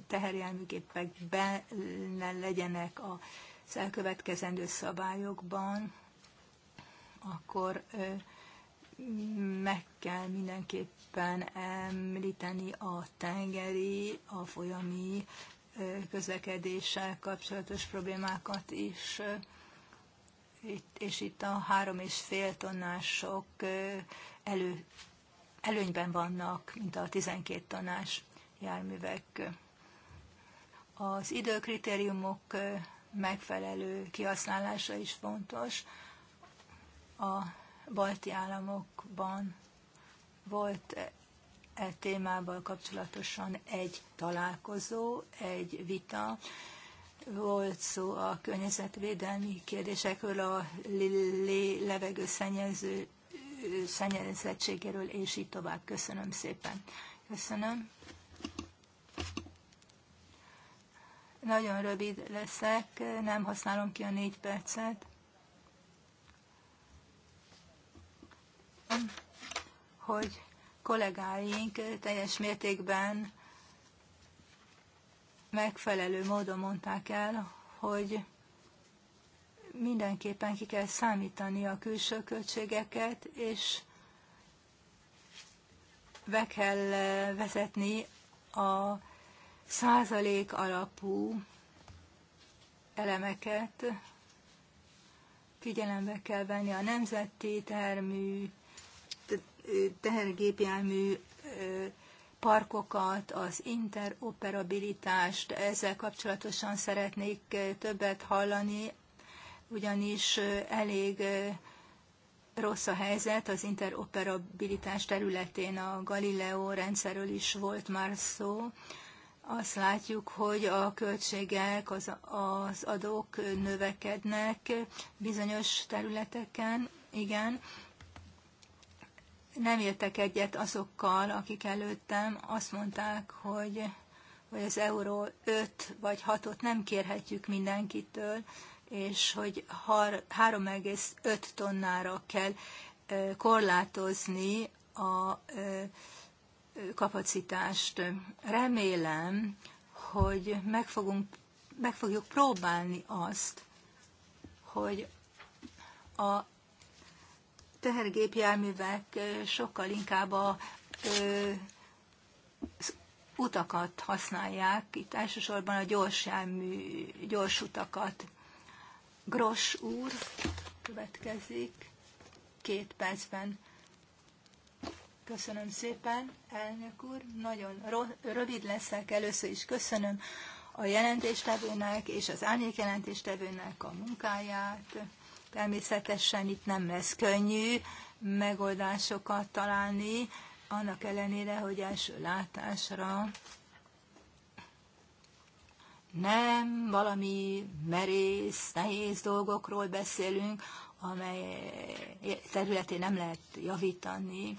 teherjelműképekben benne legyenek a elkövetkezendő szabályokban, akkor meg kell mindenképp mindenképpen említeni a tengeri, a folyami közlekedéssel kapcsolatos problémákat is. Itt, és itt a három és fél tonnások elő, előnyben vannak, mint a 12 tonnás járművek. Az időkritériumok megfelelő kihasználása is fontos. A balti államokban volt e, e témával kapcsolatosan egy találkozó, egy vita, volt szó a környezetvédelmi kérdésekről, a levegő szennyezettségéről, és így tovább. Köszönöm szépen. Köszönöm. Nagyon rövid leszek, nem használom ki a négy percet hogy kollégáink teljes mértékben megfelelő módon mondták el, hogy mindenképpen ki kell számítani a külső költségeket, és be kell eh, vezetni a százalék alapú elemeket, figyelembe kell venni a nemzeti termű tehergépjármű parkokat, az interoperabilitást, ezzel kapcsolatosan szeretnék többet hallani, ugyanis elég rossz a helyzet az interoperabilitás területén. A Galileo rendszerről is volt már szó. Azt látjuk, hogy a költségek, az, az adók növekednek bizonyos területeken, igen, nem értek egyet azokkal, akik előttem azt mondták, hogy, hogy az euró 5 vagy 6-ot nem kérhetjük mindenkitől, és hogy 3,5 tonnára kell korlátozni a kapacitást. Remélem, hogy meg, fogunk, meg fogjuk próbálni azt, hogy a tehergépjárművek sokkal inkább a, utakat használják, itt elsősorban a gyors, jármű, gyors utakat. Gros úr következik két percben. Köszönöm szépen, elnök úr. Nagyon rövid leszek. Először is köszönöm a jelentéstevőnek és az árnyék jelentéstevőnek a munkáját. Természetesen itt nem lesz könnyű megoldásokat találni, annak ellenére, hogy első látásra nem valami merész, nehéz dolgokról beszélünk, amely területén nem lehet javítani.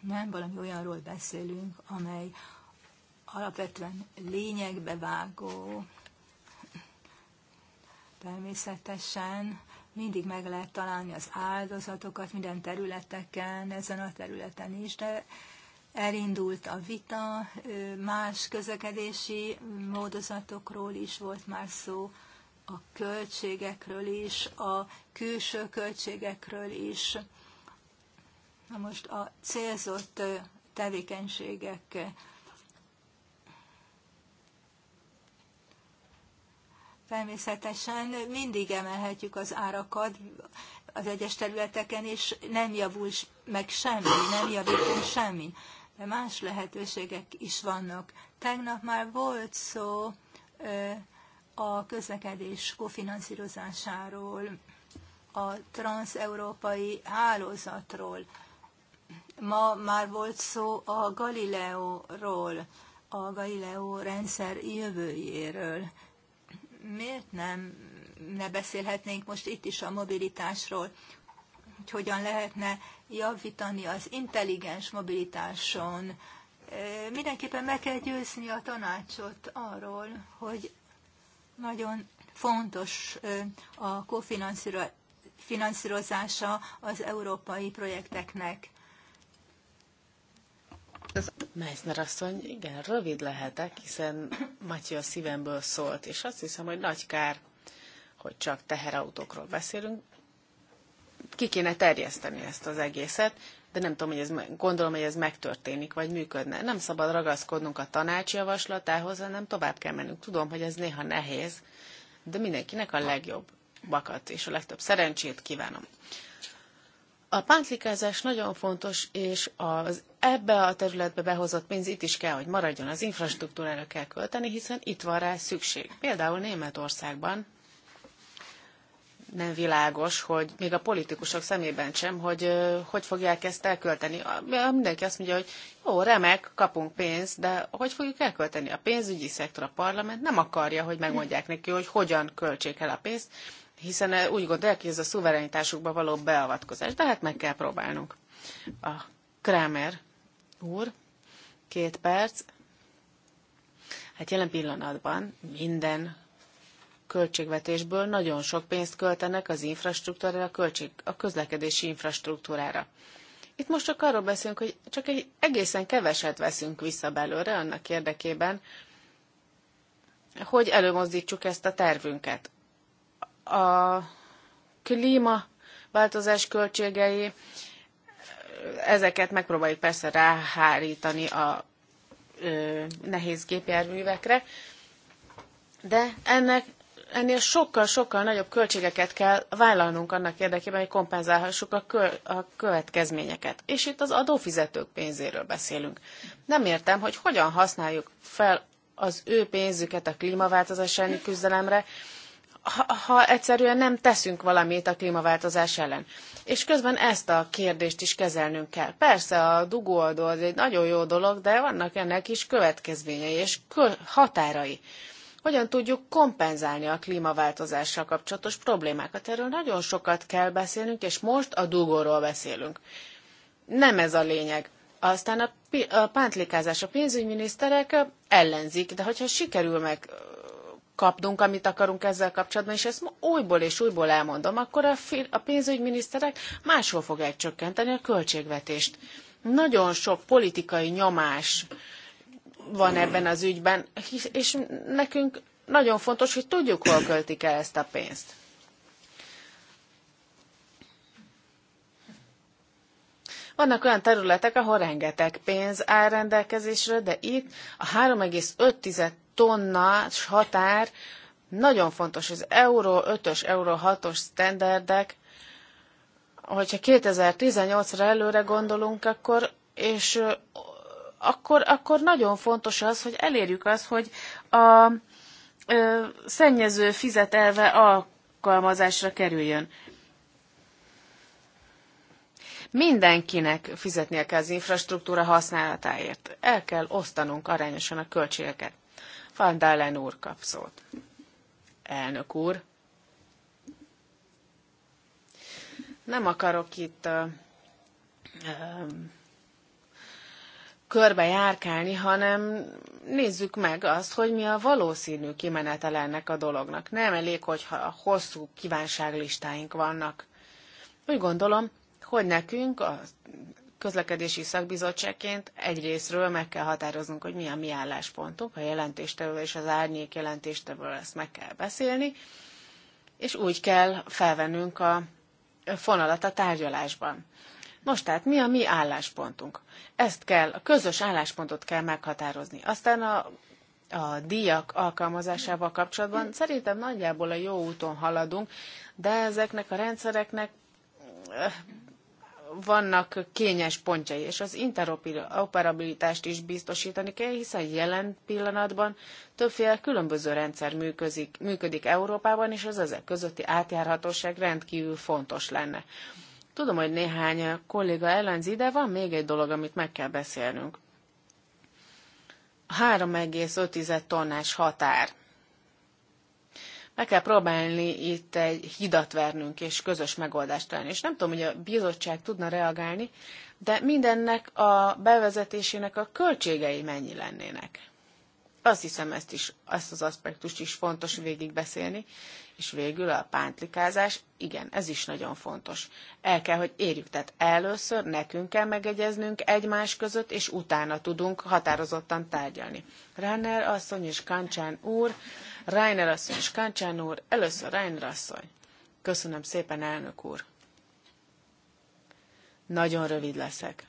Nem valami olyanról beszélünk, amely alapvetően lényegbe vágó, Természetesen mindig meg lehet találni az áldozatokat minden területeken, ezen a területen is, de elindult a vita, más közlekedési módozatokról is volt már szó, a költségekről is, a külső költségekről is. Na most a célzott tevékenységek Természetesen mindig emelhetjük az árakat az egyes területeken, és nem javul meg semmi, nem javítunk semmi. De más lehetőségek is vannak. Tegnap már volt szó a közlekedés kofinanszírozásáról, a transeurópai hálózatról. Ma már volt szó a Galileóról, a Galileo rendszer jövőjéről miért nem ne beszélhetnénk most itt is a mobilitásról, hogy hogyan lehetne javítani az intelligens mobilitáson. Mindenképpen meg kell győzni a tanácsot arról, hogy nagyon fontos a kofinanszírozása az európai projekteknek. Meissner asszony, igen, rövid lehetek, hiszen Matyi a szívemből szólt, és azt hiszem, hogy nagy kár, hogy csak teherautókról beszélünk. Ki kéne terjeszteni ezt az egészet, de nem tudom, hogy ez, gondolom, hogy ez megtörténik, vagy működne. Nem szabad ragaszkodnunk a tanács javaslatához, hanem tovább kell mennünk. Tudom, hogy ez néha nehéz, de mindenkinek a legjobb bakat és a legtöbb szerencsét kívánom. A pántlikázás nagyon fontos, és az ebbe a területbe behozott pénz itt is kell, hogy maradjon, az infrastruktúrára kell költeni, hiszen itt van rá szükség. Például Németországban nem világos, hogy még a politikusok szemében sem, hogy hogy fogják ezt elkölteni. Mindenki azt mondja, hogy jó, remek, kapunk pénzt, de hogy fogjuk elkölteni? A pénzügyi szektor, a parlament nem akarja, hogy megmondják neki, hogy hogyan költsék el a pénzt, hiszen eh, úgy gondolják, hogy ez a szuverenitásukba való beavatkozás, de hát meg kell próbálnunk. A Kramer úr, két perc. Hát jelen pillanatban minden költségvetésből nagyon sok pénzt költenek az infrastruktúrára, a, költség, a közlekedési infrastruktúrára. Itt most csak arról beszélünk, hogy csak egy egészen keveset veszünk vissza belőle annak érdekében, hogy előmozdítsuk ezt a tervünket a klímaváltozás költségei, ezeket megpróbáljuk persze ráhárítani a ö, nehéz gépjárművekre, de ennek ennél sokkal-sokkal nagyobb költségeket kell vállalnunk annak érdekében, hogy kompenzálhassuk a, kö, a következményeket. És itt az adófizetők pénzéről beszélünk. Nem értem, hogy hogyan használjuk fel az ő pénzüket a klímaváltozás elleni küzdelemre, ha, ha egyszerűen nem teszünk valamit a klímaváltozás ellen. És közben ezt a kérdést is kezelnünk kell. Persze a dugóoldó az egy nagyon jó dolog, de vannak ennek is következményei és határai. Hogyan tudjuk kompenzálni a klímaváltozással kapcsolatos problémákat? Erről nagyon sokat kell beszélnünk, és most a dugóról beszélünk. Nem ez a lényeg. Aztán a, a pántlikázás. A pénzügyminiszterek ellenzik, de hogyha sikerül meg kapnunk, amit akarunk ezzel kapcsolatban, és ezt újból és újból elmondom, akkor a, a pénzügyminiszterek máshol fogják csökkenteni a költségvetést. Nagyon sok politikai nyomás van ebben az ügyben, és nekünk nagyon fontos, hogy tudjuk, hol költik el ezt a pénzt. Vannak olyan területek, ahol rengeteg pénz áll rendelkezésre, de itt a 3,5 tonna határ nagyon fontos. Az euró 5-ös, euró 6-os standardek, hogyha 2018-ra előre gondolunk, akkor, és akkor, akkor nagyon fontos az, hogy elérjük azt, hogy a ö, szennyező fizetelve alkalmazásra kerüljön. Mindenkinek fizetnie kell az infrastruktúra használatáért. El kell osztanunk arányosan a költségeket. Van Dálen úr kap szót. Elnök úr, nem akarok itt uh, körbe járkálni, hanem nézzük meg azt, hogy mi a valószínű kimenetel ennek a dolognak. Nem elég, hogyha hosszú kívánságlistáink vannak. Úgy gondolom, hogy nekünk a közlekedési szakbizottságként egyrésztről meg kell határoznunk, hogy mi a mi álláspontunk, a jelentéstevő és az árnyék jelentéstevő ezt meg kell beszélni, és úgy kell felvennünk a fonalat a tárgyalásban. Nos, tehát mi a mi álláspontunk? Ezt kell, a közös álláspontot kell meghatározni. Aztán a, a díjak alkalmazásával kapcsolatban szerintem nagyjából a jó úton haladunk, de ezeknek a rendszereknek vannak kényes pontjai, és az interoperabilitást is biztosítani kell, hiszen jelen pillanatban többféle különböző rendszer működik, működik Európában, és az ezek közötti átjárhatóság rendkívül fontos lenne. Tudom, hogy néhány kolléga ellenzi, de van még egy dolog, amit meg kell beszélnünk. 3,5 tonnás határ meg kell próbálni itt egy hidat vernünk, és közös megoldást találni. És nem tudom, hogy a bizottság tudna reagálni, de mindennek a bevezetésének a költségei mennyi lennének. Azt hiszem, ezt, is, ezt az aspektust is fontos végigbeszélni. És végül a pántlikázás, igen, ez is nagyon fontos. El kell, hogy érjük. Tehát először nekünk kell megegyeznünk egymás között, és utána tudunk határozottan tárgyalni. Rainer, asszony és Kancsán úr, Rainer asszony és Kancsán úr, először Rainer asszony. Köszönöm szépen, elnök úr. Nagyon rövid leszek.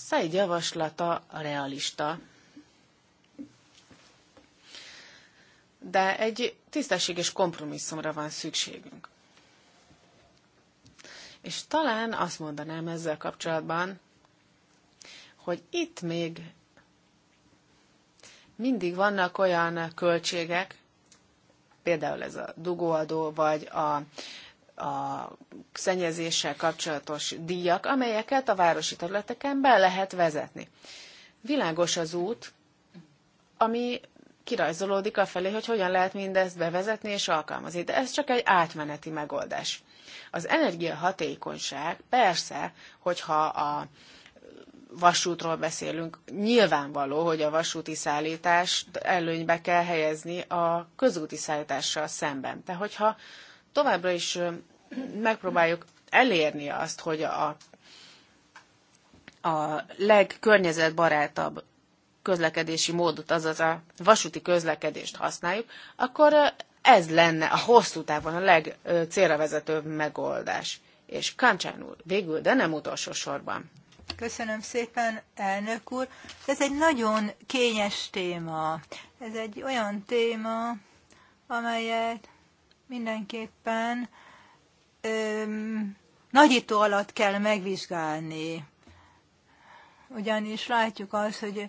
Száid javaslata realista, de egy tisztességes kompromisszumra van szükségünk. És talán azt mondanám ezzel kapcsolatban, hogy itt még mindig vannak olyan költségek, például ez a dugóadó, vagy a a szennyezéssel kapcsolatos díjak, amelyeket a városi területeken be lehet vezetni. Világos az út, ami kirajzolódik felé, hogy hogyan lehet mindezt bevezetni és alkalmazni, de ez csak egy átmeneti megoldás. Az energiahatékonyság persze, hogyha a vasútról beszélünk, nyilvánvaló, hogy a vasúti szállítást előnybe kell helyezni a közúti szállítással szemben. De hogyha továbbra is megpróbáljuk elérni azt, hogy a, a legkörnyezetbarátabb közlekedési módot, azaz a vasúti közlekedést használjuk, akkor ez lenne a hosszú távon a legcélra vezetőbb megoldás. És Kancsán úr, végül, de nem utolsó sorban. Köszönöm szépen, elnök úr. Ez egy nagyon kényes téma. Ez egy olyan téma, amelyet mindenképpen öm, nagyító alatt kell megvizsgálni. Ugyanis látjuk azt, hogy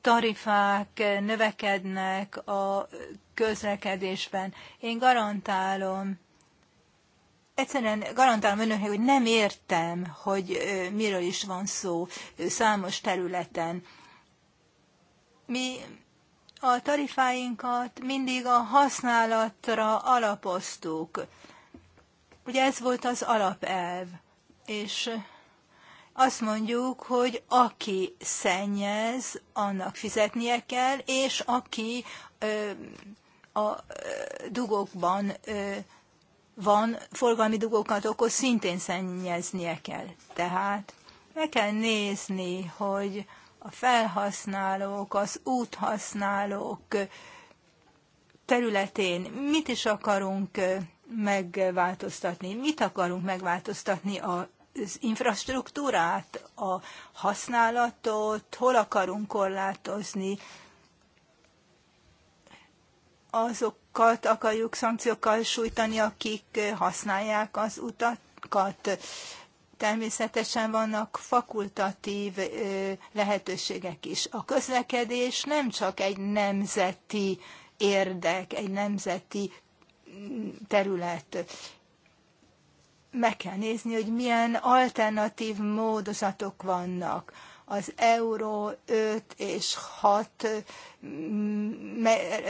tarifák növekednek a közlekedésben. Én garantálom, egyszerűen garantálom önöknek, hogy nem értem, hogy miről is van szó számos területen. Mi a tarifáinkat mindig a használatra alapoztuk. Ugye ez volt az alapelv, és azt mondjuk, hogy aki szennyez, annak fizetnie kell, és aki ö, a ö, dugókban ö, van, forgalmi dugókat okoz, szintén szennyeznie kell. Tehát meg kell nézni, hogy a felhasználók, az úthasználók területén mit is akarunk megváltoztatni? Mit akarunk megváltoztatni az infrastruktúrát, a használatot, hol akarunk korlátozni, azokat akarjuk szankciókkal sújtani, akik használják az utakat, Természetesen vannak fakultatív lehetőségek is. A közlekedés nem csak egy nemzeti érdek, egy nemzeti mm, terület. Meg kell nézni, hogy milyen alternatív módozatok vannak az euró 5 és 6 mm,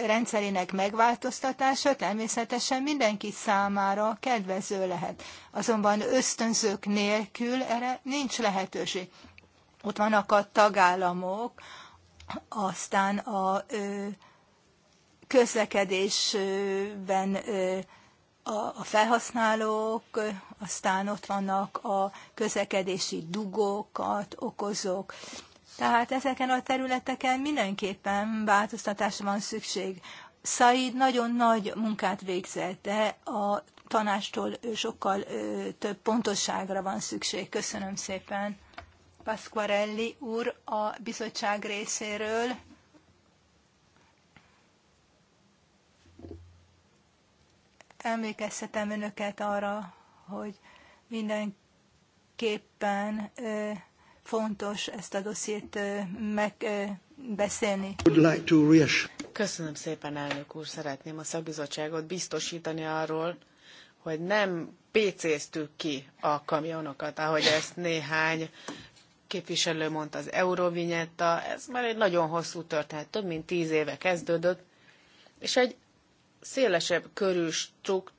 rendszerének megváltoztatása természetesen mindenki számára kedvező lehet. Azonban ösztönzők nélkül erre nincs lehetőség. Ott vannak a tagállamok, aztán a közlekedésben a felhasználók, aztán ott vannak a közlekedési dugókat okozók. Tehát ezeken a területeken mindenképpen változtatásra van szükség. Said nagyon nagy munkát végzett, de a tanástól sokkal több pontosságra van szükség. Köszönöm szépen. Pasquarelli úr a bizottság részéről. emlékeztetem önöket arra, hogy mindenképpen fontos ezt a dossziét megbeszélni. Köszönöm szépen, elnök úr. Szeretném a szakbizottságot biztosítani arról, hogy nem pécéztük ki a kamionokat, ahogy ezt néhány képviselő mondta, az Eurovinyetta, ez már egy nagyon hosszú történet, több mint tíz éve kezdődött, és egy szélesebb körű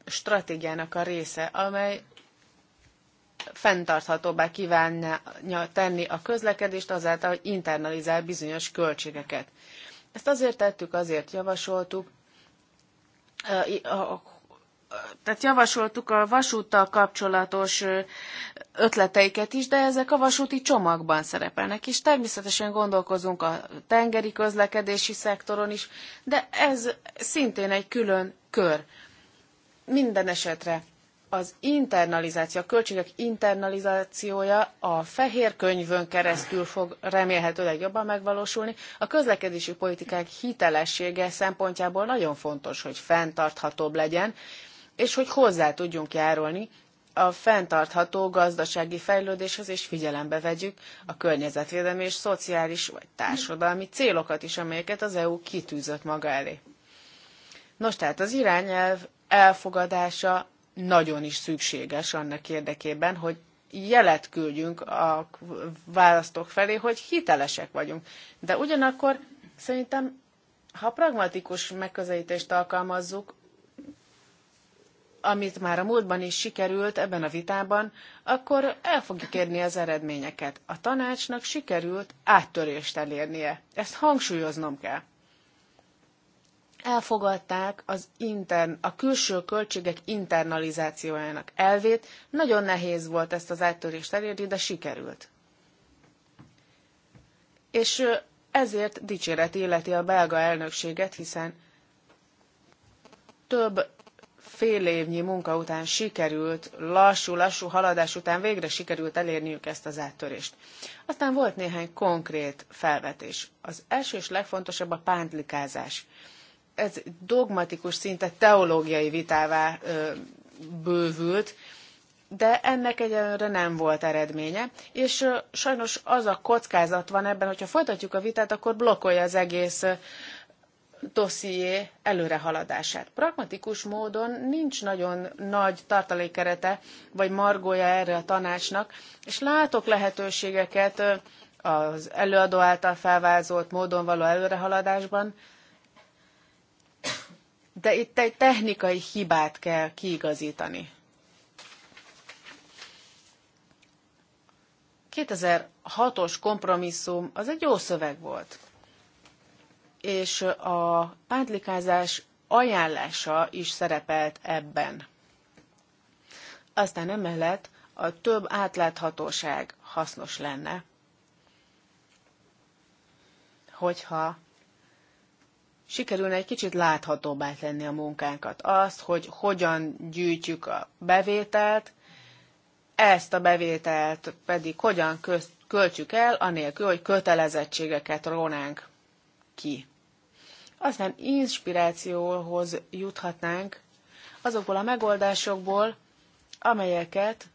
stratégiának a része, amely fenntarthatóbbá kívánja tenni a közlekedést azáltal, hogy internalizál bizonyos költségeket. Ezt azért tettük, azért javasoltuk. Tehát javasoltuk a vasúttal kapcsolatos ötleteiket is, de ezek a vasúti csomagban szerepelnek, és természetesen gondolkozunk a tengeri közlekedési szektoron is, de ez szintén egy külön kör. Minden esetre az internalizáció, a költségek internalizációja a fehér könyvön keresztül fog remélhetőleg jobban megvalósulni. A közlekedési politikák hitelessége szempontjából nagyon fontos, hogy fenntarthatóbb legyen, és hogy hozzá tudjunk járulni a fenntartható gazdasági fejlődéshez, és figyelembe vegyük a környezetvédelmi és szociális vagy társadalmi célokat is, amelyeket az EU kitűzött maga elé. Nos, tehát az irányelv elfogadása nagyon is szükséges annak érdekében, hogy jelet küldjünk a választók felé, hogy hitelesek vagyunk. De ugyanakkor szerintem, ha pragmatikus megközelítést alkalmazzuk, amit már a múltban is sikerült ebben a vitában, akkor el fogjuk érni az eredményeket. A tanácsnak sikerült áttörést elérnie. Ezt hangsúlyoznom kell. Elfogadták az intern, a külső költségek internalizációjának elvét. Nagyon nehéz volt ezt az áttörést elérni, de sikerült. És ezért dicséret illeti a belga elnökséget, hiszen több fél évnyi munka után sikerült, lassú-lassú haladás után végre sikerült elérniük ezt az áttörést. Aztán volt néhány konkrét felvetés. Az első és legfontosabb a pántlikázás. Ez dogmatikus, szinte teológiai vitává ö, bővült, de ennek egyelőre nem volt eredménye, és sajnos az a kockázat van ebben, hogyha folytatjuk a vitát, akkor blokkolja az egész dosszié előrehaladását. Pragmatikus módon nincs nagyon nagy tartalékerete vagy margója erre a tanácsnak, és látok lehetőségeket az előadó által felvázolt módon való előrehaladásban, de itt egy technikai hibát kell kiigazítani. 2006-os kompromisszum az egy jó szöveg volt és a pántlikázás ajánlása is szerepelt ebben. Aztán emellett a több átláthatóság hasznos lenne, hogyha sikerülne egy kicsit láthatóbbá tenni a munkánkat. Azt, hogy hogyan gyűjtjük a bevételt, ezt a bevételt pedig hogyan költjük el, anélkül, hogy kötelezettségeket rónánk ki aztán inspirációhoz juthatnánk azokból a megoldásokból, amelyeket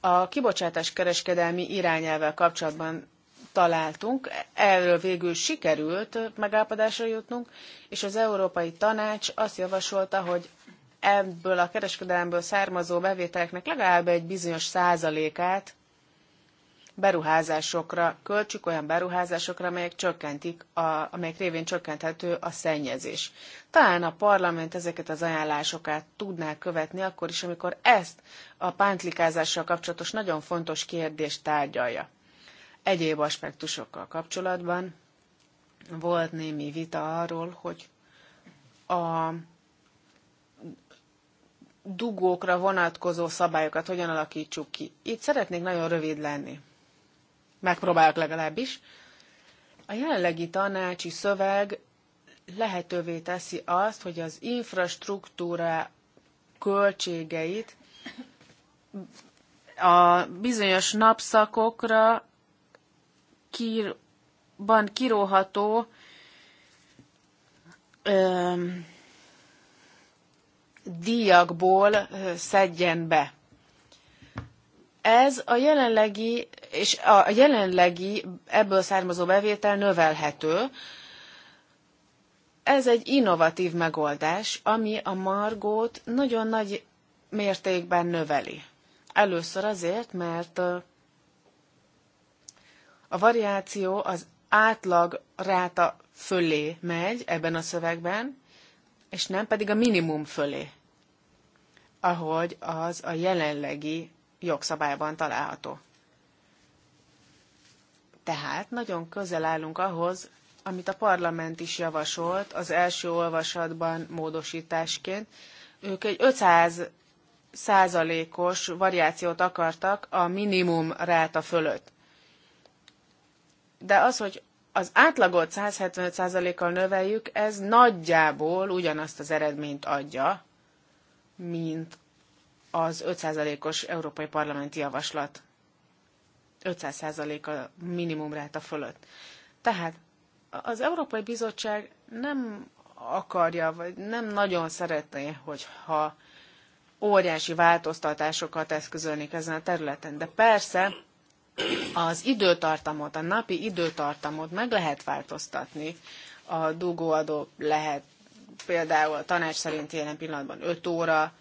a kibocsátás kereskedelmi irányelvvel kapcsolatban találtunk, erről végül sikerült megállapodásra jutnunk, és az Európai Tanács azt javasolta, hogy ebből a kereskedelemből származó bevételeknek legalább egy bizonyos százalékát beruházásokra költsük, olyan beruházásokra, amelyek, csökkentik a, amelyek révén csökkenthető a szennyezés. Talán a parlament ezeket az ajánlásokat tudná követni akkor is, amikor ezt a pántlikázással kapcsolatos nagyon fontos kérdést tárgyalja. Egyéb aspektusokkal kapcsolatban volt némi vita arról, hogy a dugókra vonatkozó szabályokat hogyan alakítsuk ki. Itt szeretnék nagyon rövid lenni megpróbálok legalábbis. A jelenlegi tanácsi szöveg lehetővé teszi azt, hogy az infrastruktúra költségeit a bizonyos napszakokra kír, ban kiróható díjakból szedjen be ez a jelenlegi, és a jelenlegi ebből származó bevétel növelhető. Ez egy innovatív megoldás, ami a margót nagyon nagy mértékben növeli. Először azért, mert a variáció az átlag ráta fölé megy ebben a szövegben, és nem pedig a minimum fölé, ahogy az a jelenlegi jogszabályban található. Tehát nagyon közel állunk ahhoz, amit a parlament is javasolt az első olvasatban módosításként. Ők egy 500 százalékos variációt akartak a minimum ráta fölött. De az, hogy az átlagot 175%-kal növeljük, ez nagyjából ugyanazt az eredményt adja, mint az 5%-os európai parlamenti javaslat. 500% a minimumráta fölött. Tehát az Európai Bizottság nem akarja, vagy nem nagyon szeretné, hogyha óriási változtatásokat eszközölnék ezen a területen. De persze az időtartamot, a napi időtartamot meg lehet változtatni. A dugóadó lehet például a tanács szerint jelen pillanatban 5 óra,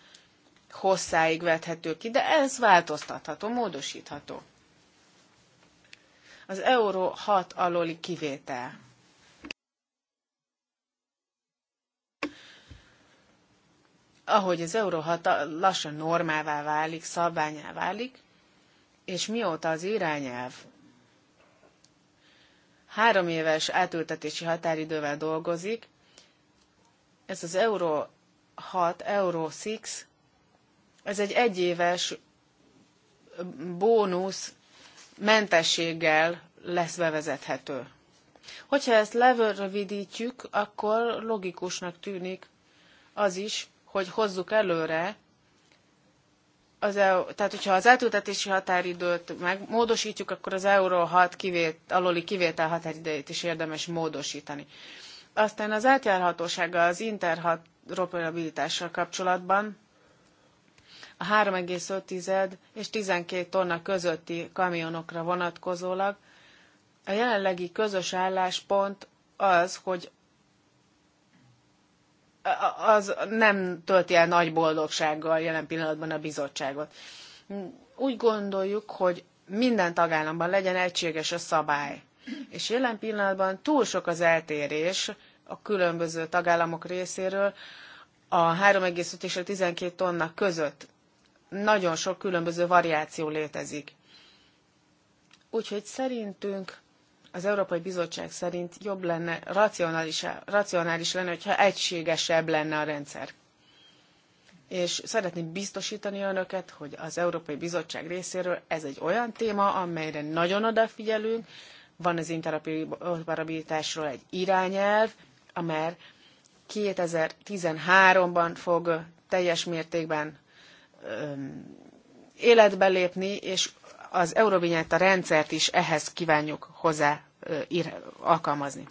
hosszáig vethető ki, de ez változtatható, módosítható. Az euró 6 aloli kivétel. Ahogy az euró 6 lassan normává válik, szabványá válik, és mióta az irányelv három éves átültetési határidővel dolgozik, ez az euró 6, euró 6 ez egy egyéves bónusz mentességgel lesz bevezethető. Hogyha ezt levörövidítjük, akkor logikusnak tűnik az is, hogy hozzuk előre, az, e tehát hogyha az eltültetési határidőt megmódosítjuk, akkor az Euró 6 kivét, aloli kivétel határidejét is érdemes módosítani. Aztán az átjárhatósága az interoperabilitással kapcsolatban a 3,5 és 12 tonna közötti kamionokra vonatkozólag. A jelenlegi közös álláspont az, hogy az nem tölti el nagy boldogsággal jelen pillanatban a bizottságot. Úgy gondoljuk, hogy minden tagállamban legyen egységes a szabály. És jelen pillanatban túl sok az eltérés a különböző tagállamok részéről a 3,5 és a 12 tonna között nagyon sok különböző variáció létezik. Úgyhogy szerintünk, az Európai Bizottság szerint jobb lenne, racionális, racionális lenne, hogyha egységesebb lenne a rendszer. És szeretném biztosítani önöket, hogy az Európai Bizottság részéről ez egy olyan téma, amelyre nagyon odafigyelünk. Van az interoperabilitásról egy irányelv, amely 2013-ban fog teljes mértékben életbe lépni, és az Eurovinyetta rendszert is ehhez kívánjuk hozzá ír, alkalmazni.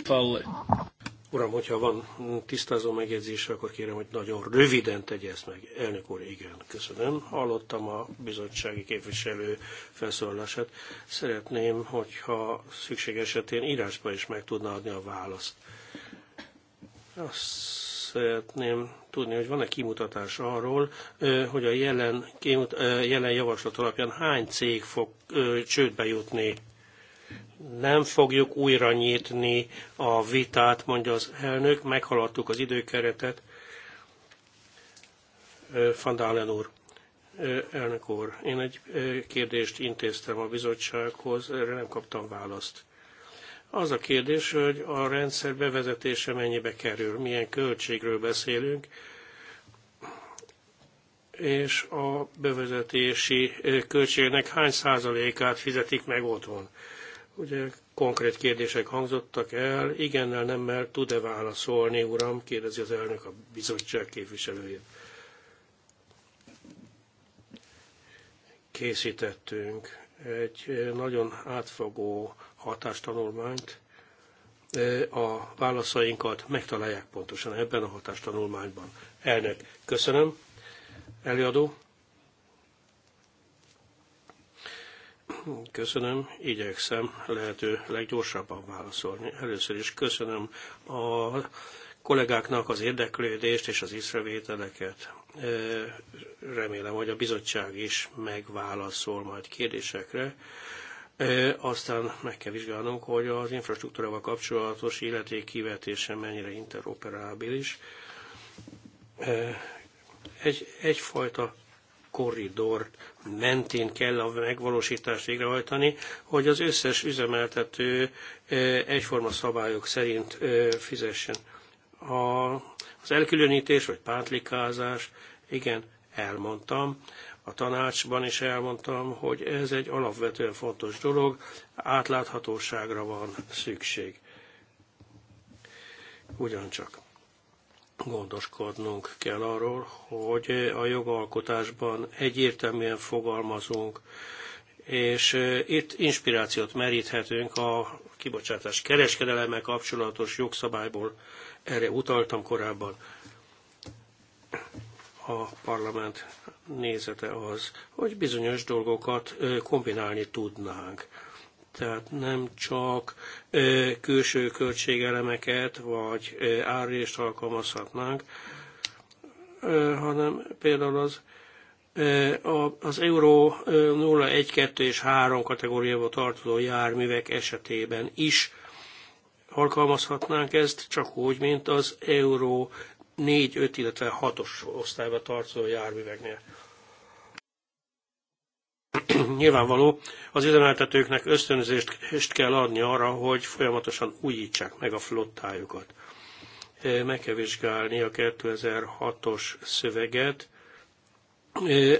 Uram, hogyha van tisztázó megjegyzése, akkor kérem, hogy nagyon röviden tegye ezt meg. Elnök úr, igen, köszönöm. Hallottam a bizottsági képviselő felszólalását. Szeretném, hogyha szükség esetén írásba is meg tudná adni a választ. Azt szeretném tudni, hogy van-e kimutatás arról, hogy a jelen, jelen javaslat alapján hány cég fog csődbe jutni. Nem fogjuk újra nyitni a vitát, mondja az elnök, meghaladtuk az időkeretet. Fandálen úr. Elnök úr, én egy kérdést intéztem a bizottsághoz, erre nem kaptam választ. Az a kérdés, hogy a rendszer bevezetése mennyibe kerül, milyen költségről beszélünk, és a bevezetési költségnek hány százalékát fizetik meg otthon. Ugye konkrét kérdések hangzottak el, igennel nemmel tud-e válaszolni, uram, kérdezi az elnök a bizottság képviselőjét. Készítettünk egy nagyon átfogó hatástanulmányt, e, a válaszainkat megtalálják pontosan ebben a hatástanulmányban. Elnök, köszönöm. Előadó. Köszönöm, igyekszem lehető leggyorsabban válaszolni. Először is köszönöm a kollégáknak az érdeklődést és az észrevételeket. E, remélem, hogy a bizottság is megválaszol majd kérdésekre. Aztán meg kell vizsgálnunk, hogy az infrastruktúrával kapcsolatos életék kivetése mennyire interoperábilis. Egy, egyfajta korridor mentén kell a megvalósítást végrehajtani, hogy az összes üzemeltető egyforma szabályok szerint fizessen. A, az elkülönítés vagy pántlikázás, igen, elmondtam, a tanácsban is elmondtam, hogy ez egy alapvetően fontos dolog, átláthatóságra van szükség. Ugyancsak gondoskodnunk kell arról, hogy a jogalkotásban egyértelműen fogalmazunk, és itt inspirációt meríthetünk a kibocsátás kereskedelemmel kapcsolatos jogszabályból, erre utaltam korábban a parlament nézete az, hogy bizonyos dolgokat kombinálni tudnánk. Tehát nem csak külső költségelemeket vagy árést alkalmazhatnánk, hanem például az, az euró 0, 1, 2 és 3 kategóriába tartozó járművek esetében is alkalmazhatnánk ezt, csak úgy, mint az euró 4, 5, illetve 6-os osztályba tartozó járműveknél. Nyilvánvaló, az üzemeltetőknek ösztönzést kell adni arra, hogy folyamatosan újítsák meg a flottájukat. Meg kell vizsgálni a 2006-os szöveget.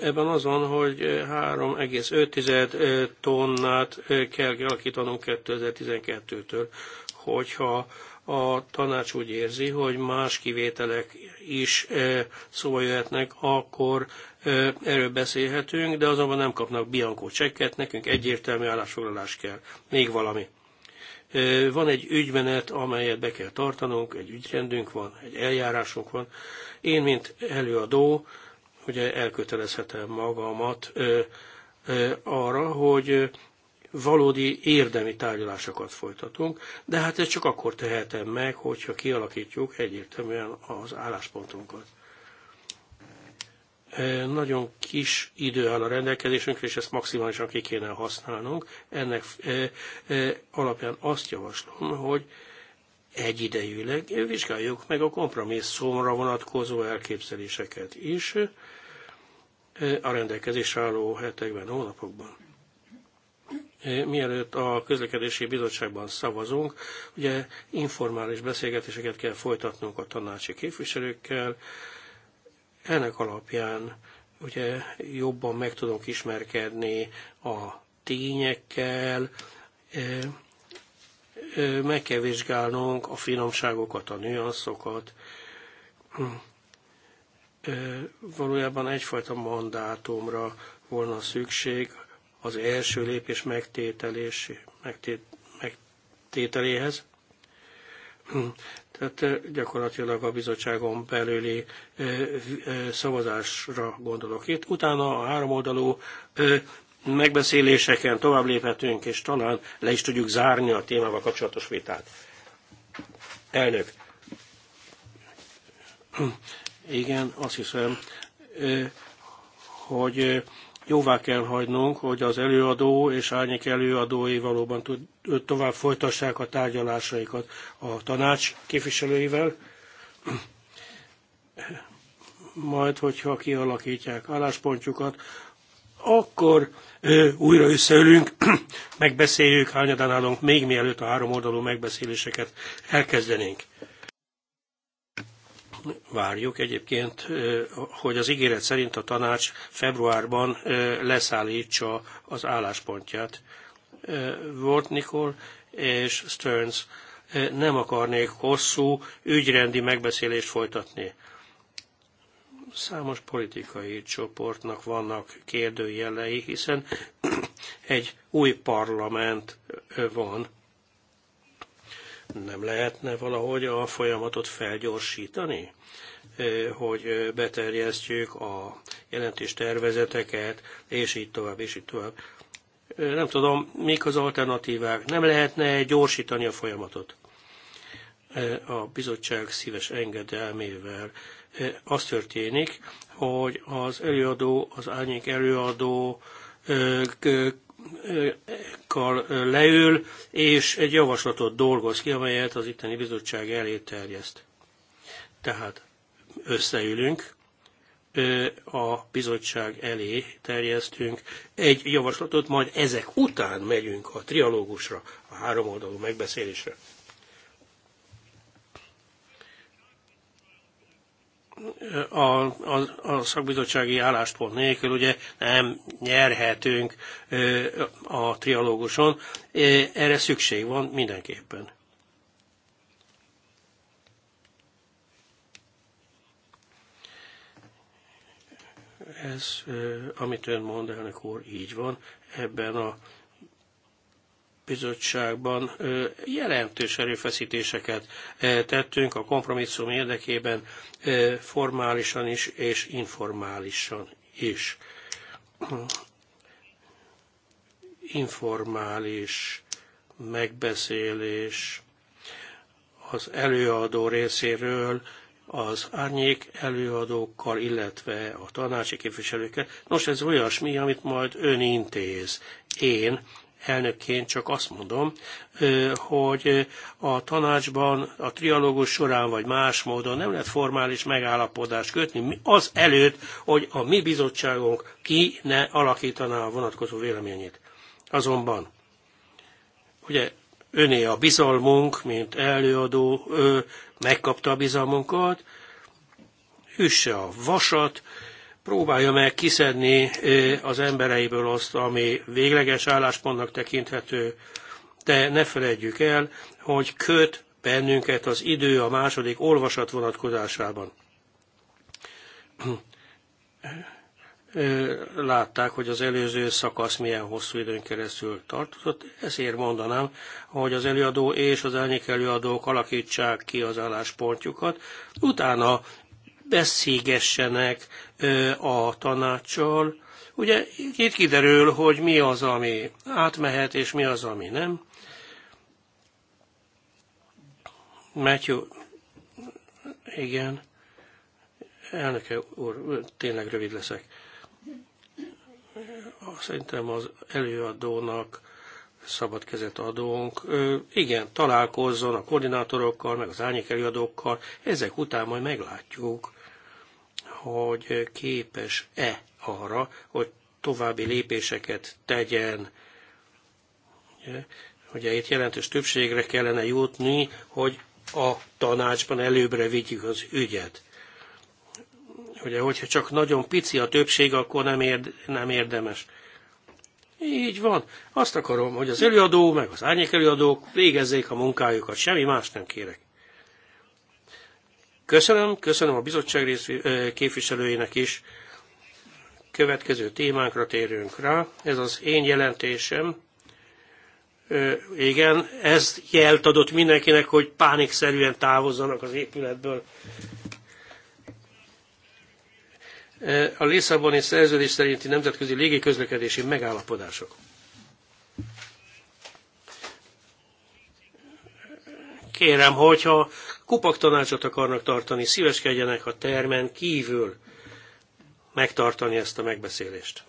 Ebben az van, hogy 3,5 tonnát kell kialakítanunk 2012-től, hogyha a tanács úgy érzi, hogy más kivételek is e, szóba jöhetnek, akkor e, erről beszélhetünk, de azonban nem kapnak biankó csekket, nekünk egyértelmű állásfoglalás kell. Még valami. E, van egy ügymenet, amelyet be kell tartanunk, egy ügyrendünk van, egy eljárásunk van. Én, mint előadó, ugye elkötelezhetem magamat arra, hogy valódi érdemi tárgyalásokat folytatunk, de hát ezt csak akkor tehetem meg, hogyha kialakítjuk egyértelműen az álláspontunkat. E, nagyon kis idő áll a rendelkezésünkre, és ezt maximálisan ki kéne használnunk. Ennek e, e, alapján azt javaslom, hogy egyidejűleg vizsgáljuk meg a kompromisszumra vonatkozó elképzeléseket is a rendelkezésre álló hetekben, hónapokban mielőtt a közlekedési bizottságban szavazunk, ugye informális beszélgetéseket kell folytatnunk a tanácsi képviselőkkel, ennek alapján ugye jobban meg tudunk ismerkedni a tényekkel, meg kell vizsgálnunk a finomságokat, a nüanszokat. Valójában egyfajta mandátumra volna szükség az első lépés megtételés, megtét, megtételéhez. Tehát gyakorlatilag a bizottságon belüli szavazásra gondolok itt. Utána a háromoldalú megbeszéléseken tovább léphetünk, és talán le is tudjuk zárni a témával kapcsolatos vitát. Elnök. Igen, azt hiszem, hogy jóvá kell hagynunk, hogy az előadó és árnyék előadói valóban tovább folytassák a tárgyalásaikat a tanács képviselőivel, majd hogyha kialakítják álláspontjukat, akkor ö, újra összeülünk, megbeszéljük, hányadán állunk, még mielőtt a három oldalú megbeszéléseket elkezdenénk várjuk egyébként, hogy az ígéret szerint a tanács februárban leszállítsa az álláspontját. Volt Nikol és Stearns nem akarnék hosszú ügyrendi megbeszélést folytatni. Számos politikai csoportnak vannak kérdőjelei, hiszen egy új parlament van nem lehetne valahogy a folyamatot felgyorsítani, hogy beterjesztjük a jelentés tervezeteket, és így tovább, és így tovább. Nem tudom, mik az alternatívák. Nem lehetne gyorsítani a folyamatot. A bizottság szíves engedelmével az történik, hogy az előadó, az árnyék előadó kal leül, és egy javaslatot dolgoz ki, amelyet az itteni bizottság elé terjeszt. Tehát összeülünk, a bizottság elé terjesztünk egy javaslatot, majd ezek után megyünk a trialógusra, a háromoldalú megbeszélésre. a, a, a szakbizottsági álláspont nélkül ugye nem nyerhetünk a trialóguson. Erre szükség van mindenképpen. Ez, amit ön mond, elnök úr, így van. Ebben a bizottságban jelentős erőfeszítéseket tettünk a kompromisszum érdekében formálisan is és informálisan is. Informális megbeszélés az előadó részéről az árnyék előadókkal, illetve a tanácsi képviselőkkel. Nos, ez olyasmi, amit majd ön intéz. Én elnökként csak azt mondom, hogy a tanácsban, a trialógus során vagy más módon nem lehet formális megállapodást kötni az előtt, hogy a mi bizottságunk ki ne alakítaná a vonatkozó véleményét. Azonban, ugye öné a bizalmunk, mint előadó, ő megkapta a bizalmunkat, üsse a vasat, próbálja meg kiszedni az embereiből azt, ami végleges álláspontnak tekinthető, de ne felejtjük el, hogy köt bennünket az idő a második olvasat vonatkozásában. Látták, hogy az előző szakasz milyen hosszú időn keresztül tartott. Ezért mondanám, hogy az előadó és az elnyék előadók alakítsák ki az álláspontjukat, utána beszélgessenek a tanácssal. Ugye itt kiderül, hogy mi az, ami átmehet, és mi az, ami nem. Matthew, igen, elnöke úr, tényleg rövid leszek. Szerintem az előadónak szabad kezet adunk. Ö, igen, találkozzon a koordinátorokkal, meg az árnyék előadókkal, ezek után majd meglátjuk, hogy képes-e arra, hogy további lépéseket tegyen. Ugye itt jelentős többségre kellene jutni, hogy a tanácsban előbbre vigyük az ügyet. Ugye, hogyha csak nagyon pici a többség, akkor nem, érd, nem érdemes. Így van. Azt akarom, hogy az előadó, meg az árnyék előadók végezzék a munkájukat, semmi más nem kérek. Köszönöm, köszönöm a bizottság rész, képviselőjének is. Következő témánkra térünk rá. Ez az én jelentésem. Ö, igen, ez jelt adott mindenkinek, hogy pánikszerűen távozzanak az épületből. A Lisszaboni szerződés szerinti nemzetközi légiközlekedési megállapodások. Kérem, hogyha kupak tanácsot akarnak tartani, szíveskedjenek a termen kívül megtartani ezt a megbeszélést.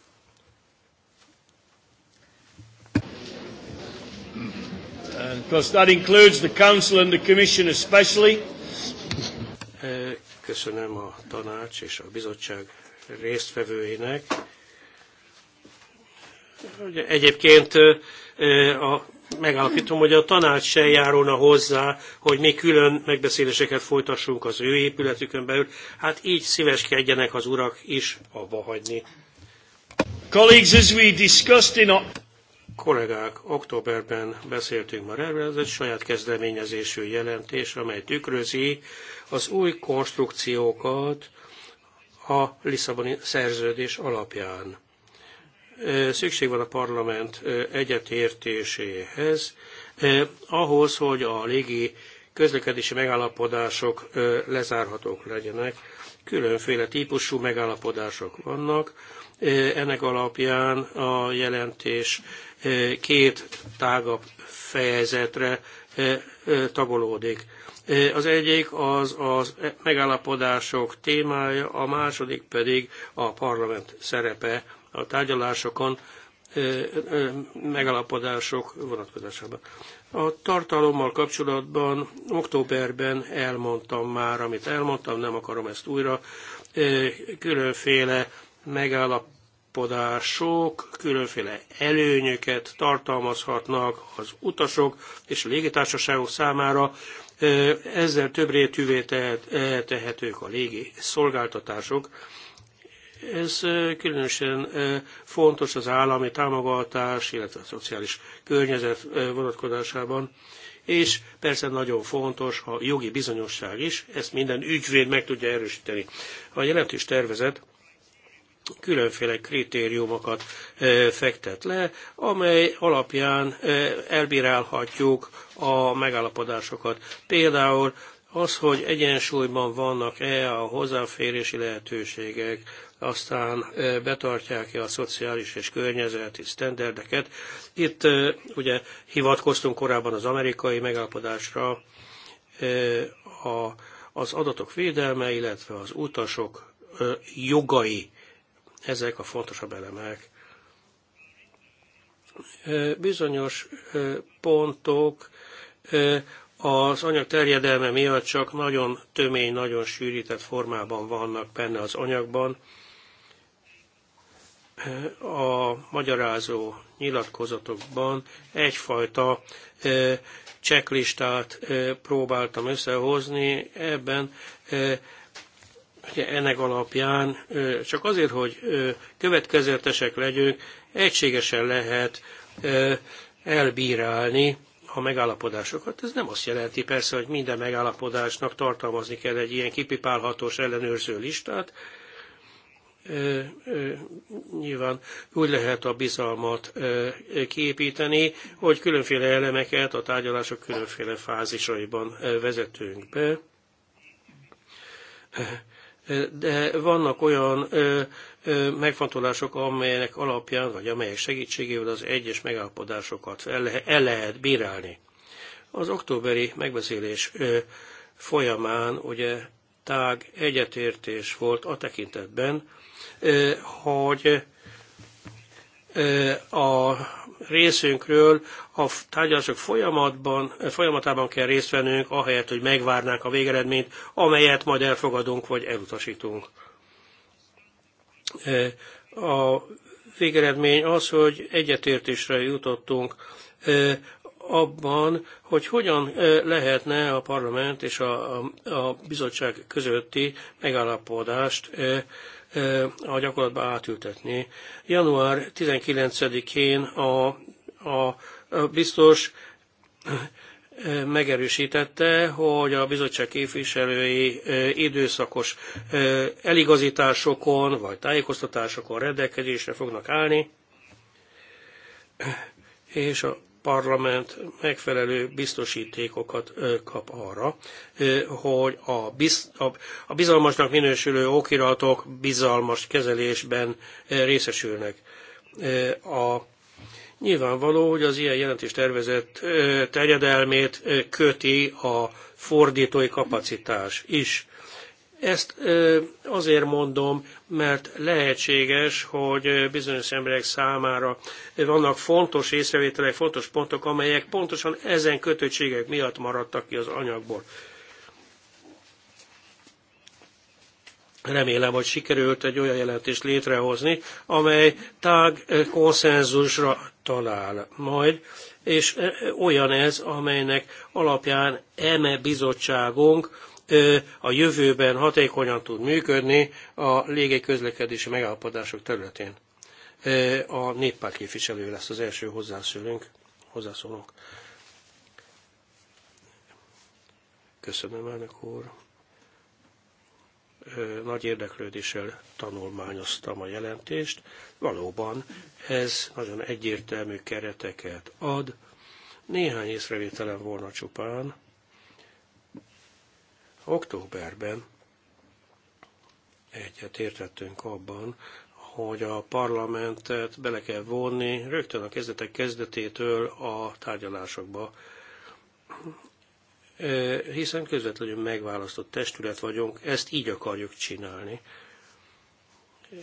Because that includes the Council and the Commission especially. Eh, köszönöm a tanács és a bizottság résztvevőinek. egyébként eh, a megállapítom, hogy a tanács se járóna hozzá, hogy mi külön megbeszéléseket folytassunk az ő épületükön belül. Hát így szíveskedjenek az urak is abba hagyni. Colleagues, as we discussed in Kollégák, októberben beszéltünk már erről, ez egy saját kezdeményezésű jelentés, amely tükrözi az új konstrukciókat a Lisszaboni szerződés alapján szükség van a parlament egyetértéséhez, ahhoz, hogy a légi közlekedési megállapodások lezárhatók legyenek. Különféle típusú megállapodások vannak. Ennek alapján a jelentés két tágabb fejezetre tagolódik. Az egyik az a megállapodások témája, a második pedig a parlament szerepe a tárgyalásokon megalapodások vonatkozásában. A tartalommal kapcsolatban októberben elmondtam már, amit elmondtam, nem akarom ezt újra. Különféle megállapodások, különféle előnyöket tartalmazhatnak az utasok és a légitársaságok számára, ezzel több rétűvé tehetők a légi szolgáltatások ez különösen fontos az állami támogatás, illetve a szociális környezet vonatkozásában, és persze nagyon fontos a jogi bizonyosság is, ezt minden ügyvéd meg tudja erősíteni. A jelentős tervezet különféle kritériumokat fektet le, amely alapján elbírálhatjuk a megállapodásokat. Például az, hogy egyensúlyban vannak-e a hozzáférési lehetőségek, aztán betartják-e a szociális és környezeti sztenderdeket. Itt ugye hivatkoztunk korábban az amerikai megállapodásra, a, az adatok védelme, illetve az utasok jogai, ezek a fontosabb elemek. Bizonyos pontok az anyag terjedelme miatt csak nagyon tömény, nagyon sűrített formában vannak benne az anyagban. A magyarázó nyilatkozatokban egyfajta cseklistát próbáltam összehozni, ebben ennek alapján csak azért, hogy következetesek legyünk, egységesen lehet elbírálni a megállapodásokat. Ez nem azt jelenti persze, hogy minden megállapodásnak tartalmazni kell egy ilyen kipipálhatós ellenőrző listát. E, nyilván úgy lehet a bizalmat e, kiépíteni, hogy különféle elemeket a tárgyalások különféle fázisaiban vezetünk be. de vannak olyan megfontolások, amelyek alapján, vagy amelyek segítségével az egyes megállapodásokat el, lehet bírálni. Az októberi megbeszélés folyamán ugye tág egyetértés volt a tekintetben, hogy a részünkről a tárgyalások folyamatban, folyamatában kell részt vennünk, ahelyett, hogy megvárnánk a végeredményt, amelyet majd elfogadunk vagy elutasítunk. A végeredmény az, hogy egyetértésre jutottunk abban, hogy hogyan lehetne a parlament és a, a, a bizottság közötti megállapodást a gyakorlatba átültetni. Január 19-én a, a, a biztos megerősítette, hogy a bizottság képviselői időszakos eligazításokon vagy tájékoztatásokon rendelkezésre fognak állni, és a parlament megfelelő biztosítékokat kap arra, hogy a, biz, a, a bizalmasnak minősülő okiratok bizalmas kezelésben részesülnek. A Nyilvánvaló, hogy az ilyen jelentés tervezett terjedelmét köti a fordítói kapacitás is. Ezt azért mondom, mert lehetséges, hogy bizonyos emberek számára vannak fontos észrevételek, fontos pontok, amelyek pontosan ezen kötöttségek miatt maradtak ki az anyagból. Remélem, hogy sikerült egy olyan jelentést létrehozni, amely tág eh, konszenzusra talál majd, és eh, olyan ez, amelynek alapján eme bizottságunk eh, a jövőben hatékonyan tud működni a légiközlekedési megállapodások területén. A néppárt képviselő lesz az első hozzászólunk. hozzászólunk. Köszönöm, elnök úr nagy érdeklődéssel tanulmányoztam a jelentést. Valóban ez nagyon egyértelmű kereteket ad. Néhány észrevételem volna csupán. Októberben egyet értettünk abban, hogy a parlamentet bele kell vonni rögtön a kezdetek kezdetétől a tárgyalásokba hiszen közvetlenül megválasztott testület vagyunk, ezt így akarjuk csinálni.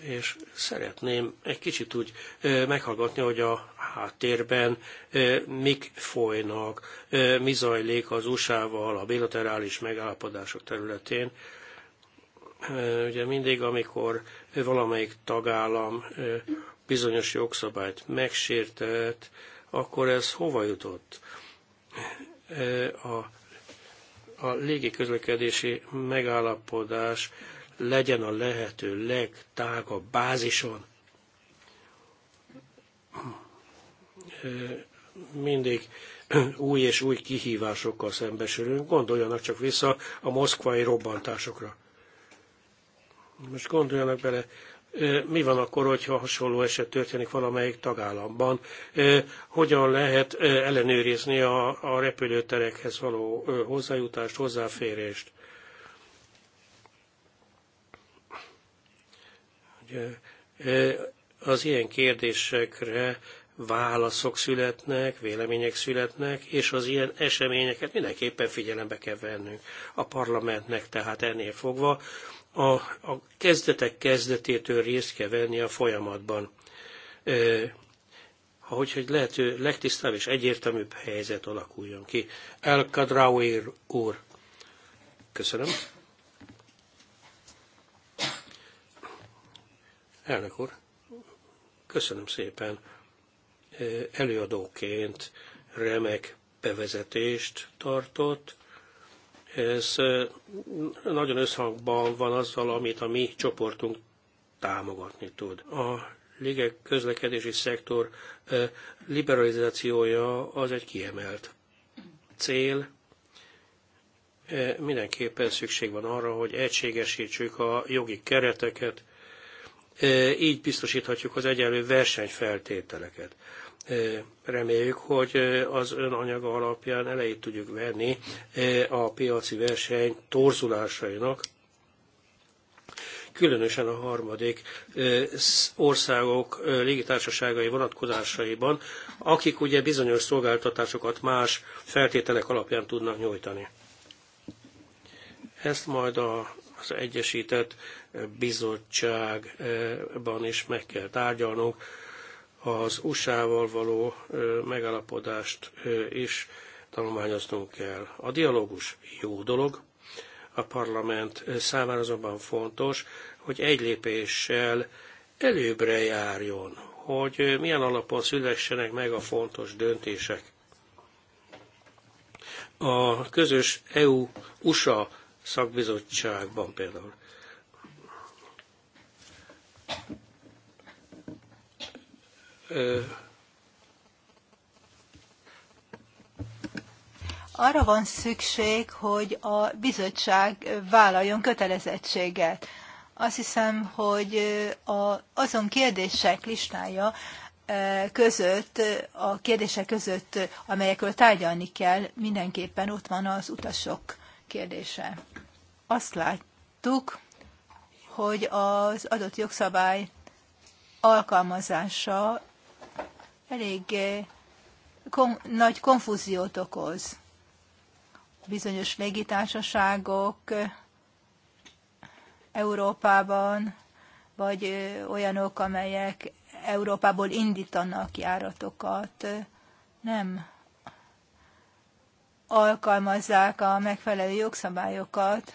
És szeretném egy kicsit úgy meghallgatni, hogy a háttérben mik folynak, mi zajlik az USA-val a bilaterális megállapodások területén. Ugye mindig, amikor valamelyik tagállam bizonyos jogszabályt megsértett, akkor ez hova jutott? A a légiközlekedési megállapodás legyen a lehető legtágabb bázison. Mindig új és új kihívásokkal szembesülünk. Gondoljanak csak vissza a moszkvai robbantásokra. Most gondoljanak bele, mi van akkor, hogyha hasonló eset történik valamelyik tagállamban, hogyan lehet ellenőrizni a, a repülőterekhez való hozzájutást, hozzáférést. Az ilyen kérdésekre válaszok születnek, vélemények születnek, és az ilyen eseményeket mindenképpen figyelembe kell vennünk. A parlamentnek tehát ennél fogva a, a kezdetek kezdetétől részt kell venni a folyamatban. Ö, ahogy hogy lehető legtisztább és egyértelműbb helyzet alakuljon ki. El Kadrauir úr. Köszönöm. Elnök úr, köszönöm szépen előadóként remek bevezetést tartott, ez nagyon összhangban van azzal, amit a mi csoportunk támogatni tud. A légek közlekedési szektor liberalizációja az egy kiemelt cél. Mindenképpen szükség van arra, hogy egységesítsük a jogi kereteket, így biztosíthatjuk az egyenlő versenyfeltételeket. Reméljük, hogy az ön anyaga alapján elejét tudjuk venni a piaci verseny torzulásainak, különösen a harmadik országok légitársaságai vonatkozásaiban, akik ugye bizonyos szolgáltatásokat más feltételek alapján tudnak nyújtani. Ezt majd a az Egyesített Bizottságban is meg kell tárgyalnunk az USA-val való megállapodást is tanulmányoznunk kell. A dialógus jó dolog, a parlament számára azonban fontos, hogy egy lépéssel előbbre járjon, hogy milyen alapon szülessenek meg a fontos döntések. A közös EU-USA szakbizottságban például arra van szükség, hogy a bizottság vállaljon kötelezettséget. Azt hiszem, hogy a, azon kérdések listája között, a kérdések között, amelyekről tárgyalni kell, mindenképpen ott van az utasok kérdése. Azt láttuk, hogy az adott jogszabály alkalmazása elég eh, kon- nagy konfúziót okoz. Bizonyos légitársaságok eh, Európában, vagy eh, olyanok, amelyek Európából indítanak járatokat, nem alkalmazzák a megfelelő jogszabályokat,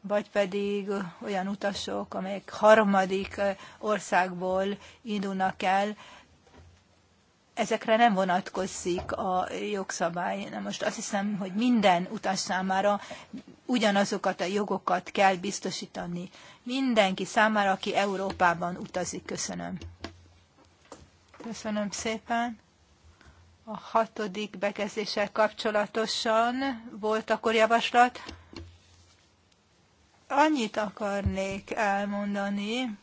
vagy pedig olyan utasok, amelyek harmadik országból indulnak el, ezekre nem vonatkozik a jogszabály. Na most azt hiszem, hogy minden utas számára ugyanazokat a jogokat kell biztosítani. Mindenki számára, aki Európában utazik. Köszönöm. Köszönöm szépen. A hatodik bekezdéssel kapcsolatosan volt akkor javaslat. Annyit akarnék elmondani,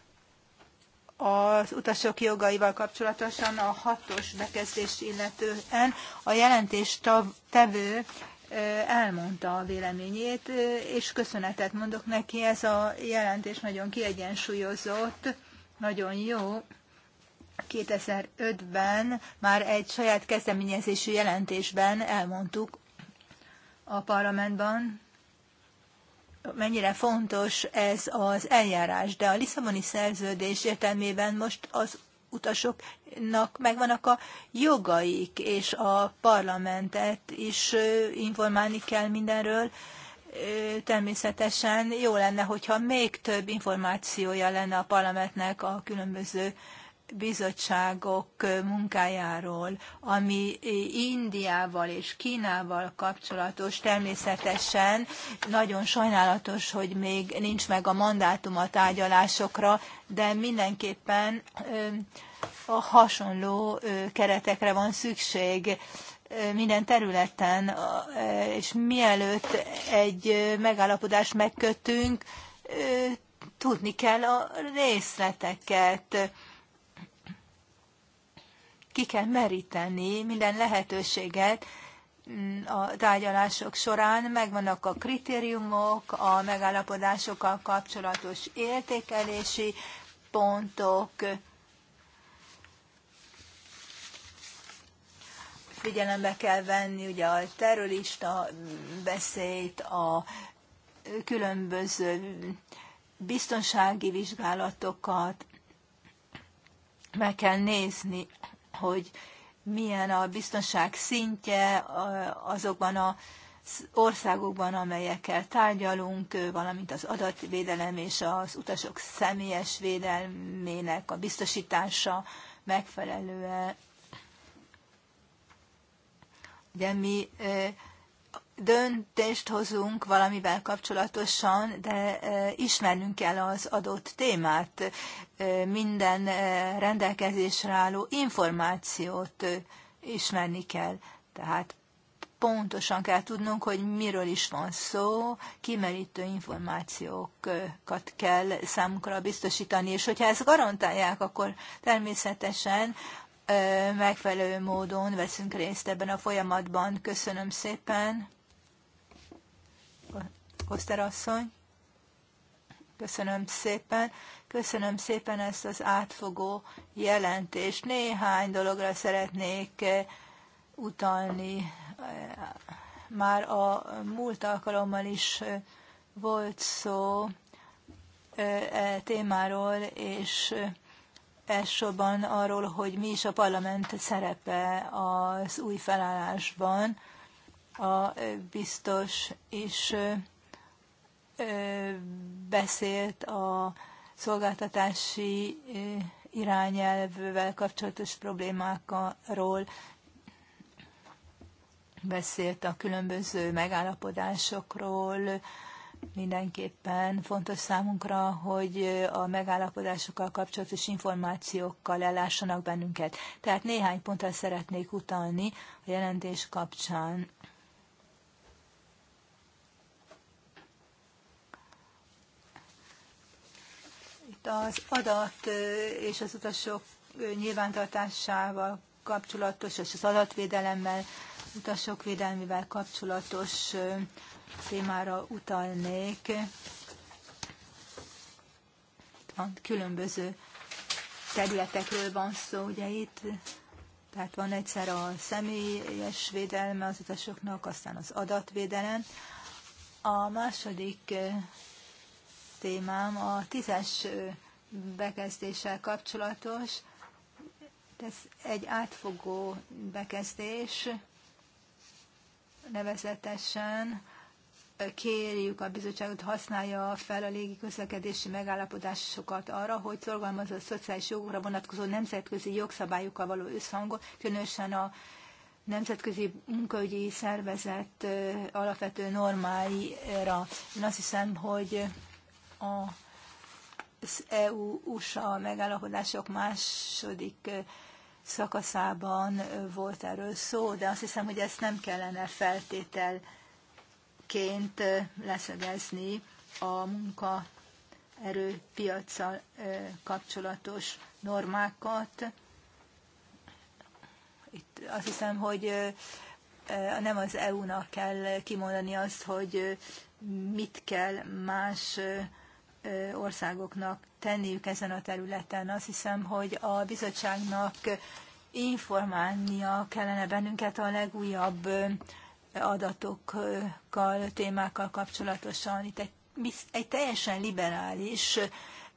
az utasok jogaival kapcsolatosan a hatos bekezdést illetően a jelentés tevő elmondta a véleményét, és köszönetet mondok neki, ez a jelentés nagyon kiegyensúlyozott, nagyon jó. 2005-ben már egy saját kezdeményezésű jelentésben elmondtuk a parlamentben mennyire fontos ez az eljárás, de a Lisszaboni szerződés értelmében most az utasoknak megvannak a jogaik, és a parlamentet is informálni kell mindenről. Természetesen jó lenne, hogyha még több információja lenne a parlamentnek a különböző bizottságok munkájáról, ami Indiával és Kínával kapcsolatos, természetesen nagyon sajnálatos, hogy még nincs meg a mandátum a tárgyalásokra, de mindenképpen a hasonló keretekre van szükség minden területen, és mielőtt egy megállapodást megkötünk, tudni kell a részleteket ki kell meríteni minden lehetőséget mm, a tárgyalások során. Megvannak a kritériumok, a megállapodásokkal kapcsolatos értékelési pontok, figyelembe kell venni ugye a terrorista beszélt, a különböző biztonsági vizsgálatokat, meg kell nézni hogy milyen a biztonság szintje azokban a országokban, amelyekkel tárgyalunk, valamint az adatvédelem és az utasok személyes védelmének a biztosítása megfelelően. Ugye mi döntést hozunk valamivel kapcsolatosan, de e, ismernünk kell az adott témát, e, minden e, rendelkezésre álló információt ismerni kell. Tehát pontosan kell tudnunk, hogy miről is van szó, kimerítő információkat kell számunkra biztosítani, és hogyha ezt garantálják, akkor természetesen megfelelő módon veszünk részt ebben a folyamatban. Köszönöm szépen! Foster asszony. Köszönöm szépen. Köszönöm szépen ezt az átfogó jelentést. Néhány dologra szeretnék eh, utalni. Eh, már a múlt alkalommal is eh, volt szó e témáról, és elsősorban arról, hogy mi is a parlament szerepe az új felállásban. A biztos is beszélt a szolgáltatási irányelvvel kapcsolatos problémákról, beszélt a különböző megállapodásokról, mindenképpen fontos számunkra, hogy a megállapodásokkal kapcsolatos információkkal ellássanak bennünket. Tehát néhány pontra szeretnék utalni a jelentés kapcsán. az adat és az utasok nyilvántartásával kapcsolatos, és az adatvédelemmel, utasok védelmével kapcsolatos témára utalnék. Itt van különböző területekről van szó, ugye itt, tehát van egyszer a személyes védelme az utasoknak, aztán az adatvédelem. A második témám a tízes bekezdéssel kapcsolatos. Ez egy átfogó bekezdés, nevezetesen kérjük a bizottságot, használja fel a légi közlekedési megállapodásokat arra, hogy szorgalmazza a szociális jogokra vonatkozó nemzetközi jogszabályokkal való összhangot, különösen a nemzetközi munkaügyi szervezet alapvető normáira. Én azt hiszem, hogy E a az EU-USA megállapodások második szakaszában volt erről szó, de azt hiszem, hogy ezt nem kellene feltételként leszögezni a erőpiacsal kapcsolatos normákat. Itt azt hiszem, hogy nem az EU-nak kell kimondani azt, hogy mit kell más országoknak tenniük ezen a területen. Azt hiszem, hogy a bizottságnak informálnia kellene bennünket a legújabb adatokkal, témákkal kapcsolatosan. Itt egy, egy teljesen liberális,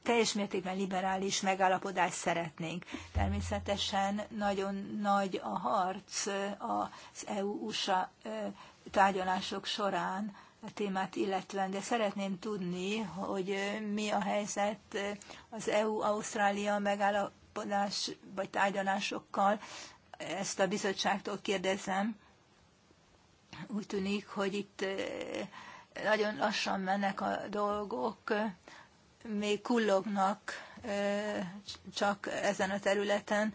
teljes mértékben liberális megállapodást szeretnénk. Természetesen nagyon nagy a harc az EU-USA tárgyalások során a témát illetően, de szeretném tudni, hogy mi a helyzet az EU-Ausztrália megállapodás vagy tárgyalásokkal. Ezt a bizottságtól kérdezem. Úgy tűnik, hogy itt nagyon lassan mennek a dolgok, még kullognak csak ezen a területen.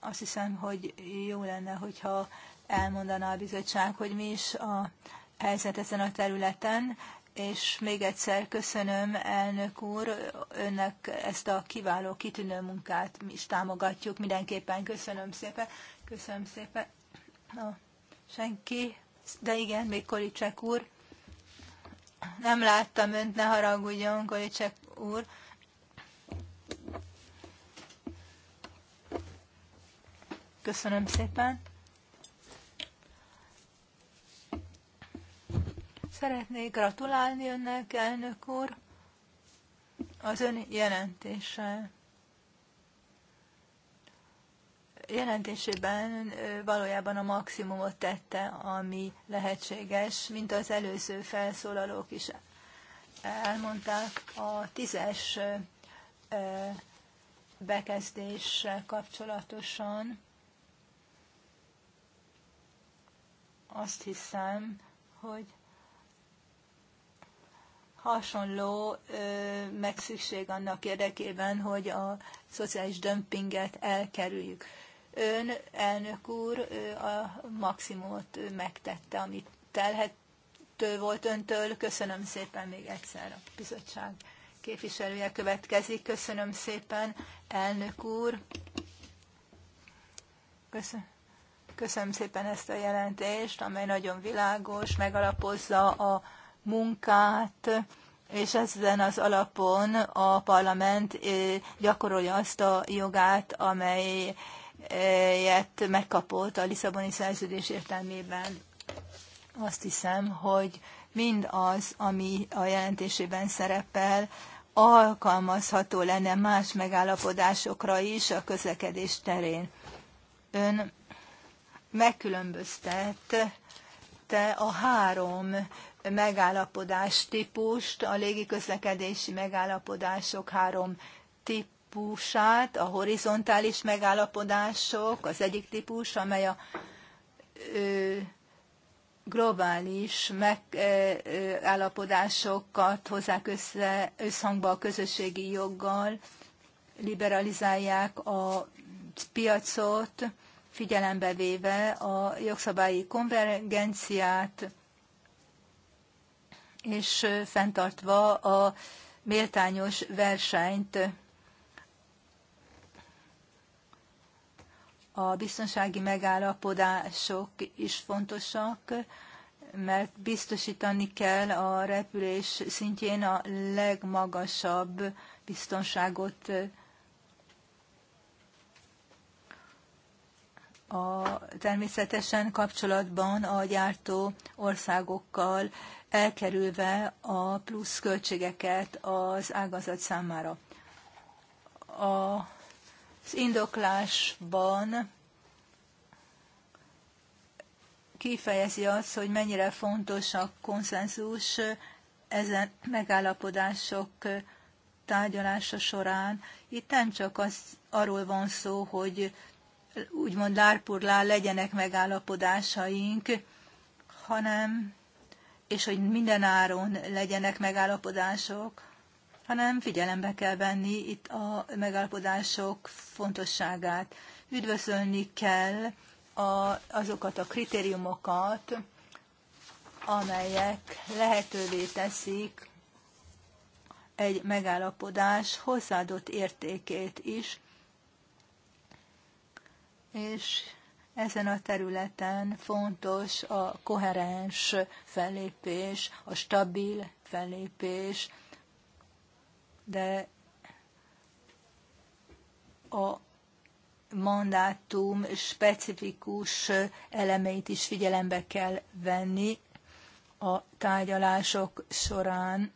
Azt hiszem, hogy jó lenne, hogyha elmondaná a bizottság, hogy mi is a helyzet ezen a területen, és még egyszer köszönöm, elnök úr, önnek ezt a kiváló, kitűnő munkát mi is támogatjuk. Mindenképpen köszönöm szépen. Köszönöm szépen. Na, senki? De igen, még Kolicsek úr. Nem láttam önt, ne haragudjon, Kolicsek úr. Köszönöm szépen. Szeretnék gratulálni önnek, elnök úr, az ön jelentése. Jelentésében valójában a maximumot tette, ami lehetséges, mint az előző felszólalók is elmondták. A tízes bekezdéssel kapcsolatosan azt hiszem, hogy hasonló meg szükség annak érdekében, hogy a szociális dömpinget elkerüljük. Ön, elnök úr, a maximumot megtette, amit telhető volt öntől. Köszönöm szépen még egyszer a bizottság képviselője következik. Köszönöm szépen, elnök úr. Köszönöm. Köszönöm szépen ezt a jelentést, amely nagyon világos, megalapozza a munkát, és ezen az alapon a parlament eh, gyakorolja azt a jogát, amelyet megkapott a Lisszaboni szerződés értelmében. Azt hiszem, hogy mind az, ami a jelentésében szerepel, alkalmazható lenne más megállapodásokra is a közlekedés terén. Ön megkülönböztet te a három megállapodás típust, a légiközlekedési megállapodások három típusát, a horizontális megállapodások, az egyik típus, amely a ö, globális megállapodásokat hozzák össze, összhangba a közösségi joggal, liberalizálják a piacot, figyelembe véve a jogszabályi konvergenciát, és fenntartva a méltányos versenyt a biztonsági megállapodások is fontosak, mert biztosítani kell a repülés szintjén a legmagasabb biztonságot a, természetesen kapcsolatban a gyártó országokkal elkerülve a plusz költségeket az ágazat számára. A, az indoklásban kifejezi azt, hogy mennyire fontos a konszenzus ezen megállapodások tárgyalása során. Itt nem csak az, arról van szó, hogy úgymond lárpurlá legyenek megállapodásaink, hanem, és hogy minden áron legyenek megállapodások, hanem figyelembe kell venni itt a megállapodások fontosságát. Üdvözölni kell a, azokat a kritériumokat, amelyek lehetővé teszik egy megállapodás hozzáadott értékét is, és ezen a területen fontos a koherens fellépés, a stabil fellépés, de a mandátum specifikus elemeit is figyelembe kell venni a tárgyalások során.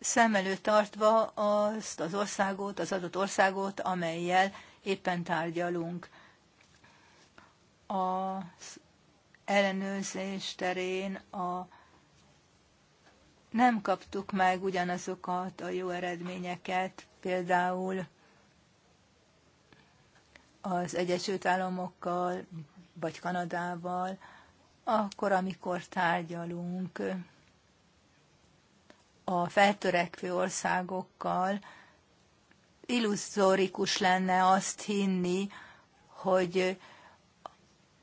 szem előtt tartva azt az országot, az adott országot, amelyel éppen tárgyalunk. Az ellenőrzés terén a nem kaptuk meg ugyanazokat a jó eredményeket, például az Egyesült Államokkal, vagy Kanadával, akkor, amikor tárgyalunk a feltörekvő országokkal, illuszórikus lenne azt hinni, hogy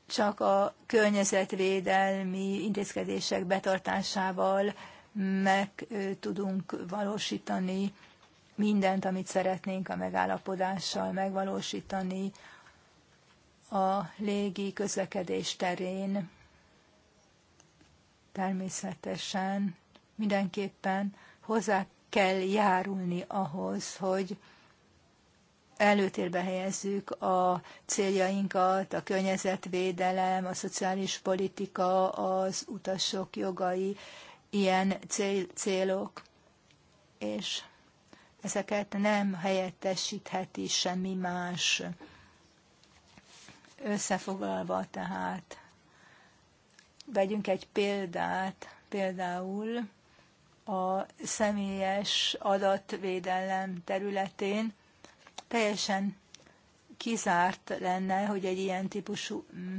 csak a környezetvédelmi intézkedések betartásával meg tudunk valósítani mindent, amit szeretnénk a megállapodással megvalósítani a légi közlekedés terén. Természetesen mindenképpen hozzá kell járulni ahhoz, hogy előtérbe helyezzük a céljainkat, a környezetvédelem, a szociális politika, az utasok jogai, ilyen cél, célok, és ezeket nem helyettesítheti semmi más. Összefoglalva tehát, vegyünk egy példát, például a személyes adatvédelem területén teljesen kizárt lenne, hogy egy ilyen típusú mm,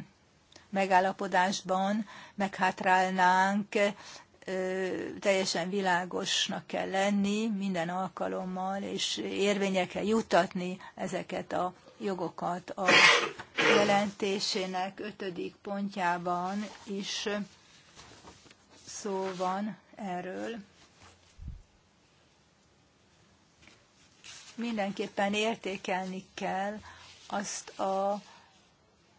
megállapodásban meghátrálnánk, teljesen világosnak kell lenni minden alkalommal, és érvényre jutatni ezeket a jogokat a jelentésének ötödik pontjában is szó van erről. mindenképpen értékelni kell azt a,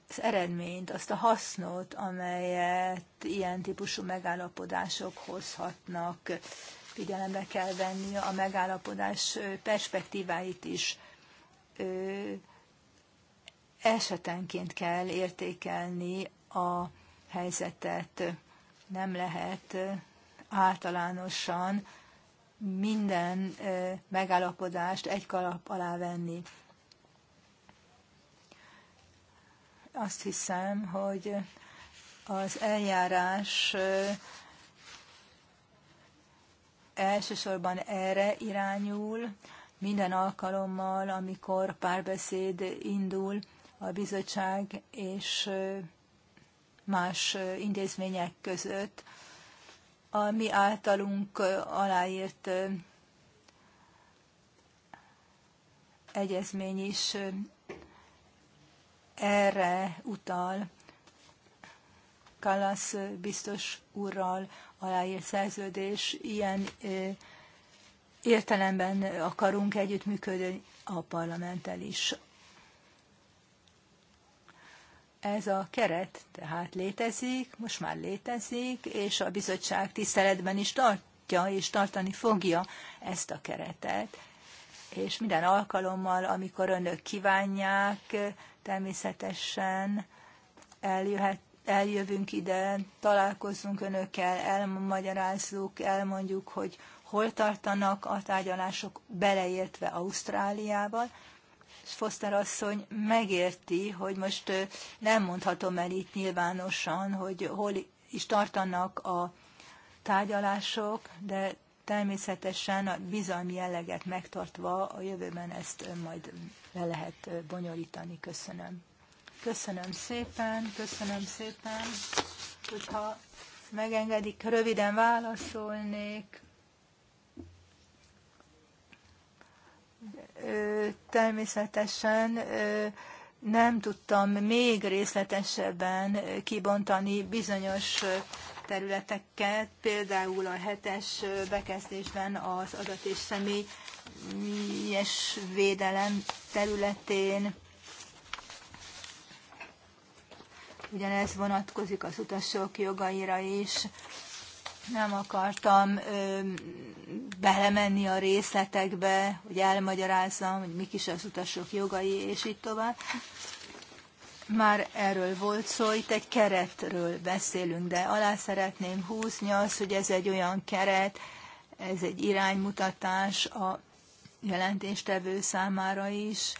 az eredményt, azt a hasznot, amelyet ilyen típusú megállapodások hozhatnak. Figyelembe kell venni a megállapodás perspektíváit is. Esetenként kell értékelni a helyzetet. Nem lehet általánosan minden megállapodást egy kalap alá venni. Azt hiszem, hogy az eljárás elsősorban erre irányul, minden alkalommal, amikor párbeszéd indul a bizottság és más intézmények között, a mi általunk aláírt egyezmény is erre utal. Kalas biztos úrral aláírt szerződés ilyen értelemben akarunk együttműködni a parlamenttel is ez a keret tehát létezik, most már létezik, és a bizottság tiszteletben is tartja és tartani fogja ezt a keretet. És minden alkalommal, amikor önök kívánják, természetesen eljöhet, eljövünk ide, találkozunk önökkel, elmagyarázzuk, elmondjuk, hogy hol tartanak a tárgyalások, beleértve Ausztráliával, Foster asszony megérti, hogy most nem mondhatom el itt nyilvánosan, hogy hol is tartanak a tárgyalások, de természetesen a bizalmi jelleget megtartva a jövőben ezt majd le lehet bonyolítani. Köszönöm. Köszönöm szépen, köszönöm szépen, hogyha megengedik, röviden válaszolnék természetesen nem tudtam még részletesebben kibontani bizonyos területeket, például a hetes bekezdésben az adat és személyes védelem területén. Ugyanez vonatkozik az utasok jogaira is nem akartam ö, belemenni a részletekbe, hogy elmagyarázzam, hogy mik is az utasok jogai, és így tovább. Már erről volt szó, itt egy keretről beszélünk, de alá szeretném húzni azt, hogy ez egy olyan keret, ez egy iránymutatás a jelentéstevő számára is,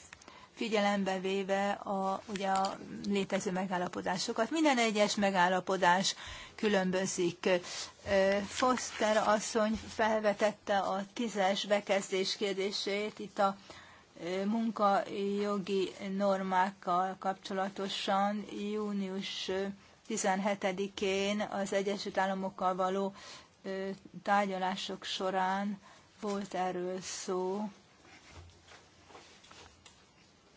figyelembe véve a, ugye a létező megállapodásokat. Minden egyes megállapodás különbözik. Foster asszony felvetette a tízes bekezdés kérdését itt a munkajogi normákkal kapcsolatosan június 17-én az Egyesült Államokkal való tárgyalások során volt erről szó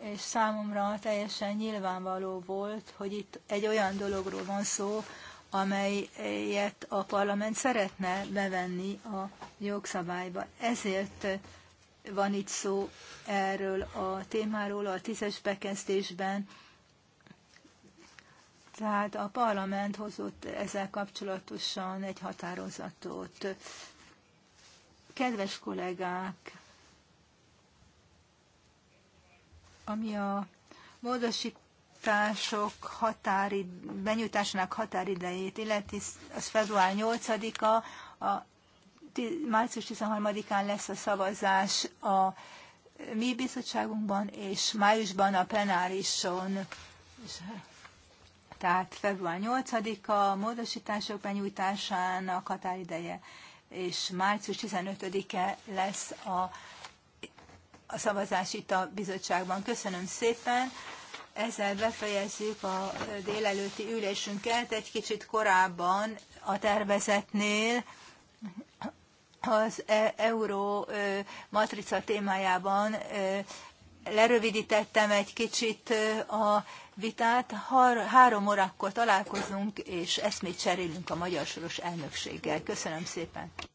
és számomra teljesen nyilvánvaló volt, hogy itt egy olyan dologról van szó, amelyet a parlament szeretne bevenni a jogszabályba. Ezért van itt szó erről a témáról a tízes bekezdésben. Tehát a parlament hozott ezzel kapcsolatosan egy határozatot. Kedves kollégák, Ami a módosítások határi, benyújtásának határidejét illeti, az február 8-a, a, március 13-án lesz a szavazás a mi bizottságunkban, és májusban a plenárison, tehát február 8-a módosítások benyújtásának határideje, és március 15-e lesz a a szavazás itt a bizottságban. Köszönöm szépen. Ezzel befejezzük a délelőtti ülésünket egy kicsit korábban a tervezetnél az e- euró matrica témájában lerövidítettem egy kicsit a vitát. Három órakor találkozunk, és eszmét cserélünk a magyar soros elnökséggel. Köszönöm szépen!